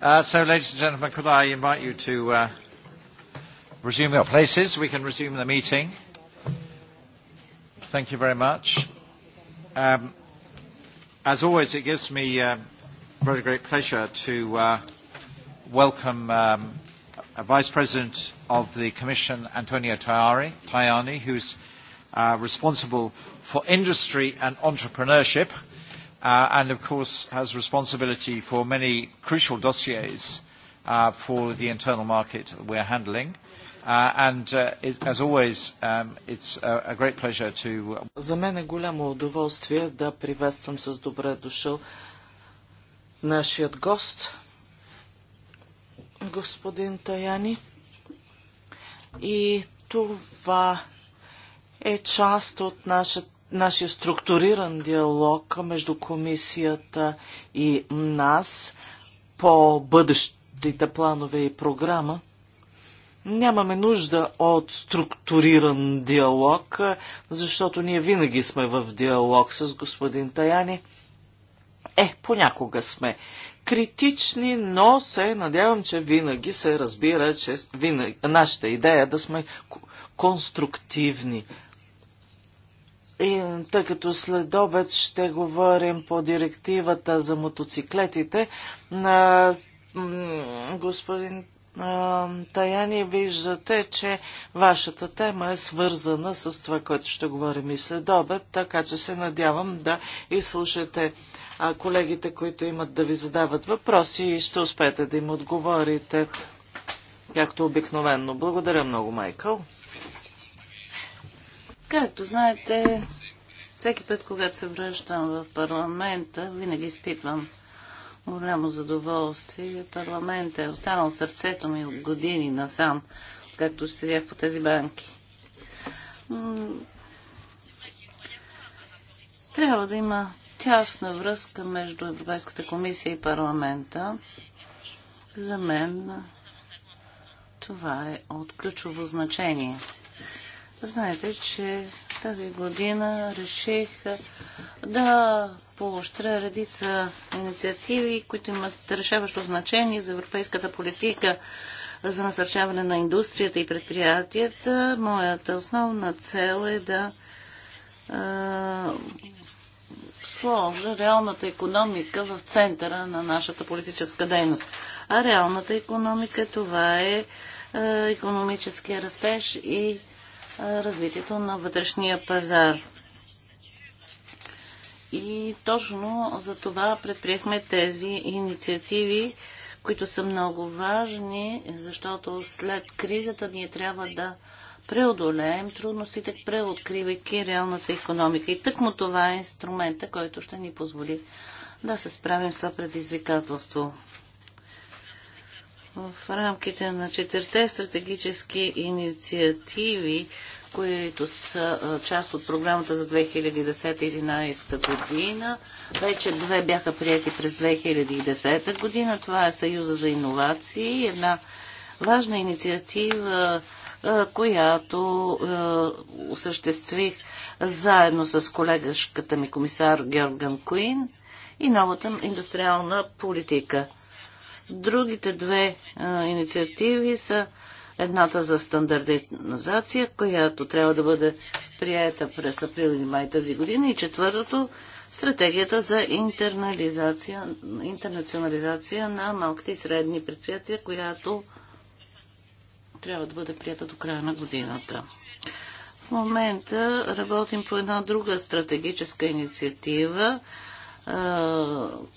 Uh, so, ladies and gentlemen, could I invite you to uh, resume your places? We can resume the meeting. Thank you very much. Um, as always, it gives me uh, very great pleasure to uh, welcome um, a Vice President of the Commission, Antonio Tajani, Tajani who's uh, responsible for industry and entrepreneurship – uh, and of course has responsibility for many crucial dossiers uh, for the internal market that we're handling. Uh, and uh, it, as always, um, it's a, a great pleasure to... За мен е голямо удоволствие да приветствам с добре дошъл нашият гост, господин Таяни. И това е част от нашата нашия структуриран диалог между комисията и нас по бъдещите планове и програма. Нямаме нужда от структуриран диалог, защото ние винаги сме в диалог с господин Таяни. Е, понякога сме критични, но се надявам, че винаги се разбира, че винаги, нашата идея е да сме конструктивни, и, тъй като след обед ще говорим по директивата за мотоциклетите, на господин Таяни, виждате, че вашата тема е свързана с това, което ще говорим и след обед, така че се надявам да изслушате колегите, които имат да ви задават въпроси и ще успеете да им отговорите, както обикновенно. Благодаря много, Майкъл. Както знаете, всеки път, когато се връщам в парламента, винаги изпитвам голямо задоволствие. Парламентът е останал сърцето ми от години насам, както ще седях по тези банки. Трябва да има тясна връзка между Европейската комисия и парламента. За мен това е от ключово значение. Знаете, че тази година реших да поощря редица инициативи, които имат решаващо значение за европейската политика за насърчаване на индустрията и предприятията. Моята основна цел е да е, сложа реалната економика в центъра на нашата политическа дейност. А реалната економика това е економическия растеж и развитието на вътрешния пазар. И точно за това предприехме тези инициативи, които са много важни, защото след кризата ние трябва да преодолеем трудностите, преоткривайки реалната економика. И тъкмо това е инструмента, който ще ни позволи да се справим с това предизвикателство. В рамките на четирте стратегически инициативи, които са част от програмата за 2010-2011 година. Вече две бяха прияти през 2010 година. Това е Съюза за иновации, една важна инициатива, която осъществих заедно с колегашката ми комисар Георган Куин и новата индустриална политика – Другите две а, инициативи са едната за стандартизация, която трябва да бъде приета през април и май тази година и четвъртото стратегията за интернализация, интернационализация на малките и средни предприятия, която трябва да бъде прията до края на годината. В момента работим по една друга стратегическа инициатива,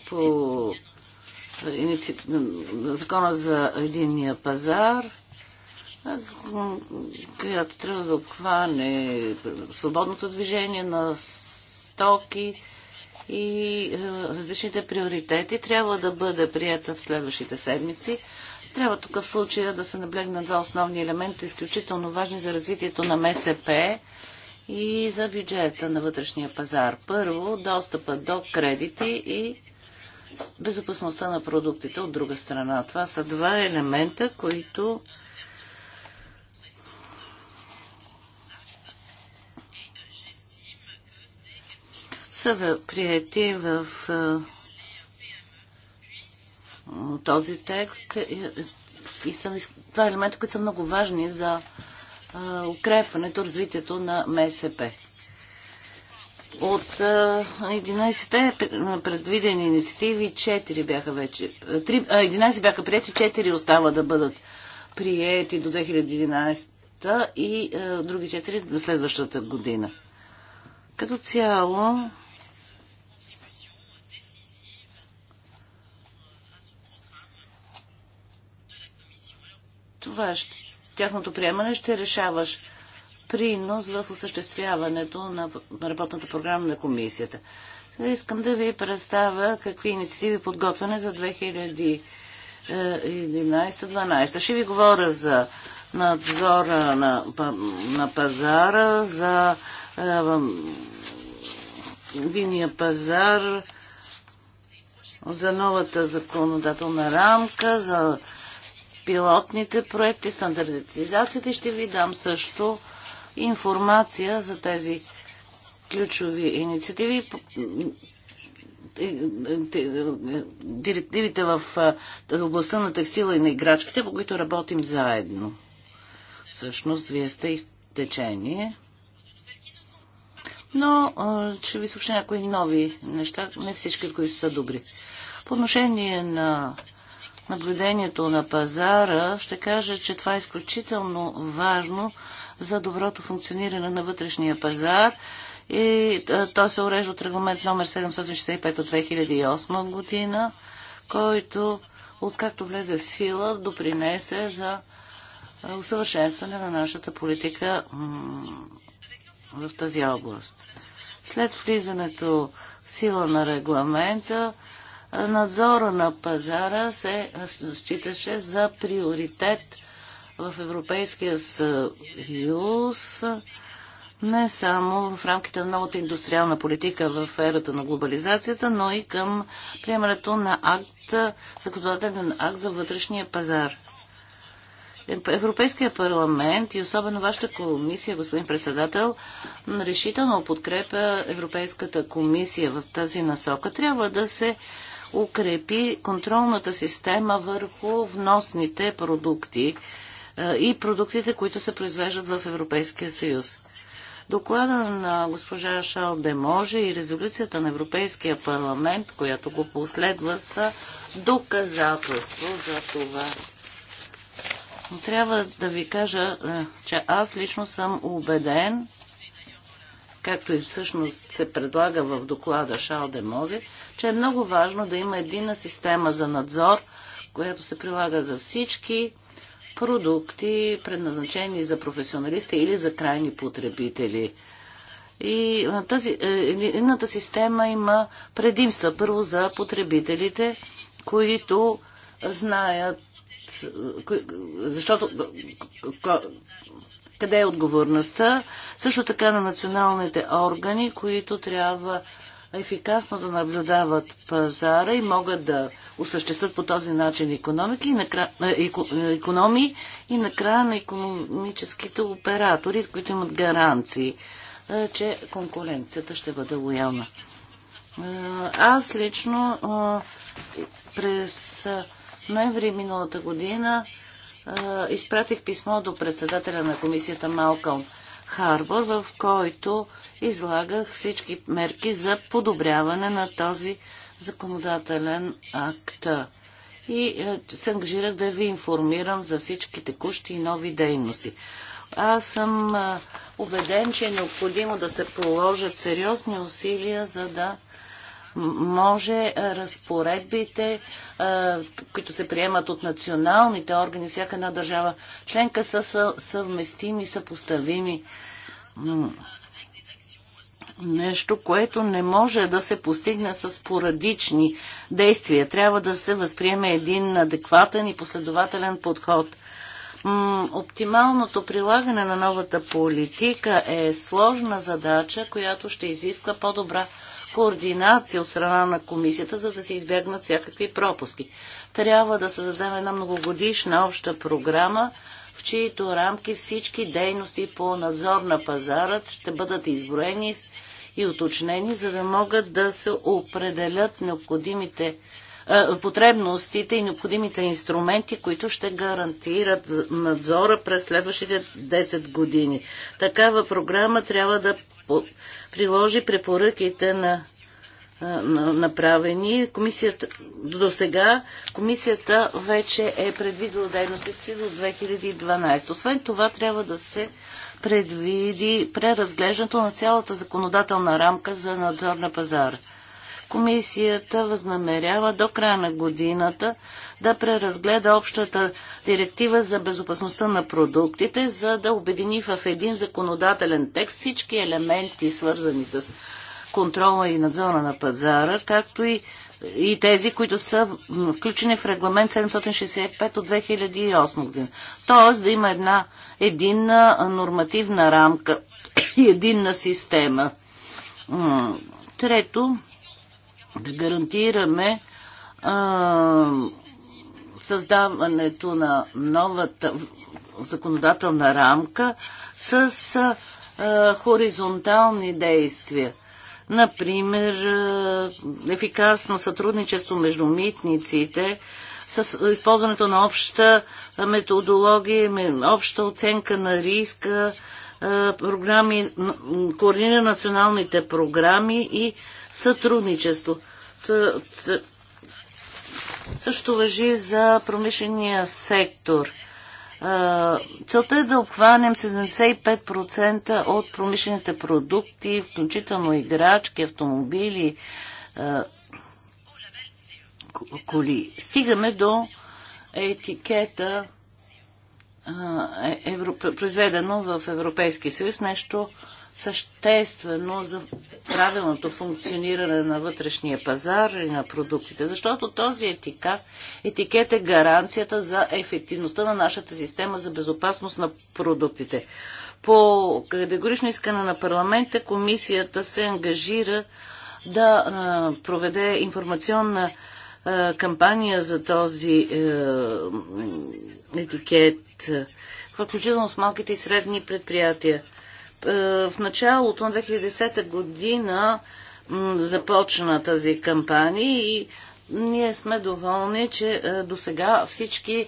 по иници... закона за единния пазар, която трябва да обхване свободното движение на стоки и е, различните приоритети, трябва да бъде прията в следващите седмици. Трябва тук в случая да се наблегна два основни елемента, изключително важни за развитието на МСП и за бюджета на вътрешния пазар. Първо, достъпа до кредити и безопасността на продуктите от друга страна. Това са два елемента, които са приети в този текст и са два е елемента, които са много важни за укрепването, развитието на МСП. От 11-те предвидени инициативи, 4 бяха вече, 3, 11 бяха прияти, 4 остава да бъдат приети до 2011 и а, други 4 до следващата година. Като цяло, това ще, тяхното приемане ще решаваш принос в осъществяването на работната програма на комисията. Искам да ви представя какви инициативи подготвяне за 2011-2012. Е, ще ви говоря за надзора на, на пазара, за виния е, пазар, за новата законодателна рамка, за пилотните проекти, стандартизацията. Ще ви дам също информация за тези ключови инициативи. Е, е, е, директивите в областта на текстила и на играчките, по които работим заедно. Всъщност, вие сте и в течение. Но ще ви съобщя някои нови неща, не всички, които са добри. По отношение на наблюдението на пазара, ще кажа, че това е изключително важно за доброто функциониране на вътрешния пазар и то се урежда от регламент номер 765 от 2008 година, който откакто влезе в сила, допринесе за усъвършенстване на нашата политика в тази област. След влизането в сила на регламента, надзора на пазара се считаше за приоритет в Европейския съюз не само в рамките на новата индустриална политика в ерата на глобализацията, но и към приемането на акт, законодателен акт за вътрешния пазар. Европейския парламент и особено вашата комисия, господин председател, решително подкрепя Европейската комисия в тази насока. Трябва да се укрепи контролната система върху вносните продукти и продуктите, които се произвеждат в Европейския съюз. Доклада на госпожа Шал Деможе и резолюцията на Европейския парламент, която го последва, са доказателство за това. Трябва да ви кажа, е, че аз лично съм убеден, както и всъщност се предлага в доклада Шал Демозе, че е много важно да има едина система за надзор, която се прилага за всички продукти, предназначени за професионалисти или за крайни потребители. И тази е, едната система има предимства. Първо за потребителите, които знаят, защото къде е отговорността, също така на националните органи, които трябва ефикасно да наблюдават пазара и могат да осъществят по този начин економики и накра... Е, е, економии и накрая на економическите оператори, които имат гаранции, е, че конкуренцията ще бъде лоялна. Аз лично през ноември миналата година изпратих писмо до председателя на комисията Малкълм Харбор, в който излагах всички мерки за подобряване на този законодателен акт. И е, се ангажирах да ви информирам за всички текущи и нови дейности. Аз съм е, убеден, че е необходимо да се положат сериозни усилия, за да може е, разпоредбите, които се приемат от националните органи, всяка една държава членка, са съвместими, съпоставими нещо, което не може да се постигне с порадични действия. Трябва да се възприеме един адекватен и последователен подход. Оптималното прилагане на новата политика е сложна задача, която ще изисква по-добра координация от страна на комисията, за да се избегнат всякакви пропуски. Трябва да създадем една многогодишна обща програма, в чието рамки всички дейности по надзор на пазарът ще бъдат изброени и уточнени, за да могат да се определят необходимите потребностите и необходимите инструменти, които ще гарантират надзора през следващите 10 години. Такава програма трябва да приложи препоръките на направени. Комисията, до сега комисията вече е предвидила дейностите си до 2012. Освен това трябва да се предвиди преразглеждането на цялата законодателна рамка за надзор на пазара. Комисията възнамерява до края на годината да преразгледа общата директива за безопасността на продуктите, за да обедини в един законодателен текст всички елементи, свързани с контрола и надзора на пазара, както и и тези, които са включени в регламент 765 от 2008 година. Тоест да има една единна нормативна рамка и единна система. Трето, да гарантираме а, създаването на новата законодателна рамка с а, хоризонтални действия. Например, е, ефикасно сътрудничество между митниците с използването на обща методология, обща оценка на риска, е, програми, координира националните програми и сътрудничество. Също въжи за промишления сектор. Целта е да обхванем 75% от промишлените продукти, включително играчки, автомобили, коли. Стигаме до етикета е, произведено в Европейски съюз, нещо съществено за правилното функциониране на вътрешния пазар и на продуктите, защото този етика, етикет е гаранцията за ефективността на нашата система за безопасност на продуктите. По категорично искане на парламента, комисията се ангажира да проведе информационна кампания за този е, етикет, включително с малките и средни предприятия. Е, в началото на 2010 година започна тази кампания и ние сме доволни, че е, до сега всички е,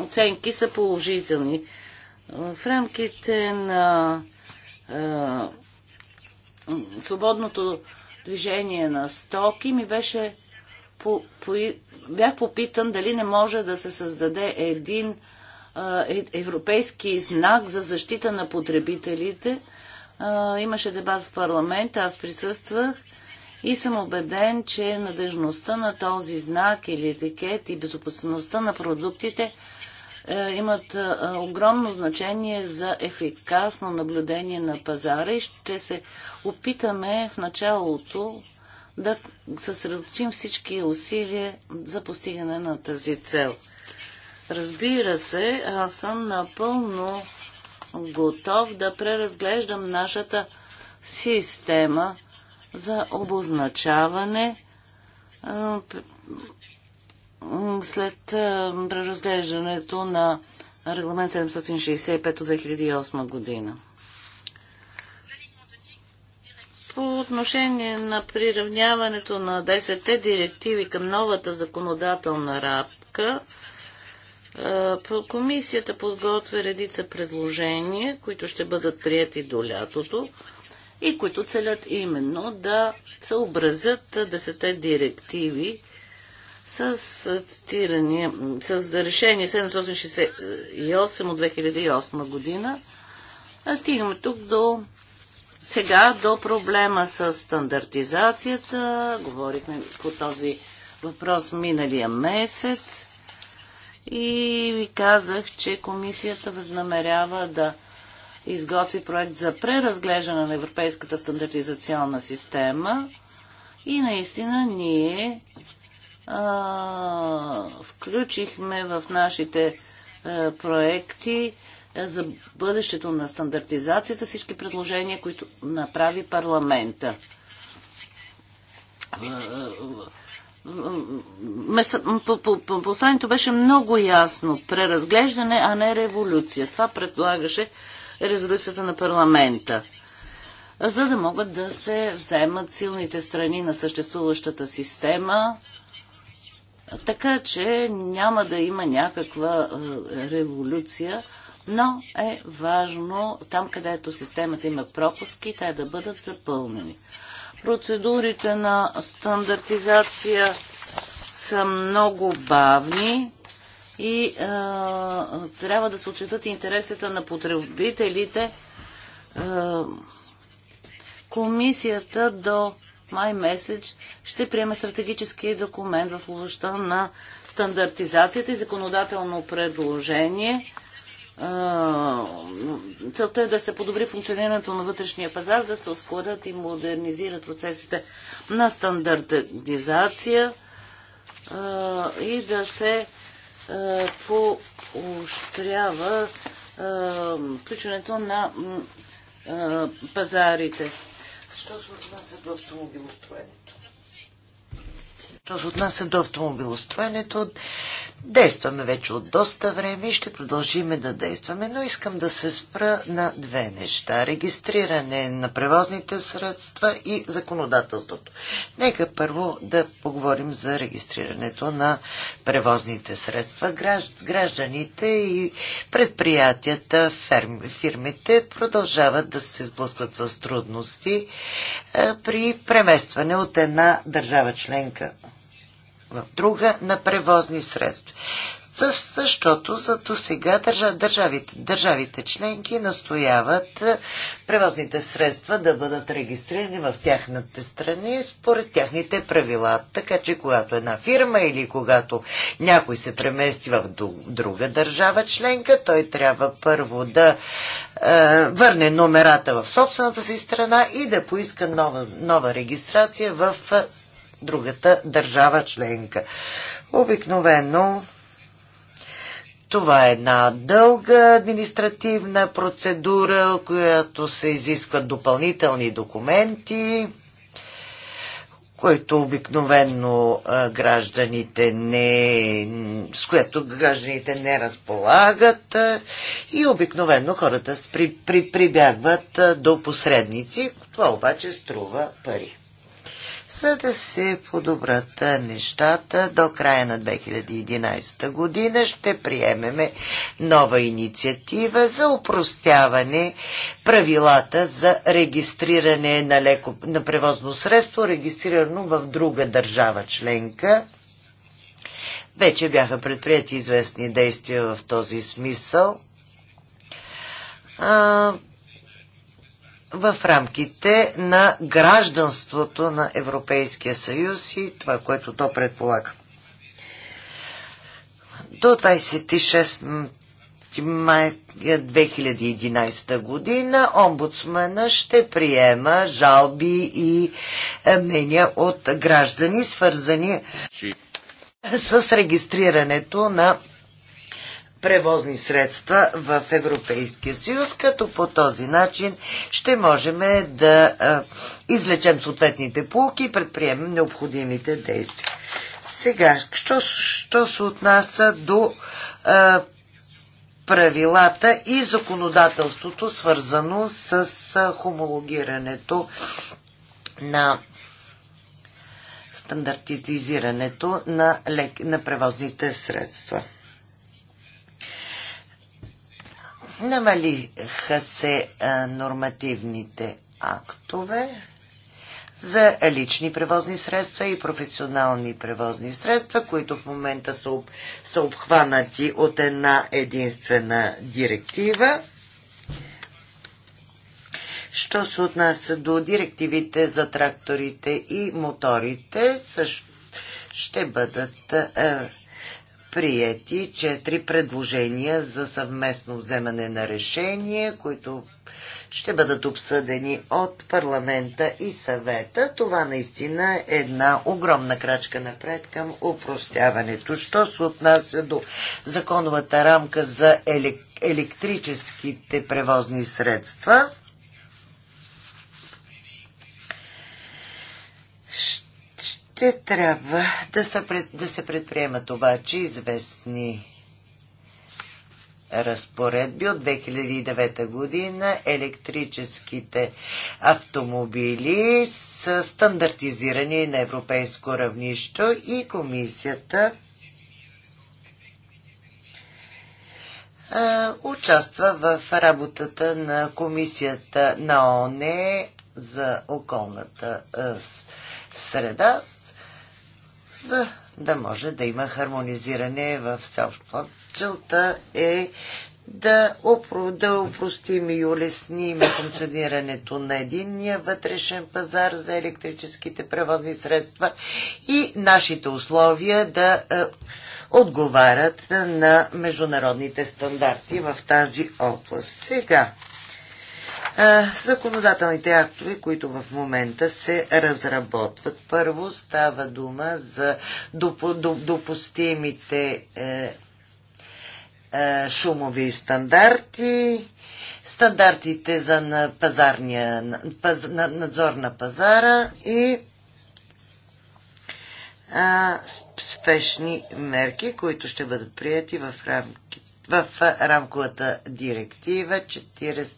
оценки са положителни. В рамките на свободното движение на стоки ми беше по, по, бях попитан дали не може да се създаде един е, европейски знак за защита на потребителите. Имаше дебат в парламента, аз присъствах и съм убеден, че надежността на този знак или етикет и безопасността на продуктите е, имат е, огромно значение за ефикасно наблюдение на пазара и ще се опитаме в началото да съсредоточим всички усилия за постигане на тази цел. Разбира се, аз съм напълно готов да преразглеждам нашата система за обозначаване след преразглеждането на регламент 765 от 2008 година. По отношение на приравняването на 10-те директиви към новата законодателна рабка. Е, комисията подготвя редица предложения, които ще бъдат прияти до лятото и които целят именно да съобразят десете директиви с, с решение 768 от 2008 година. А стигаме тук до сега до проблема с стандартизацията. Говорихме по този въпрос миналия месец и ви казах, че комисията възнамерява да изготви проект за преразглеждане на европейската стандартизационна система и наистина ние а, включихме в нашите а, проекти а, за бъдещето на стандартизацията всички предложения, които направи парламента. А, Посланието беше много ясно. Преразглеждане, а не революция. Това предлагаше резолюцията на парламента. За да могат да се вземат силните страни на съществуващата система, така че няма да има някаква революция, но е важно там, където системата има пропуски, те да бъдат запълнени. Процедурите на стандартизация са много бавни и а, е, трябва да се отчитат интересите на потребителите. А, е, комисията до май месец ще приеме стратегически документ в областта на стандартизацията и законодателно предложение Целта е да се подобри функционирането на вътрешния пазар, да се ускорят и модернизират процесите на стандартизация и да се поощрява включването на пазарите. Що се отнася до автомобилостроението? Що се отнася до автомобилостроението? Действаме вече от доста време и ще продължиме да действаме, но искам да се спра на две неща. Регистриране на превозните средства и законодателството. Нека първо да поговорим за регистрирането на превозните средства. Гражданите и предприятията, фирмите продължават да се сблъскват с трудности е, при преместване от една държава членка в друга на превозни средства. Защото за до сега държа, държавите, държавите членки настояват е, превозните средства да бъдат регистрирани в тяхната страни според тяхните правила. Така че когато една фирма или когато някой се премести в друга държава членка, той трябва първо да е, върне номерата в собствената си страна и да поиска нова, нова регистрация в е, другата държава членка. Обикновено това е една дълга административна процедура, която се изискват допълнителни документи, които обикновено гражданите не, с което гражданите не разполагат и обикновено хората при, при, прибягват до посредници. Това обаче струва пари за да се подобрат нещата до края на 2011 година. Ще приемеме нова инициатива за упростяване правилата за регистриране на, леко, на превозно средство, регистрирано в друга държава членка. Вече бяха предприяти известни действия в този смисъл в рамките на гражданството на Европейския съюз и това, което то предполага. До 26 май 2011 година омбудсмена ще приема жалби и е, мнения от граждани, свързани с регистрирането на превозни средства в Европейския съюз, като по този начин ще можем да излечем съответните полки и предприемем необходимите действия. Сега, що, що се отнася до а, правилата и законодателството, свързано с а, хомологирането на стандартизирането на, лек, на превозните средства. Намалиха се нормативните актове за лични превозни средства и професионални превозни средства, които в момента са, об, са обхванати от една единствена директива. Що се отнася до директивите за тракторите и моторите, също ще бъдат приети четири предложения за съвместно вземане на решение, които ще бъдат обсъдени от парламента и съвета. Това наистина е една огромна крачка напред към упростяването. Що се отнася до законовата рамка за електрическите превозни средства? Ще трябва да се, да се предприемат обаче известни разпоредби от 2009 година електрическите автомобили са стандартизирани на европейско равнище и комисията участва в работата на комисията на ОНЕ за околната среда за да може да има хармонизиране в всеобщ план. Целта е да, опро, да упростим и улесним функционирането на единния вътрешен пазар за електрическите превозни средства и нашите условия да е, отговарят на международните стандарти в тази област. Сега Законодателните актове, които в момента се разработват. Първо става дума за допустимите е, е, шумови стандарти, стандартите за пазарния, паз, надзор на пазара и а, спешни мерки, които ще бъдат прияти в, рамки, в рамковата директива 40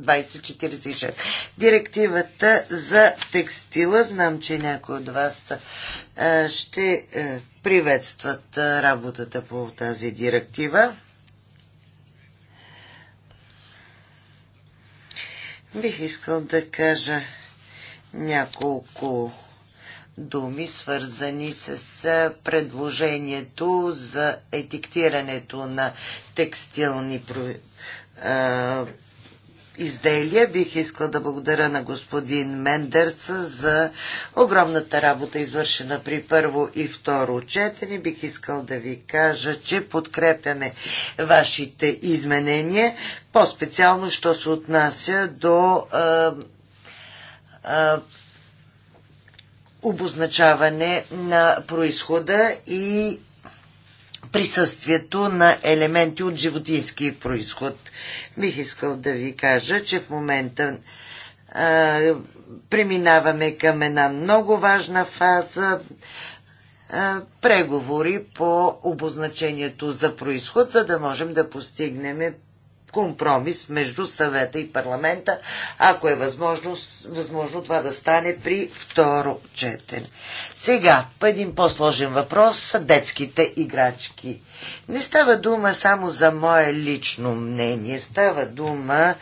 2046. Директивата за текстила, знам, че някои от вас е, ще е, приветстват е, работата по тази директива. Бих искал да кажа няколко думи, свързани с предложението за етиктирането на текстилни изделия. Бих искала да благодаря на господин Мендерс за огромната работа, извършена при първо и второ четене. Бих искал да ви кажа, че подкрепяме вашите изменения, по-специално, що се отнася до а, а, обозначаване на происхода и присъствието на елементи от животински происход. Бих искал да ви кажа, че в момента а, преминаваме към една много важна фаза а, преговори по обозначението за происход, за да можем да постигнем компромис между съвета и парламента, ако е възможно, възможно това да стане при второ четене. Сега, по един по-сложен въпрос са детските играчки. Не става дума само за мое лично мнение, става дума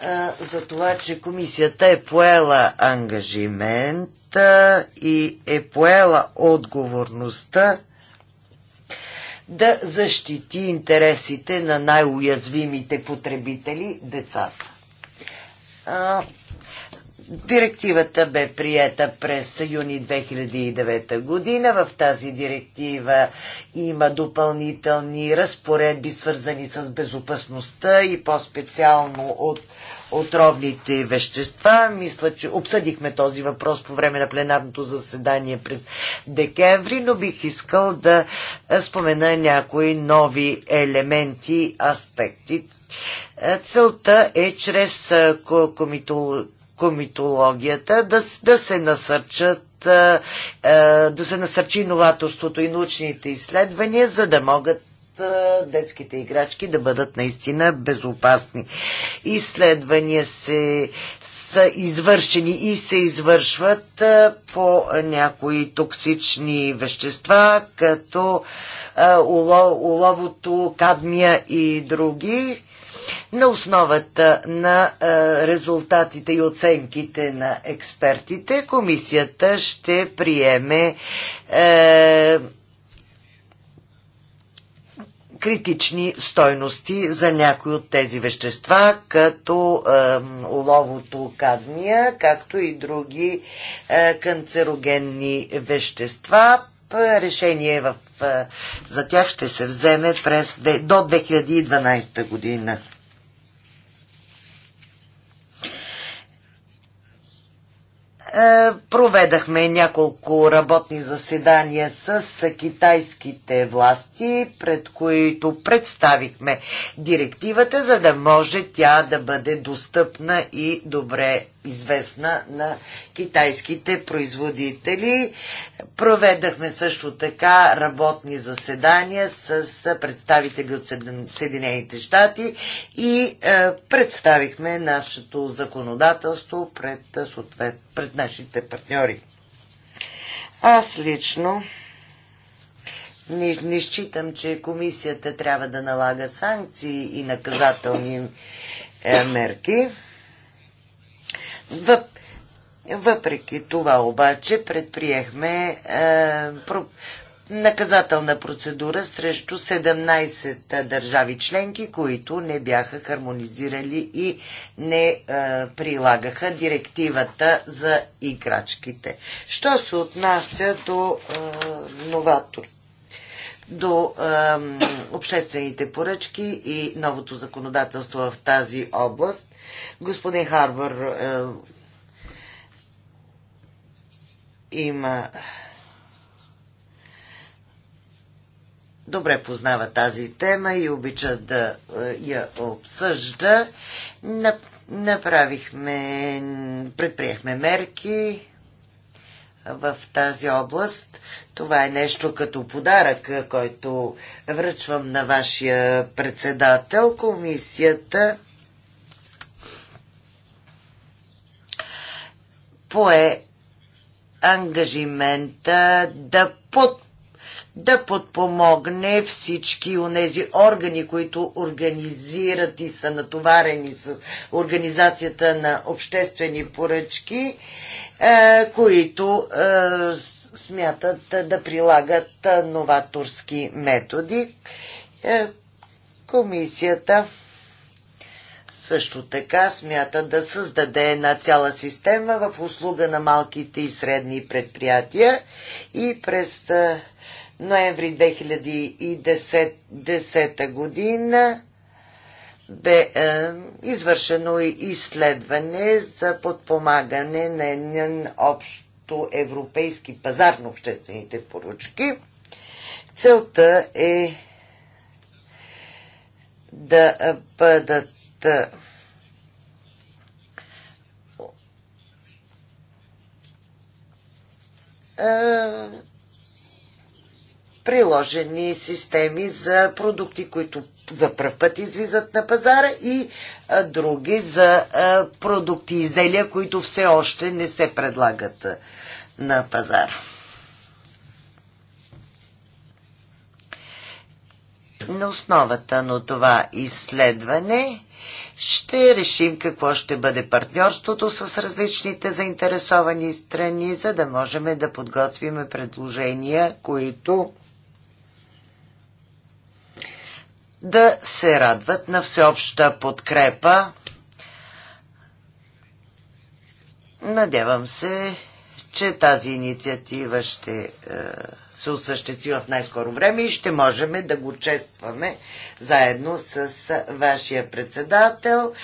а, за това, че комисията е поела ангажимент и е поела отговорността да защити интересите на най-уязвимите потребители – децата. А, директивата бе приета през юни 2009 година. В тази директива има допълнителни разпоредби, свързани с безопасността и по-специално от отровните вещества. Мисля, че обсъдихме този въпрос по време на пленарното заседание през декември, но бих искал да е, спомена някои нови елементи, аспекти. Е, целта е чрез е, комитол... комитологията да, да се насърчат да се насърчи новаторството и научните изследвания, за да могат детските играчки да бъдат наистина безопасни. Изследвания се са извършени и се извършват по някои токсични вещества, като уловото, кадмия и други. На основата на резултатите и оценките на експертите, комисията ще приеме е, критични стойности за някои от тези вещества, като е, оловото кадмия, както и други е, канцерогенни вещества. Решение в, е, за тях ще се вземе през, до 2012 година. Е, проведахме няколко работни заседания с китайските власти, пред които представихме директивата, за да може тя да бъде достъпна и добре известна на китайските производители. Проведахме също така работни заседания с представители от Съединените щати и е, представихме нашето законодателство пред, пред нашите партньори. Аз лично не, не считам, че комисията трябва да налага санкции и наказателни е, мерки. Въп, въпреки това обаче предприехме е, про, наказателна процедура срещу 17 държави членки, които не бяха хармонизирали и не е, прилагаха директивата за играчките. Що се отнася до е, новатор, до е, обществените поръчки и новото законодателство в тази област, господин Харбър е, има добре познава тази тема и обича да е, я обсъжда. Направихме, предприехме мерки в тази област. Това е нещо като подарък, който връчвам на вашия председател. Комисията пое ангажимента да подпомогне да подпомогне всички онези органи, които организират и са натоварени с организацията на обществени поръчки, е, които е, смятат да прилагат новаторски методи. Е, комисията също така смята да създаде една цяла система в услуга на малките и средни предприятия и през ноември 2010, година бе е, извършено изследване за подпомагане на един общо европейски пазар на обществените поручки. Целта е да бъдат е, приложени системи за продукти, които за пръв път излизат на пазара и а, други за а, продукти и изделия, които все още не се предлагат а, на пазара. На основата на това изследване ще решим какво ще бъде партньорството с различните заинтересовани страни, за да можем да подготвим предложения, които да се радват на всеобща подкрепа. Надявам се, че тази инициатива ще е, се осъществи в най-скоро време и ще можем да го честваме заедно с вашия председател.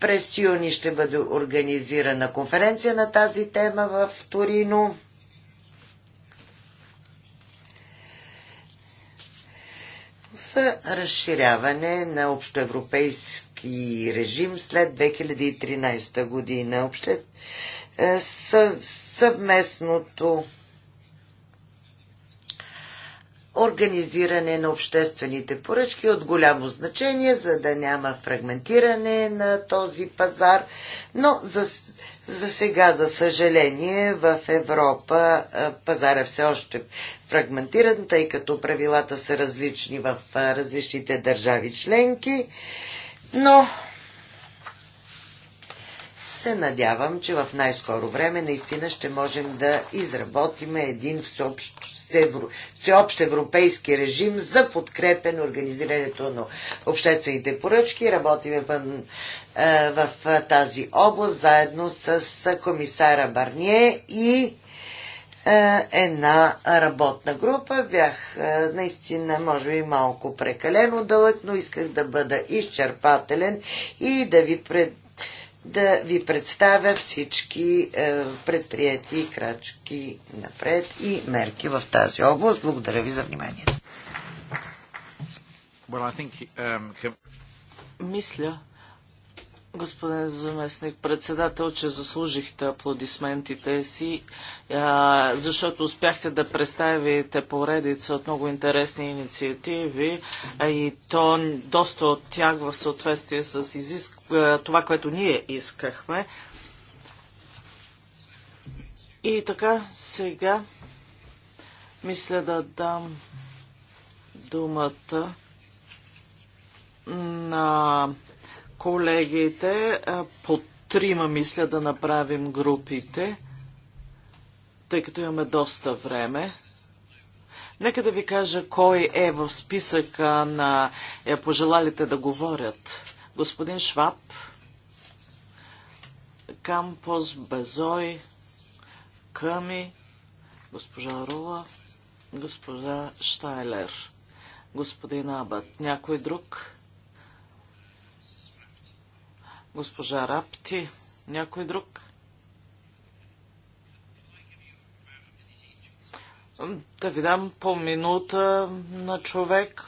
През юни ще бъде организирана конференция на тази тема в Торино. за разширяване на общоевропейски режим след 2013 година. Обще, е, съвместното организиране на обществените поръчки е от голямо значение, за да няма фрагментиране на този пазар, но за, за сега, за съжаление, в Европа е, пазара е все още фрагментиран, тъй като правилата са различни в е, различните държави членки, но се надявам, че в най-скоро време наистина ще можем да изработим един всеобщ евро, всеобщ европейски режим за подкрепен на организирането на обществените поръчки. Работиме в, е, в е, тази област заедно с комисара Барние и е, една работна група. Бях наистина, може би, малко прекалено дълъг, но исках да бъда изчерпателен и да ви пред, да ви представя всички е, предприяти крачки напред и мерки в тази област. Благодаря ви за вниманието. Well, um, Мисля, господин заместник председател, че заслужихте аплодисментите си, защото успяхте да представите поредица от много интересни инициативи и то доста от тях в съответствие с изиск... това, което ние искахме. И така, сега мисля да дам думата на колегите. По трима мисля да направим групите, тъй като имаме доста време. Нека да ви кажа кой е в списъка на е, пожелалите да говорят. Господин Шваб, Кампос, Безой, Къми, госпожа Рула, госпожа Штайлер, господин Абат. Някой друг? Госпожа Рапти, някой друг? Да ви дам по минута на човек,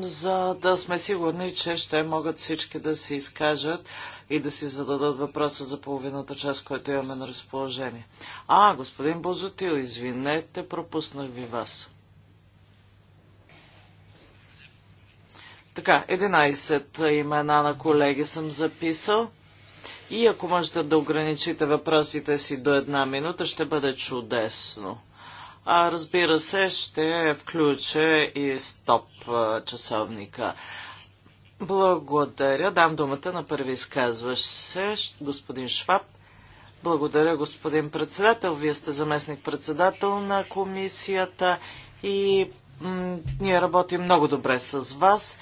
за да сме сигурни, че ще могат всички да се изкажат и да си зададат въпроса за половината част, който имаме на разположение. А, господин Бозотил, извинете, пропуснах ви вас. Така, 11 имена на колеги съм записал. И ако можете да ограничите въпросите си до една минута, ще бъде чудесно. А разбира се, ще включа и стоп часовника. Благодаря. Дам думата на първи изказващ се, господин Шваб. Благодаря, господин председател. Вие сте заместник председател на комисията и ние работим много добре с вас.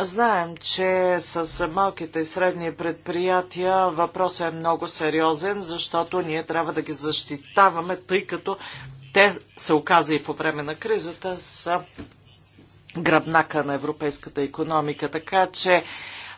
Знаем, че с малките и средни предприятия въпросът е много сериозен, защото ние трябва да ги защитаваме, тъй като те се оказа и по време на кризата с гръбнака на европейската економика. Така че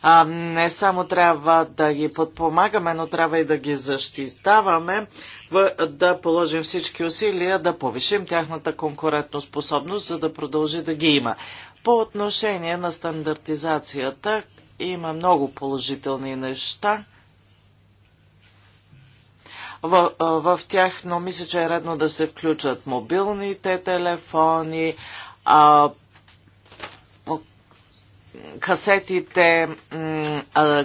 а, не само трябва да ги подпомагаме, но трябва и да ги защитаваме, в, да положим всички усилия да повишим тяхната конкурентоспособност, за да продължи да ги има. По отношение на стандартизацията има много положителни неща в, в тях, но мисля, че е редно да се включат мобилните телефони, а, касетите, а,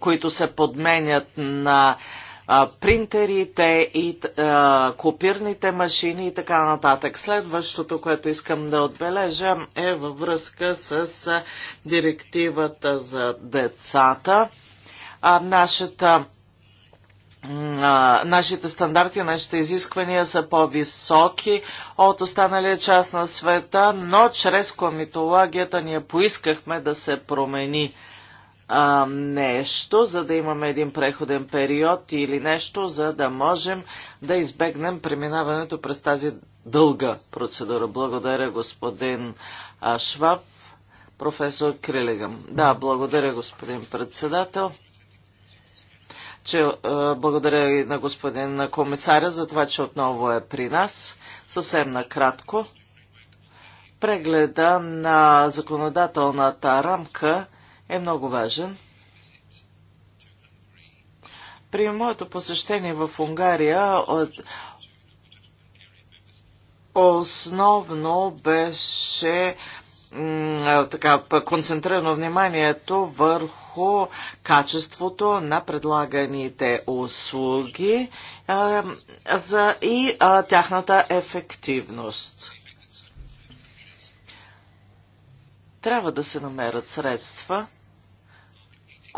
които се подменят на принтерите и а, копирните машини и така нататък. Следващото, което искам да отбележа е във връзка с а, директивата за децата. А, нашата нашите стандарти, нашите изисквания са по-високи от останалия част на света, но чрез комитологията ние поискахме да се промени а, нещо, за да имаме един преходен период или нещо, за да можем да избегнем преминаването през тази дълга процедура. Благодаря, господин а, Шваб. Професор Крилигам. Да, благодаря, господин председател че а, благодаря и на господин комисаря за това, че отново е при нас. Съвсем накратко. Прегледа на законодателната рамка е много важен. При моето посещение в Унгария от основно беше така, концентрирано вниманието върху качеството на предлаганите услуги а, за, и а, тяхната ефективност. Трябва да се намерят средства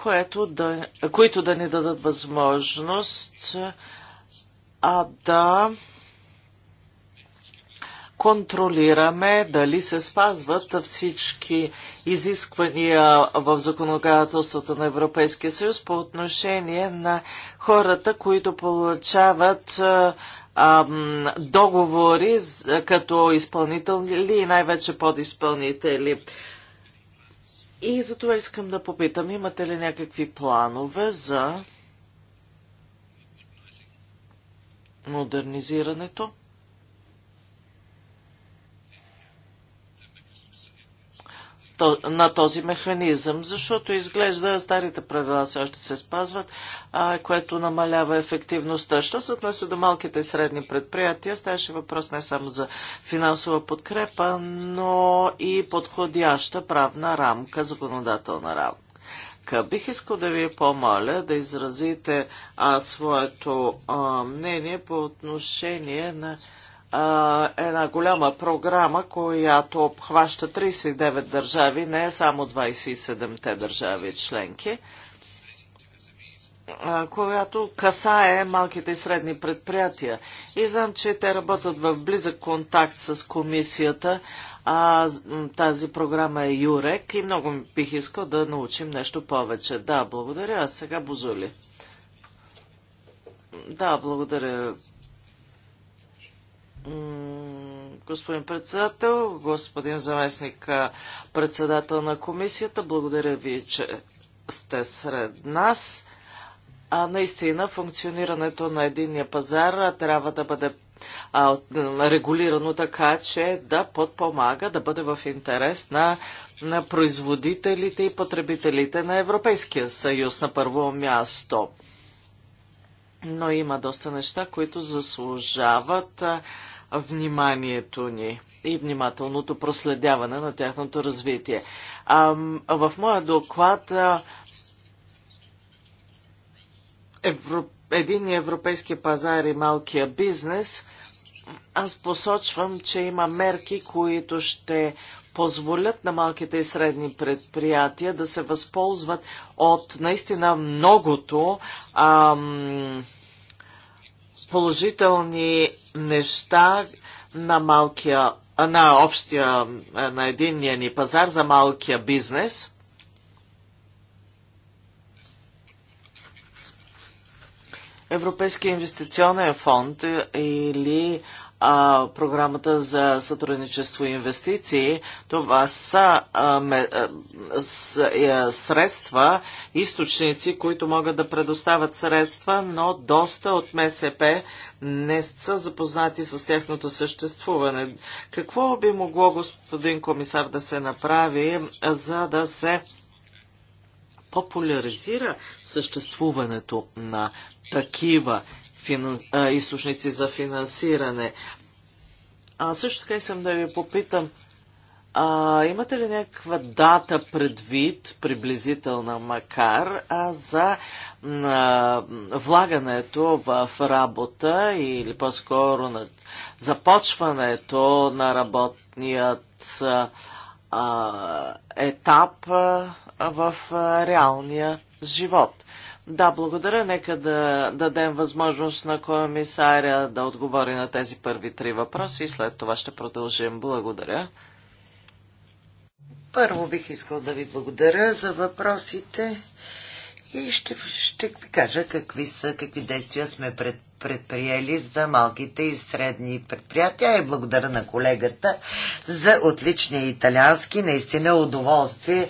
което да, които да ни дадат възможност а да контролираме дали се спазват всички изисквания в законодателството на Европейския съюз по отношение на хората, които получават договори като изпълнители и най-вече подизпълнители. И за това искам да попитам, имате ли някакви планове за модернизирането? на този механизъм, защото изглежда старите правила все още се спазват, а, което намалява ефективността. Що се отнася до малките и средни предприятия, ставаше въпрос не само за финансова подкрепа, но и подходяща правна рамка, законодателна рамка. Бих искал да ви помоля да изразите а, своето а, мнение по отношение на а, една голяма програма, която обхваща 39 държави, не е само 27-те държави членки, а, която касае малките и средни предприятия. И знам, че те работят в близък контакт с комисията, а тази програма е ЮРЕК и много бих искал да научим нещо повече. Да, благодаря. А сега Бузули. Да, благодаря, господин председател, господин заместник председател на комисията. Благодаря ви, че сте сред нас. А наистина функционирането на единния пазар трябва да бъде а, регулирано така, че да подпомага, да бъде в интерес на, на производителите и потребителите на Европейския съюз на първо място. Но има доста неща, които заслужават а, вниманието ни и внимателното проследяване на тяхното развитие. А, в моя доклад а, Евро... един европейски пазар и малкия бизнес, аз посочвам, че има мерки, които ще позволят на малките и средни предприятия да се възползват от наистина многото ам, положителни неща на малкия, на общия, на единния ни пазар за малкия бизнес. Европейския инвестиционен фонд е- или а, програмата за сътрудничество и инвестиции, това са а, ме, с, а, е, средства, източници, които могат да предоставят средства, но доста от МСП не са запознати с тяхното съществуване. Какво би могло, господин комисар, да се направи, за да се популяризира съществуването на такива финанс... а, източници за финансиране. А също така искам да ви попитам, а, имате ли някаква дата предвид, приблизителна макар, а за а, влагането в работа или по-скоро на започването на работният а, етап а, в а, реалния живот? Да, благодаря. Нека да дадем възможност на комисаря да отговори на тези първи три въпроси и след това ще продължим. Благодаря. Първо бих искал да ви благодаря за въпросите и ще, ще ви кажа какви, са, какви действия сме пред, предприели за малките и средни предприятия. И благодаря на колегата за отличния италиански. Наистина удоволствие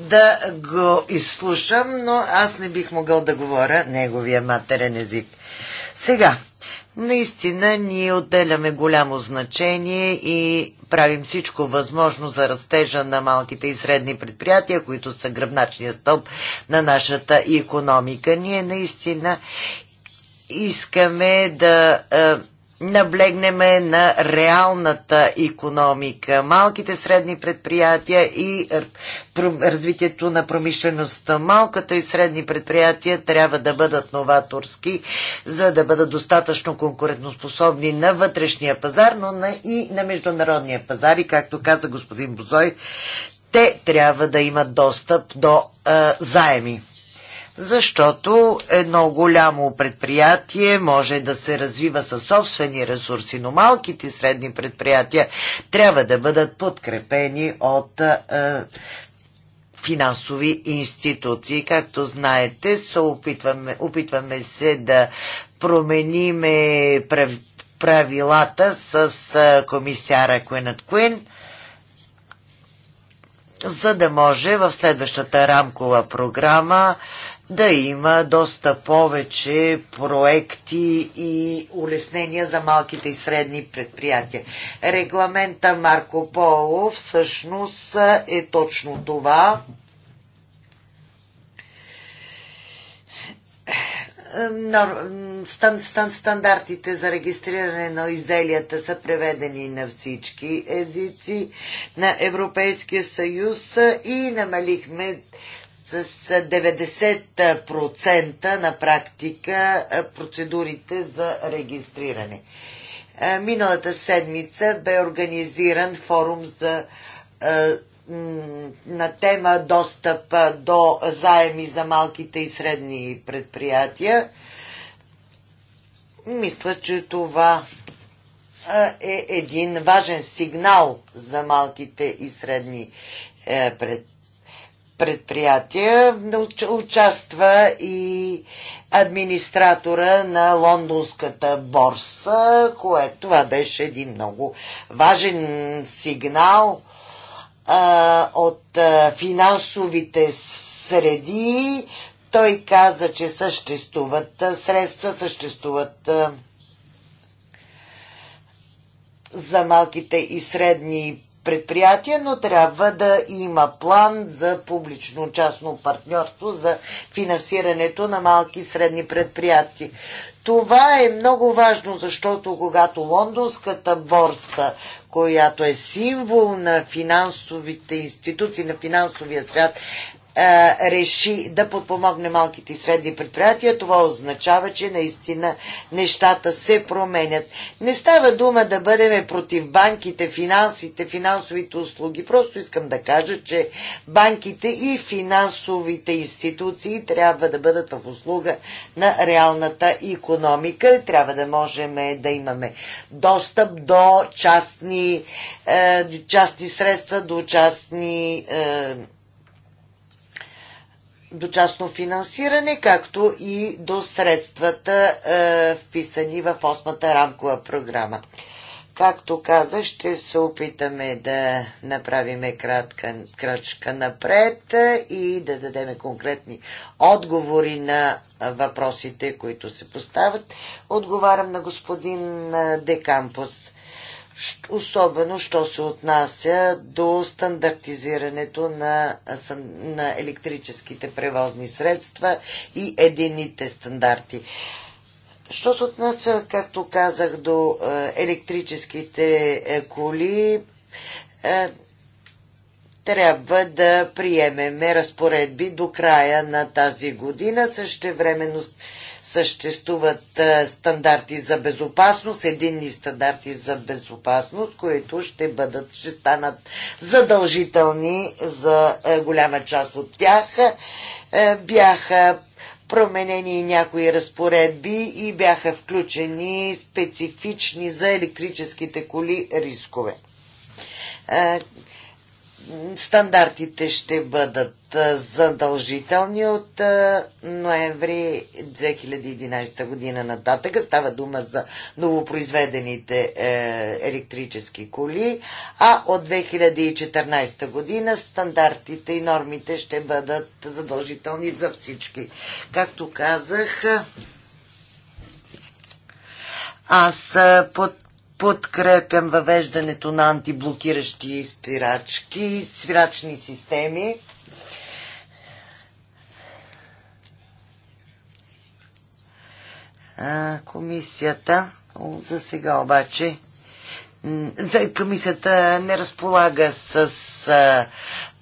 да го изслушам, но аз не бих могъл да говоря неговия матерен език. Сега, наистина ние отделяме голямо значение и правим всичко възможно за растежа на малките и средни предприятия, които са гръбначния стълб на нашата економика. Ние наистина искаме да е, наблегнеме на реалната економика, малките средни предприятия и е, развитието на промишлеността. Малката и средни предприятия трябва да бъдат новаторски, за да бъдат достатъчно конкурентоспособни на вътрешния пазар, но и на международния пазар. И както каза господин Бозой, те трябва да имат достъп до а, е, заеми защото едно голямо предприятие може да се развива със собствени ресурси, но малките и средни предприятия трябва да бъдат подкрепени от е, финансови институции. Както знаете, се опитваме, опитваме се да промениме правилата с е, комисяра Куинът Куин за да може в следващата рамкова програма да има доста повече проекти и улеснения за малките и средни предприятия. Регламента Марко Поло всъщност е точно това. стандартите за регистриране на изделията са преведени на всички езици на Европейския съюз и намалихме с 90% на практика процедурите за регистриране. Миналата седмица бе организиран форум за на тема достъп до заеми за малките и средни предприятия. Мисля, че това е един важен сигнал за малките и средни е, предприятия предприятия участва и администратора на лондонската борса, което това беше един много важен сигнал а, от а, финансовите среди. Той каза, че съществуват а, средства, съществуват а, за малките и средни предприятие, но трябва да има план за публично-частно партньорство за финансирането на малки и средни предприятия. Това е много важно, защото когато лондонската борса, която е символ на финансовите институции, на финансовия свят, е, реши да подпомогне малките и средни предприятия, това означава, че наистина нещата се променят. Не става дума да бъдем против банките, финансите, финансовите услуги. Просто искам да кажа, че банките и финансовите институции трябва да бъдат в услуга на реалната економика. Трябва да можем да имаме достъп до частни, е, частни средства, до частни е, до частно финансиране, както и до средствата е, вписани в 8-та рамкова програма. Както каза, ще се опитаме да направиме кратка, крачка напред и да дадем конкретни отговори на въпросите, които се поставят. Отговарям на господин Декампус особено, що се отнася до стандартизирането на, на електрическите превозни средства и едините стандарти. Що се отнася, както казах, до е, електрическите е, коли, е, трябва да приемеме разпоредби до края на тази година. времено съществуват стандарти за безопасност, единни стандарти за безопасност, които ще бъдат, ще станат задължителни за голяма част от тях. Бяха променени някои разпоредби и бяха включени специфични за електрическите коли рискове. Стандартите ще бъдат задължителни от ноември 2011 година нататък. Става дума за новопроизведените е, електрически коли, а от 2014 година стандартите и нормите ще бъдат задължителни за всички. Както казах, аз под подкрепям въвеждането на антиблокиращи спирачки, спирачни системи комисията за сега обаче комисията не разполага с а,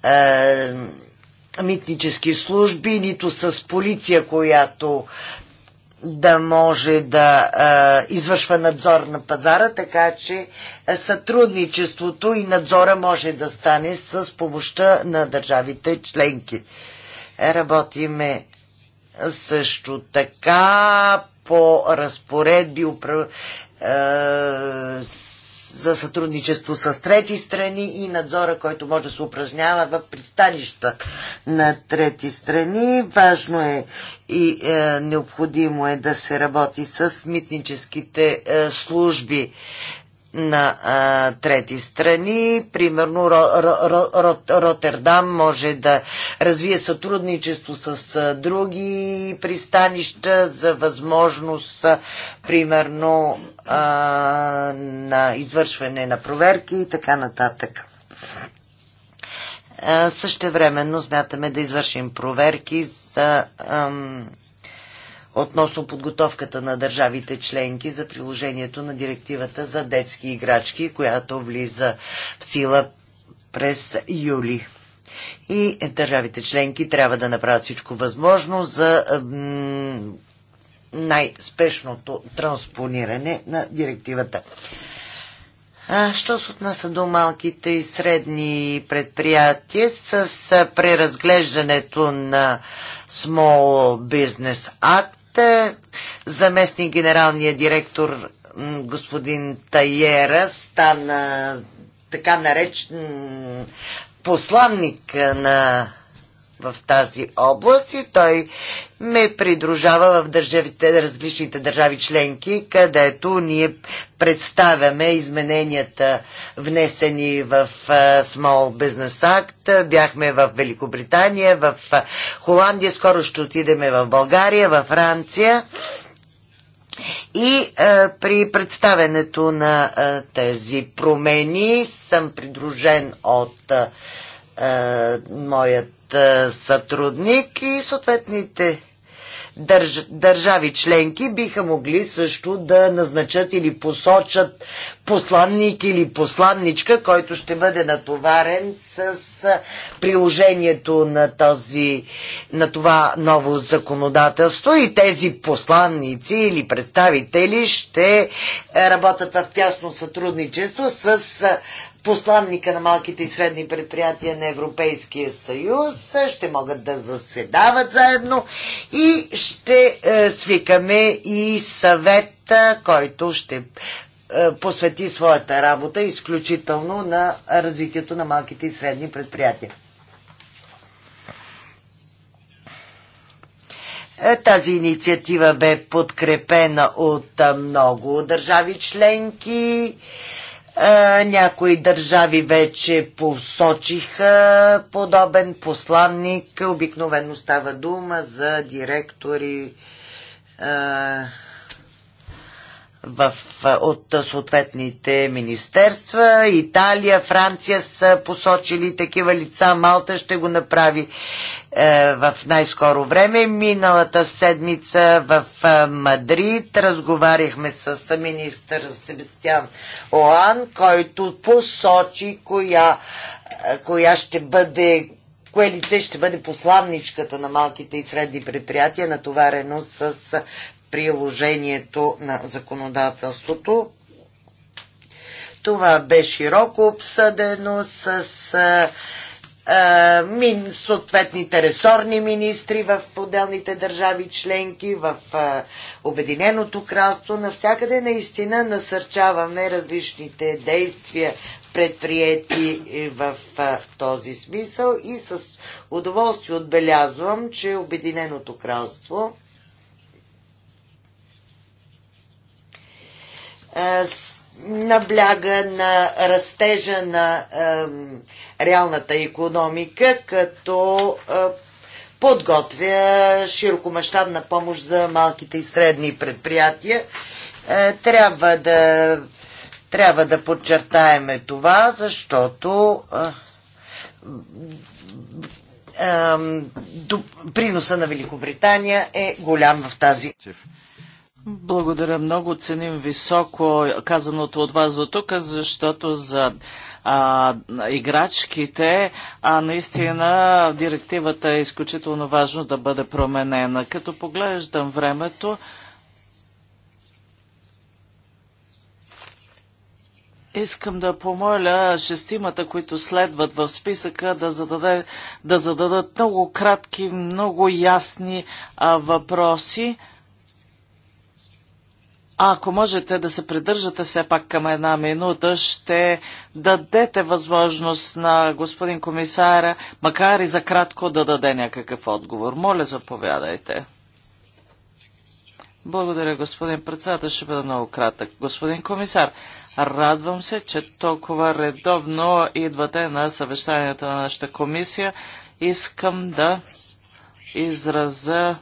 а, митнически служби, нито с полиция, която да може да а, извършва надзор на пазара, така че сътрудничеството и надзора може да стане с помощта на държавите членки. Работиме също така по разпоредби упра... е, за сътрудничество с трети страни и надзора, който може да се упражнява в пристанища на трети страни. Важно е и е, необходимо е да се работи с митническите е, служби на а, трети страни. Примерно Ро, Ро, Ро, Ротердам може да развие сътрудничество с а, други пристанища за възможност, а, примерно, а, на извършване на проверки и така нататък. времено смятаме да извършим проверки за А, относно подготовката на държавите членки за приложението на директивата за детски играчки, която влиза в сила през юли. И държавите членки трябва да направят всичко възможно за най-спешното транспониране на директивата. А, що се отнася до малките и средни предприятия с преразглеждането на Small Business Act, Заместник генералния директор господин Тайера стана така наречен посланник на в тази област и той ме придружава в държавите, различните държави членки, където ние представяме измененията внесени в Small Business Act. Бяхме в Великобритания, в Холандия, скоро ще отидеме в България, в Франция. И е, при представенето на е, тези промени съм придружен от е, моят сътрудник и съответните държ, държави членки биха могли също да назначат или посочат посланник или посланничка, който ще бъде натоварен с приложението на, този, на това ново законодателство и тези посланници или представители ще работят в тясно сътрудничество с посланника на малките и средни предприятия на Европейския съюз, ще могат да заседават заедно и ще е, свикаме и съвета, който ще е, посвети своята работа изключително на развитието на малките и средни предприятия. Е, тази инициатива бе подкрепена от е, много държави членки. Някои държави вече посочиха подобен посланник. Обикновено става дума за директори в, от съответните министерства. Италия, Франция са посочили такива лица. Малта ще го направи е, в най-скоро време. Миналата седмица в е, Мадрид разговаряхме с министър Себастьян Оан, който посочи коя, е, коя ще бъде кое лице ще бъде посланничката на малките и средни предприятия, натоварено с приложението на законодателството. Това бе широко обсъдено с мин, съответните ресорни министри в отделните държави членки, в Обединеното кралство. Навсякъде наистина насърчаваме различните действия, предприяти в този смисъл и с удоволствие отбелязвам, че Обединеното кралство набляга на растежа на реалната економика, като подготвя широкомащабна помощ за малките и средни предприятия. Трябва да, трябва да подчертаеме това, защото приноса на Великобритания е голям в тази. Благодаря много. Ценим високо казаното от вас до тук, защото за а, играчките а, наистина директивата е изключително важно да бъде променена. Като поглеждам времето, Искам да помоля шестимата, които следват в списъка, да, зададе, да зададат много кратки, много ясни а, въпроси. Ако можете да се придържате все пак към една минута, ще дадете възможност на господин комисара, макар и за кратко, да даде някакъв отговор. Моля, заповядайте. Благодаря, господин председател. Ще бъда много кратък. Господин комисар, радвам се, че толкова редовно идвате на съвещанията на нашата комисия. Искам да изразя.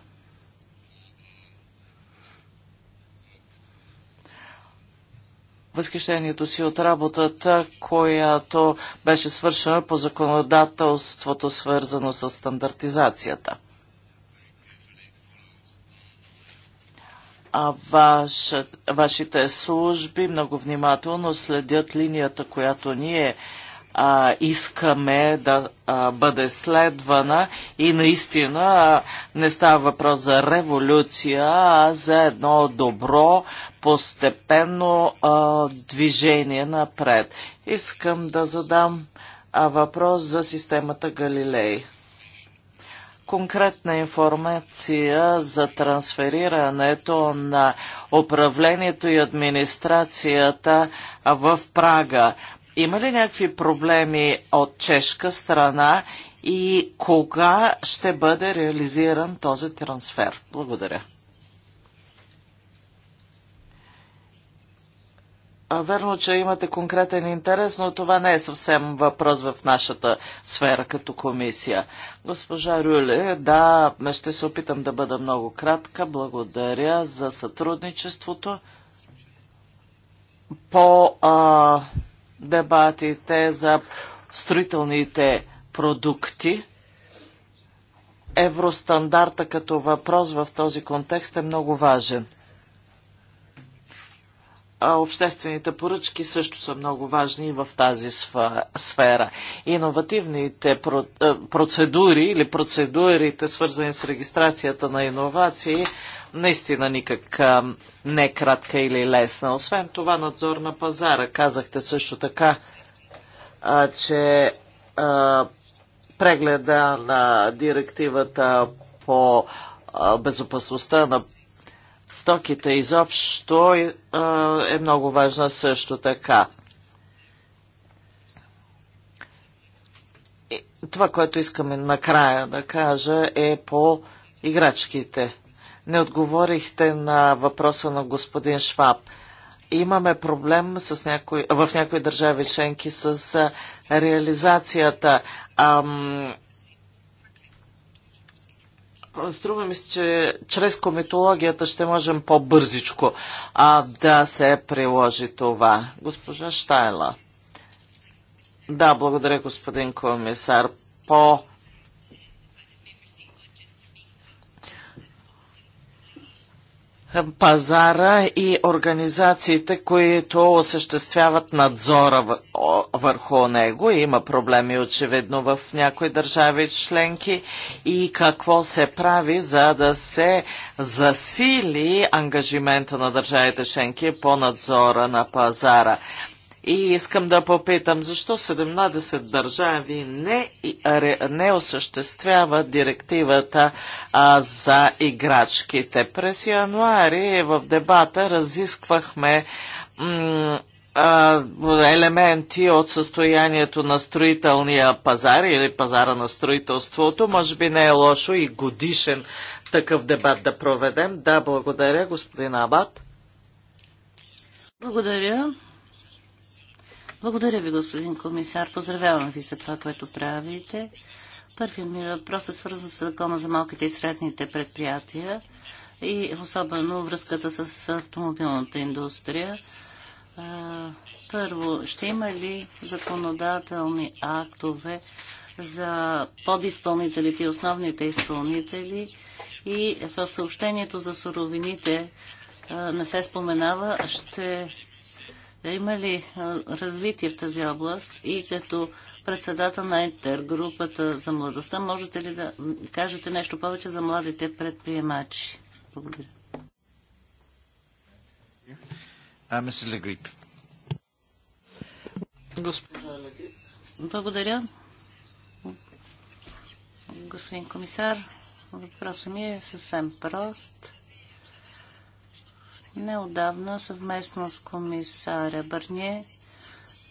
възхищението си от работата, която беше свършена по законодателството, свързано с стандартизацията. а вашите служби много внимателно следят линията, която ние а, искаме да а, бъде следвана и наистина а, не става въпрос за революция, а за едно добро постепенно а, движение напред. Искам да задам а, въпрос за системата Галилей конкретна информация за трансферирането на управлението и администрацията в Прага. Има ли някакви проблеми от чешка страна и кога ще бъде реализиран този трансфер? Благодаря. Верно, че имате конкретен интерес, но това не е съвсем въпрос в нашата сфера като комисия. Госпожа Рюле, да, ще се опитам да бъда много кратка. Благодаря за сътрудничеството по а, дебатите за строителните продукти. Евростандарта като въпрос в този контекст е много важен. А обществените поръчки също са много важни в тази сфера. Иновативните е, процедури или процедурите, свързани с регистрацията на иновации, наистина никак а, не кратка или лесна. Освен това, надзор на пазара. Казахте също така, а, че а, прегледа на директивата по а, безопасността на стоките изобщо а, е много важна също така. И това, което искаме накрая да кажа е по играчките не отговорихте на въпроса на господин Шваб. Имаме проблем с някой, в някои държави членки с реализацията. Ам, струва ми се, че чрез кометологията ще можем по-бързичко да се приложи това. Госпожа Штайла. Да, благодаря, господин комисар. По пазара и организациите, които осъществяват надзора върху него. Има проблеми очевидно в някои държави членки и какво се прави, за да се засили ангажимента на държавите членки по надзора на пазара. И искам да попитам, защо 17 държави не, не осъществяват директивата а, за играчките? През януари в дебата разисквахме елементи от състоянието на строителния пазар или пазара на строителството. Може би не е лошо и годишен такъв дебат да проведем. Да, благодаря, господин Абат. Благодаря. Благодаря ви, господин комисар. Поздравявам ви за това, което правите. Първият ми въпрос е свързан с закона за малките и средните предприятия и особено връзката с автомобилната индустрия. Първо, ще има ли законодателни актове за подизпълнителите и основните изпълнители? И в съобщението за суровините не се споменава, ще има ли развитие в тази област и като председател на интергрупата за младостта, можете ли да кажете нещо повече за младите предприемачи? Благодаря. Благодаря. Господин комисар, въпросът ми е съвсем прост. Неодавна съвместно с комисаря Бърние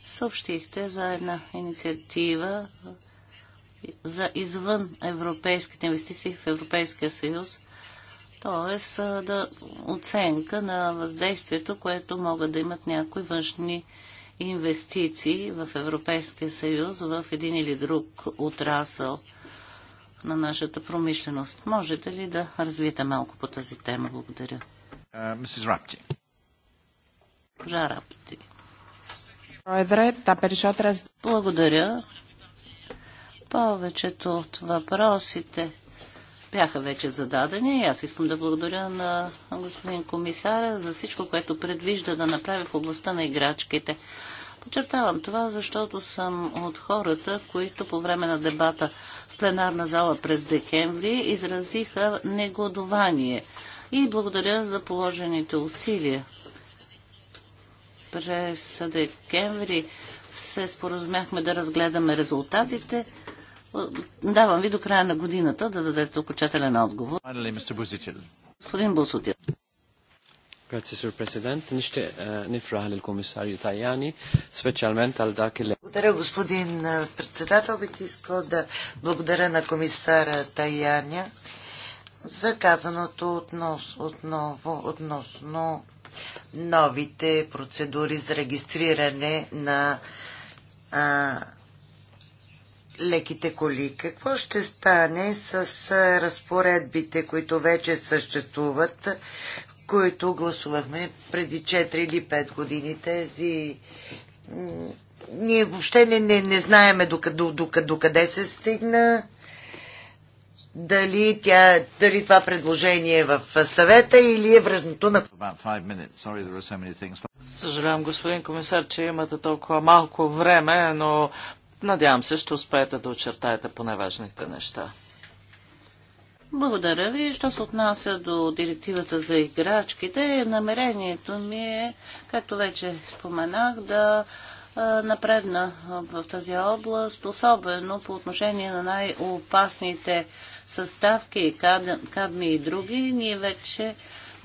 съобщихте за една инициатива за извън европейските инвестиции в Европейския съюз, т.е. Да оценка на въздействието, което могат да имат някои външни инвестиции в Европейския съюз в един или друг отрасъл на нашата промишленост. Можете ли да развиете малко по тази тема? Благодаря. Mrs. Rapti. Благодаря. Повечето от въпросите бяха вече зададени и аз искам да благодаря на господин комисаря за всичко, което предвижда да направи в областта на играчките. Подчертавам това, защото съм от хората, които по време на дебата в пленарна зала през декември изразиха негодование – и благодаря за положените усилия. През декември се споразумяхме да разгледаме резултатите. Давам ви до края на годината да дадете окончателен отговор. Господин Бусутил. Eh, благодаря, господин э, председател. Бих искал да благодаря на комисара Таяня за казаното относ, отново, относно новите процедури за регистриране на а, леките коли. Какво ще стане с разпоредбите, които вече съществуват, които гласувахме преди 4 или 5 години? Тези ние въобще не, не, не знаеме докъде, докъде, докъде се стигна дали, тя, дали това предложение е в съвета или е връжното на... Съжалявам, господин комисар, че имате толкова малко време, но надявам се, ще успеете да очертаете поне важните неща. Благодаря ви. Що се отнася до директивата за играчките, намерението ми е, както вече споменах, да напредна в тази област, особено по отношение на най-опасните съставки, кадми и други. Ние вече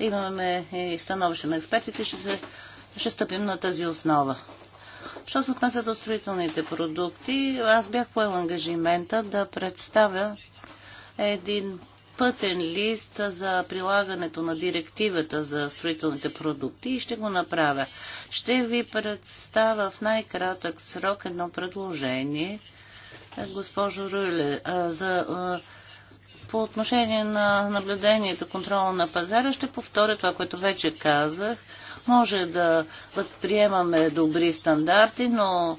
имаме и становище на експертите, ще, се, ще стъпим на тази основа. Що се отнася до строителните продукти, аз бях поел ангажимента да представя един пътен лист за прилагането на директивата за строителните продукти и ще го направя. Ще ви представя в най-кратък срок едно предложение, е, госпожо Руйле, е, за е, по отношение на наблюдението, контрола на пазара, ще повторя това, което вече казах. Може да възприемаме добри стандарти, но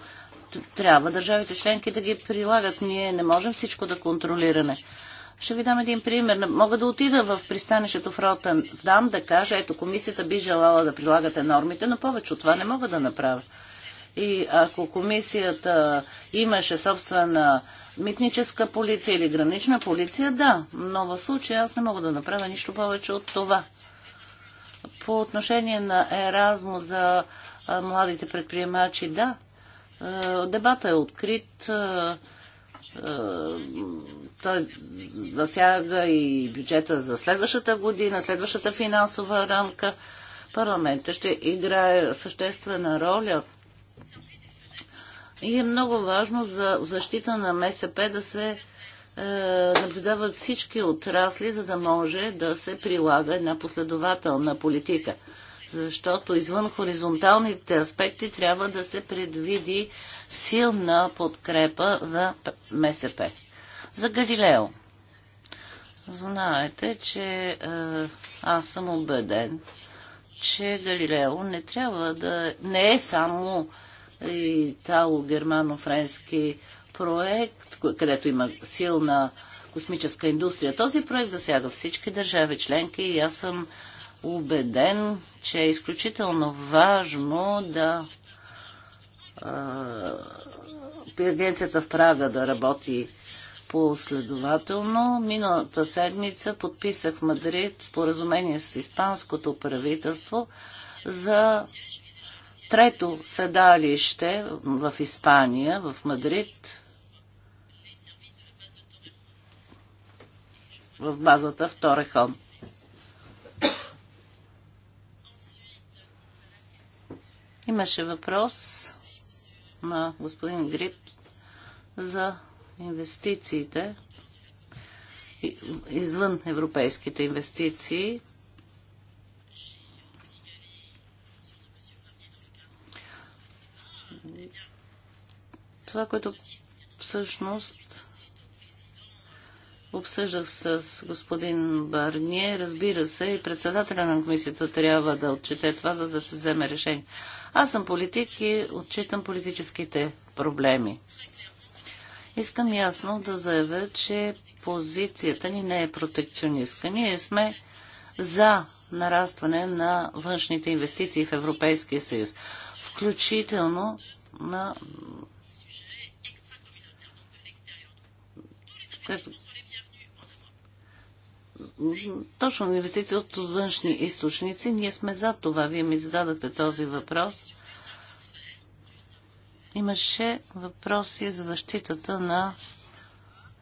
трябва държавите членки да ги прилагат. Ние не можем всичко да контролираме. Ще ви дам един пример. Мога да отида в пристанището в Ротен, дам да кажа, ето комисията би желала да прилагате нормите, но повече от това не мога да направя. И ако комисията имаше собствена митническа полиция или гранична полиция, да, но в случая аз не мога да направя нищо повече от това. По отношение на Еразмо за младите предприемачи, да, е, дебата е открит. Е, е, той засяга и бюджета за следващата година, следващата финансова рамка. Парламента ще играе съществена роля. И е много важно за защита на МСП да се е, наблюдават всички отрасли, за да може да се прилага една последователна политика. Защото извън хоризонталните аспекти трябва да се предвиди силна подкрепа за МСП. За Галилео. Знаете, че е, аз съм убеден, че Галилео не трябва да... не е само итало-германо-френски проект, където има силна космическа индустрия. Този проект засяга всички държави членки и аз съм убеден, че е изключително важно да е, агенцията в Прага да работи последователно. Миналата седмица подписах в Мадрид споразумение с испанското правителство за трето седалище в Испания, в Мадрид, в базата в Торехон. Имаше въпрос на господин Грип за инвестициите извън европейските инвестиции. Това, което всъщност обсъждах с господин Барние, разбира се, и председателя на комисията трябва да отчете това, за да се вземе решение. Аз съм политик и отчитам политическите проблеми. Искам ясно да заявя, че позицията ни не е протекционистка. Ние сме за нарастване на външните инвестиции в Европейския съюз, включително на точно инвестиции от външни източници. Ние сме за това. Вие ми зададате този въпрос. Имаше въпроси за защитата на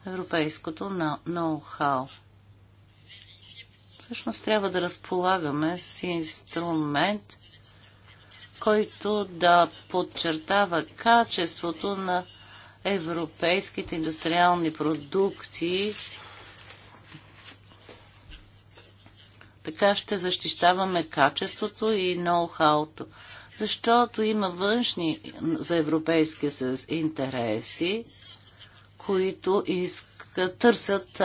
европейското ноу-хау. Всъщност трябва да разполагаме с инструмент, който да подчертава качеството на европейските индустриални продукти. Така ще защищаваме качеството и ноу-хауто защото има външни за Европейския съюз интереси, които искат, търсят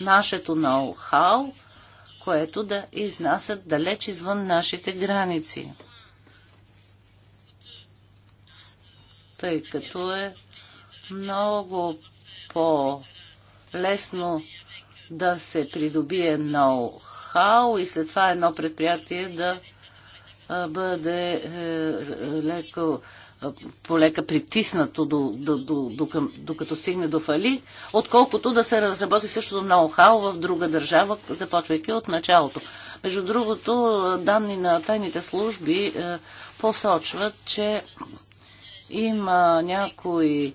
нашето ноу-хау, което да изнасят далеч извън нашите граници. Тъй като е много по-лесно да се придобие ноу-хау и след това едно предприятие да бъде е, леко полека притиснато до, до, до, до докато стигне до фали, отколкото да се разработи същото ноу-хау в друга държава, започвайки от началото. Между другото, данни на тайните служби е, посочват, че има някои е,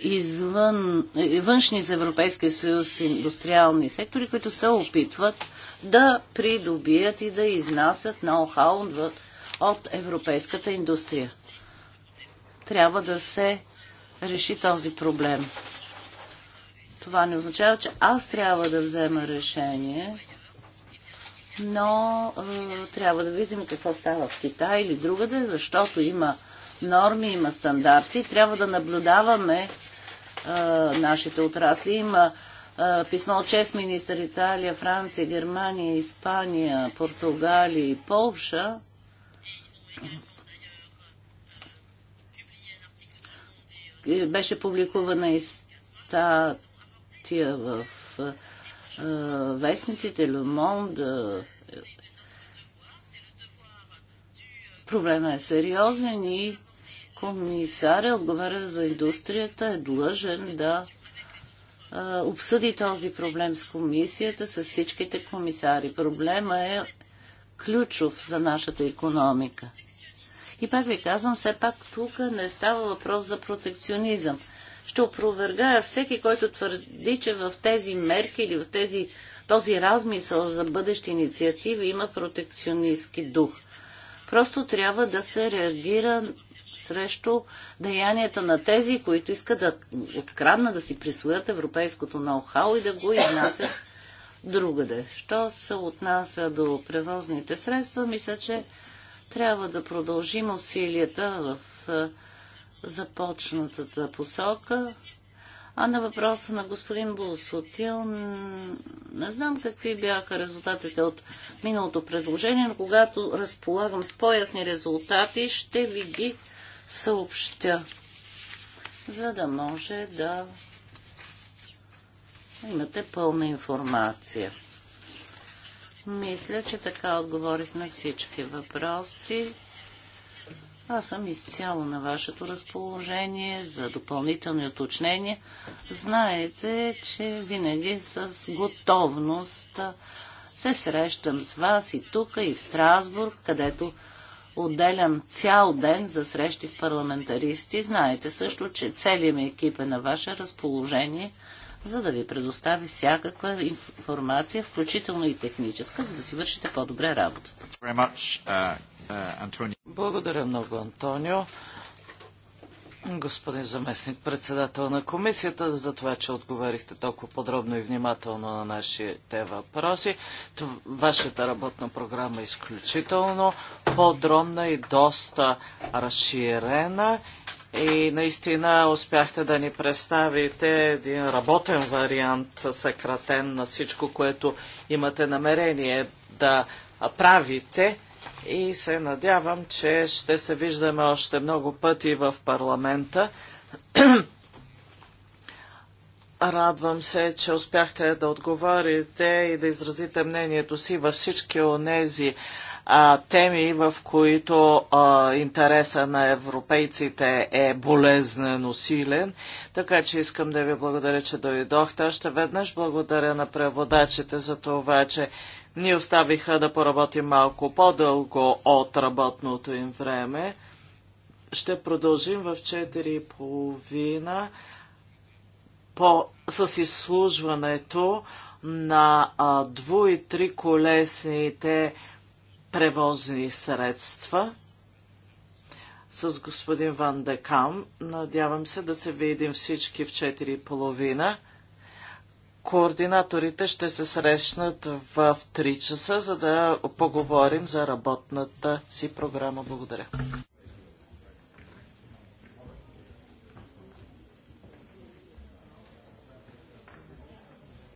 извън, външни за Европейския съюз индустриални сектори, които се опитват да придобият и да изнасят ноу-хау от европейската индустрия. Трябва да се реши този проблем. Това не означава, че аз трябва да взема решение, но е, трябва да видим какво става в Китай или другаде, защото има норми, има стандарти. Трябва да наблюдаваме е, нашите отрасли. Има писмо от 6 министър Италия, Франция, Германия, Испания, Португалия и Полша, беше публикувана и статия в вестниците Le Monde. Проблема е сериозен и комисарът отговаря за индустрията е длъжен да обсъди този проблем с комисията, с всичките комисари. Проблема е ключов за нашата економика. И пак ви казвам, все пак тук не става въпрос за протекционизъм. Ще опровергая всеки, който твърди, че в тези мерки или в тези, този размисъл за бъдещи инициативи има протекционистски дух. Просто трябва да се реагира срещу деянията на тези, които искат да откраднат, да си присвоят европейското ноу-хау и да го изнасят другаде. Що се отнася до превозните средства, мисля, че трябва да продължим усилията в започнатата посока. А на въпроса на господин Булсотил, не знам какви бяха резултатите от миналото предложение, но когато разполагам с по-ясни резултати, ще ви ги съобщя, за да може да имате пълна информация. Мисля, че така отговорих на всички въпроси. Аз съм изцяло на вашето разположение за допълнителни уточнения. Знаете, че винаги с готовност се срещам с вас и тук, и в Страсбург, където отделям цял ден за срещи с парламентаристи. Знаете също, че целият ми екип е на ваше разположение, за да ви предостави всякаква информация, включително и техническа, за да си вършите по-добре работата. Uh, uh, Благодаря много, Антонио господин заместник председател на комисията, за това, че отговорихте толкова подробно и внимателно на нашите въпроси. Вашата работна програма е изключително подробна и доста разширена и наистина успяхте да ни представите един работен вариант, съкратен на всичко, което имате намерение да правите и се надявам, че ще се виждаме още много пъти в парламента. (clears throat) Радвам се, че успяхте да отговорите и да изразите мнението си във всички онези а, теми, в които а, интереса на европейците е болезнено силен. Така че искам да ви благодаря, че дойдохте. Още веднъж благодаря на преводачите за това, че ни оставиха да поработим малко по-дълго от работното им време. Ще продължим в 4.30 по, с изслужването на а, дву- и колесните превозни средства с господин Ван Декам. Надявам се да се видим всички в 4.30 Координаторите ще се срещнат в 3 часа, за да поговорим за работната си програма. Благодаря.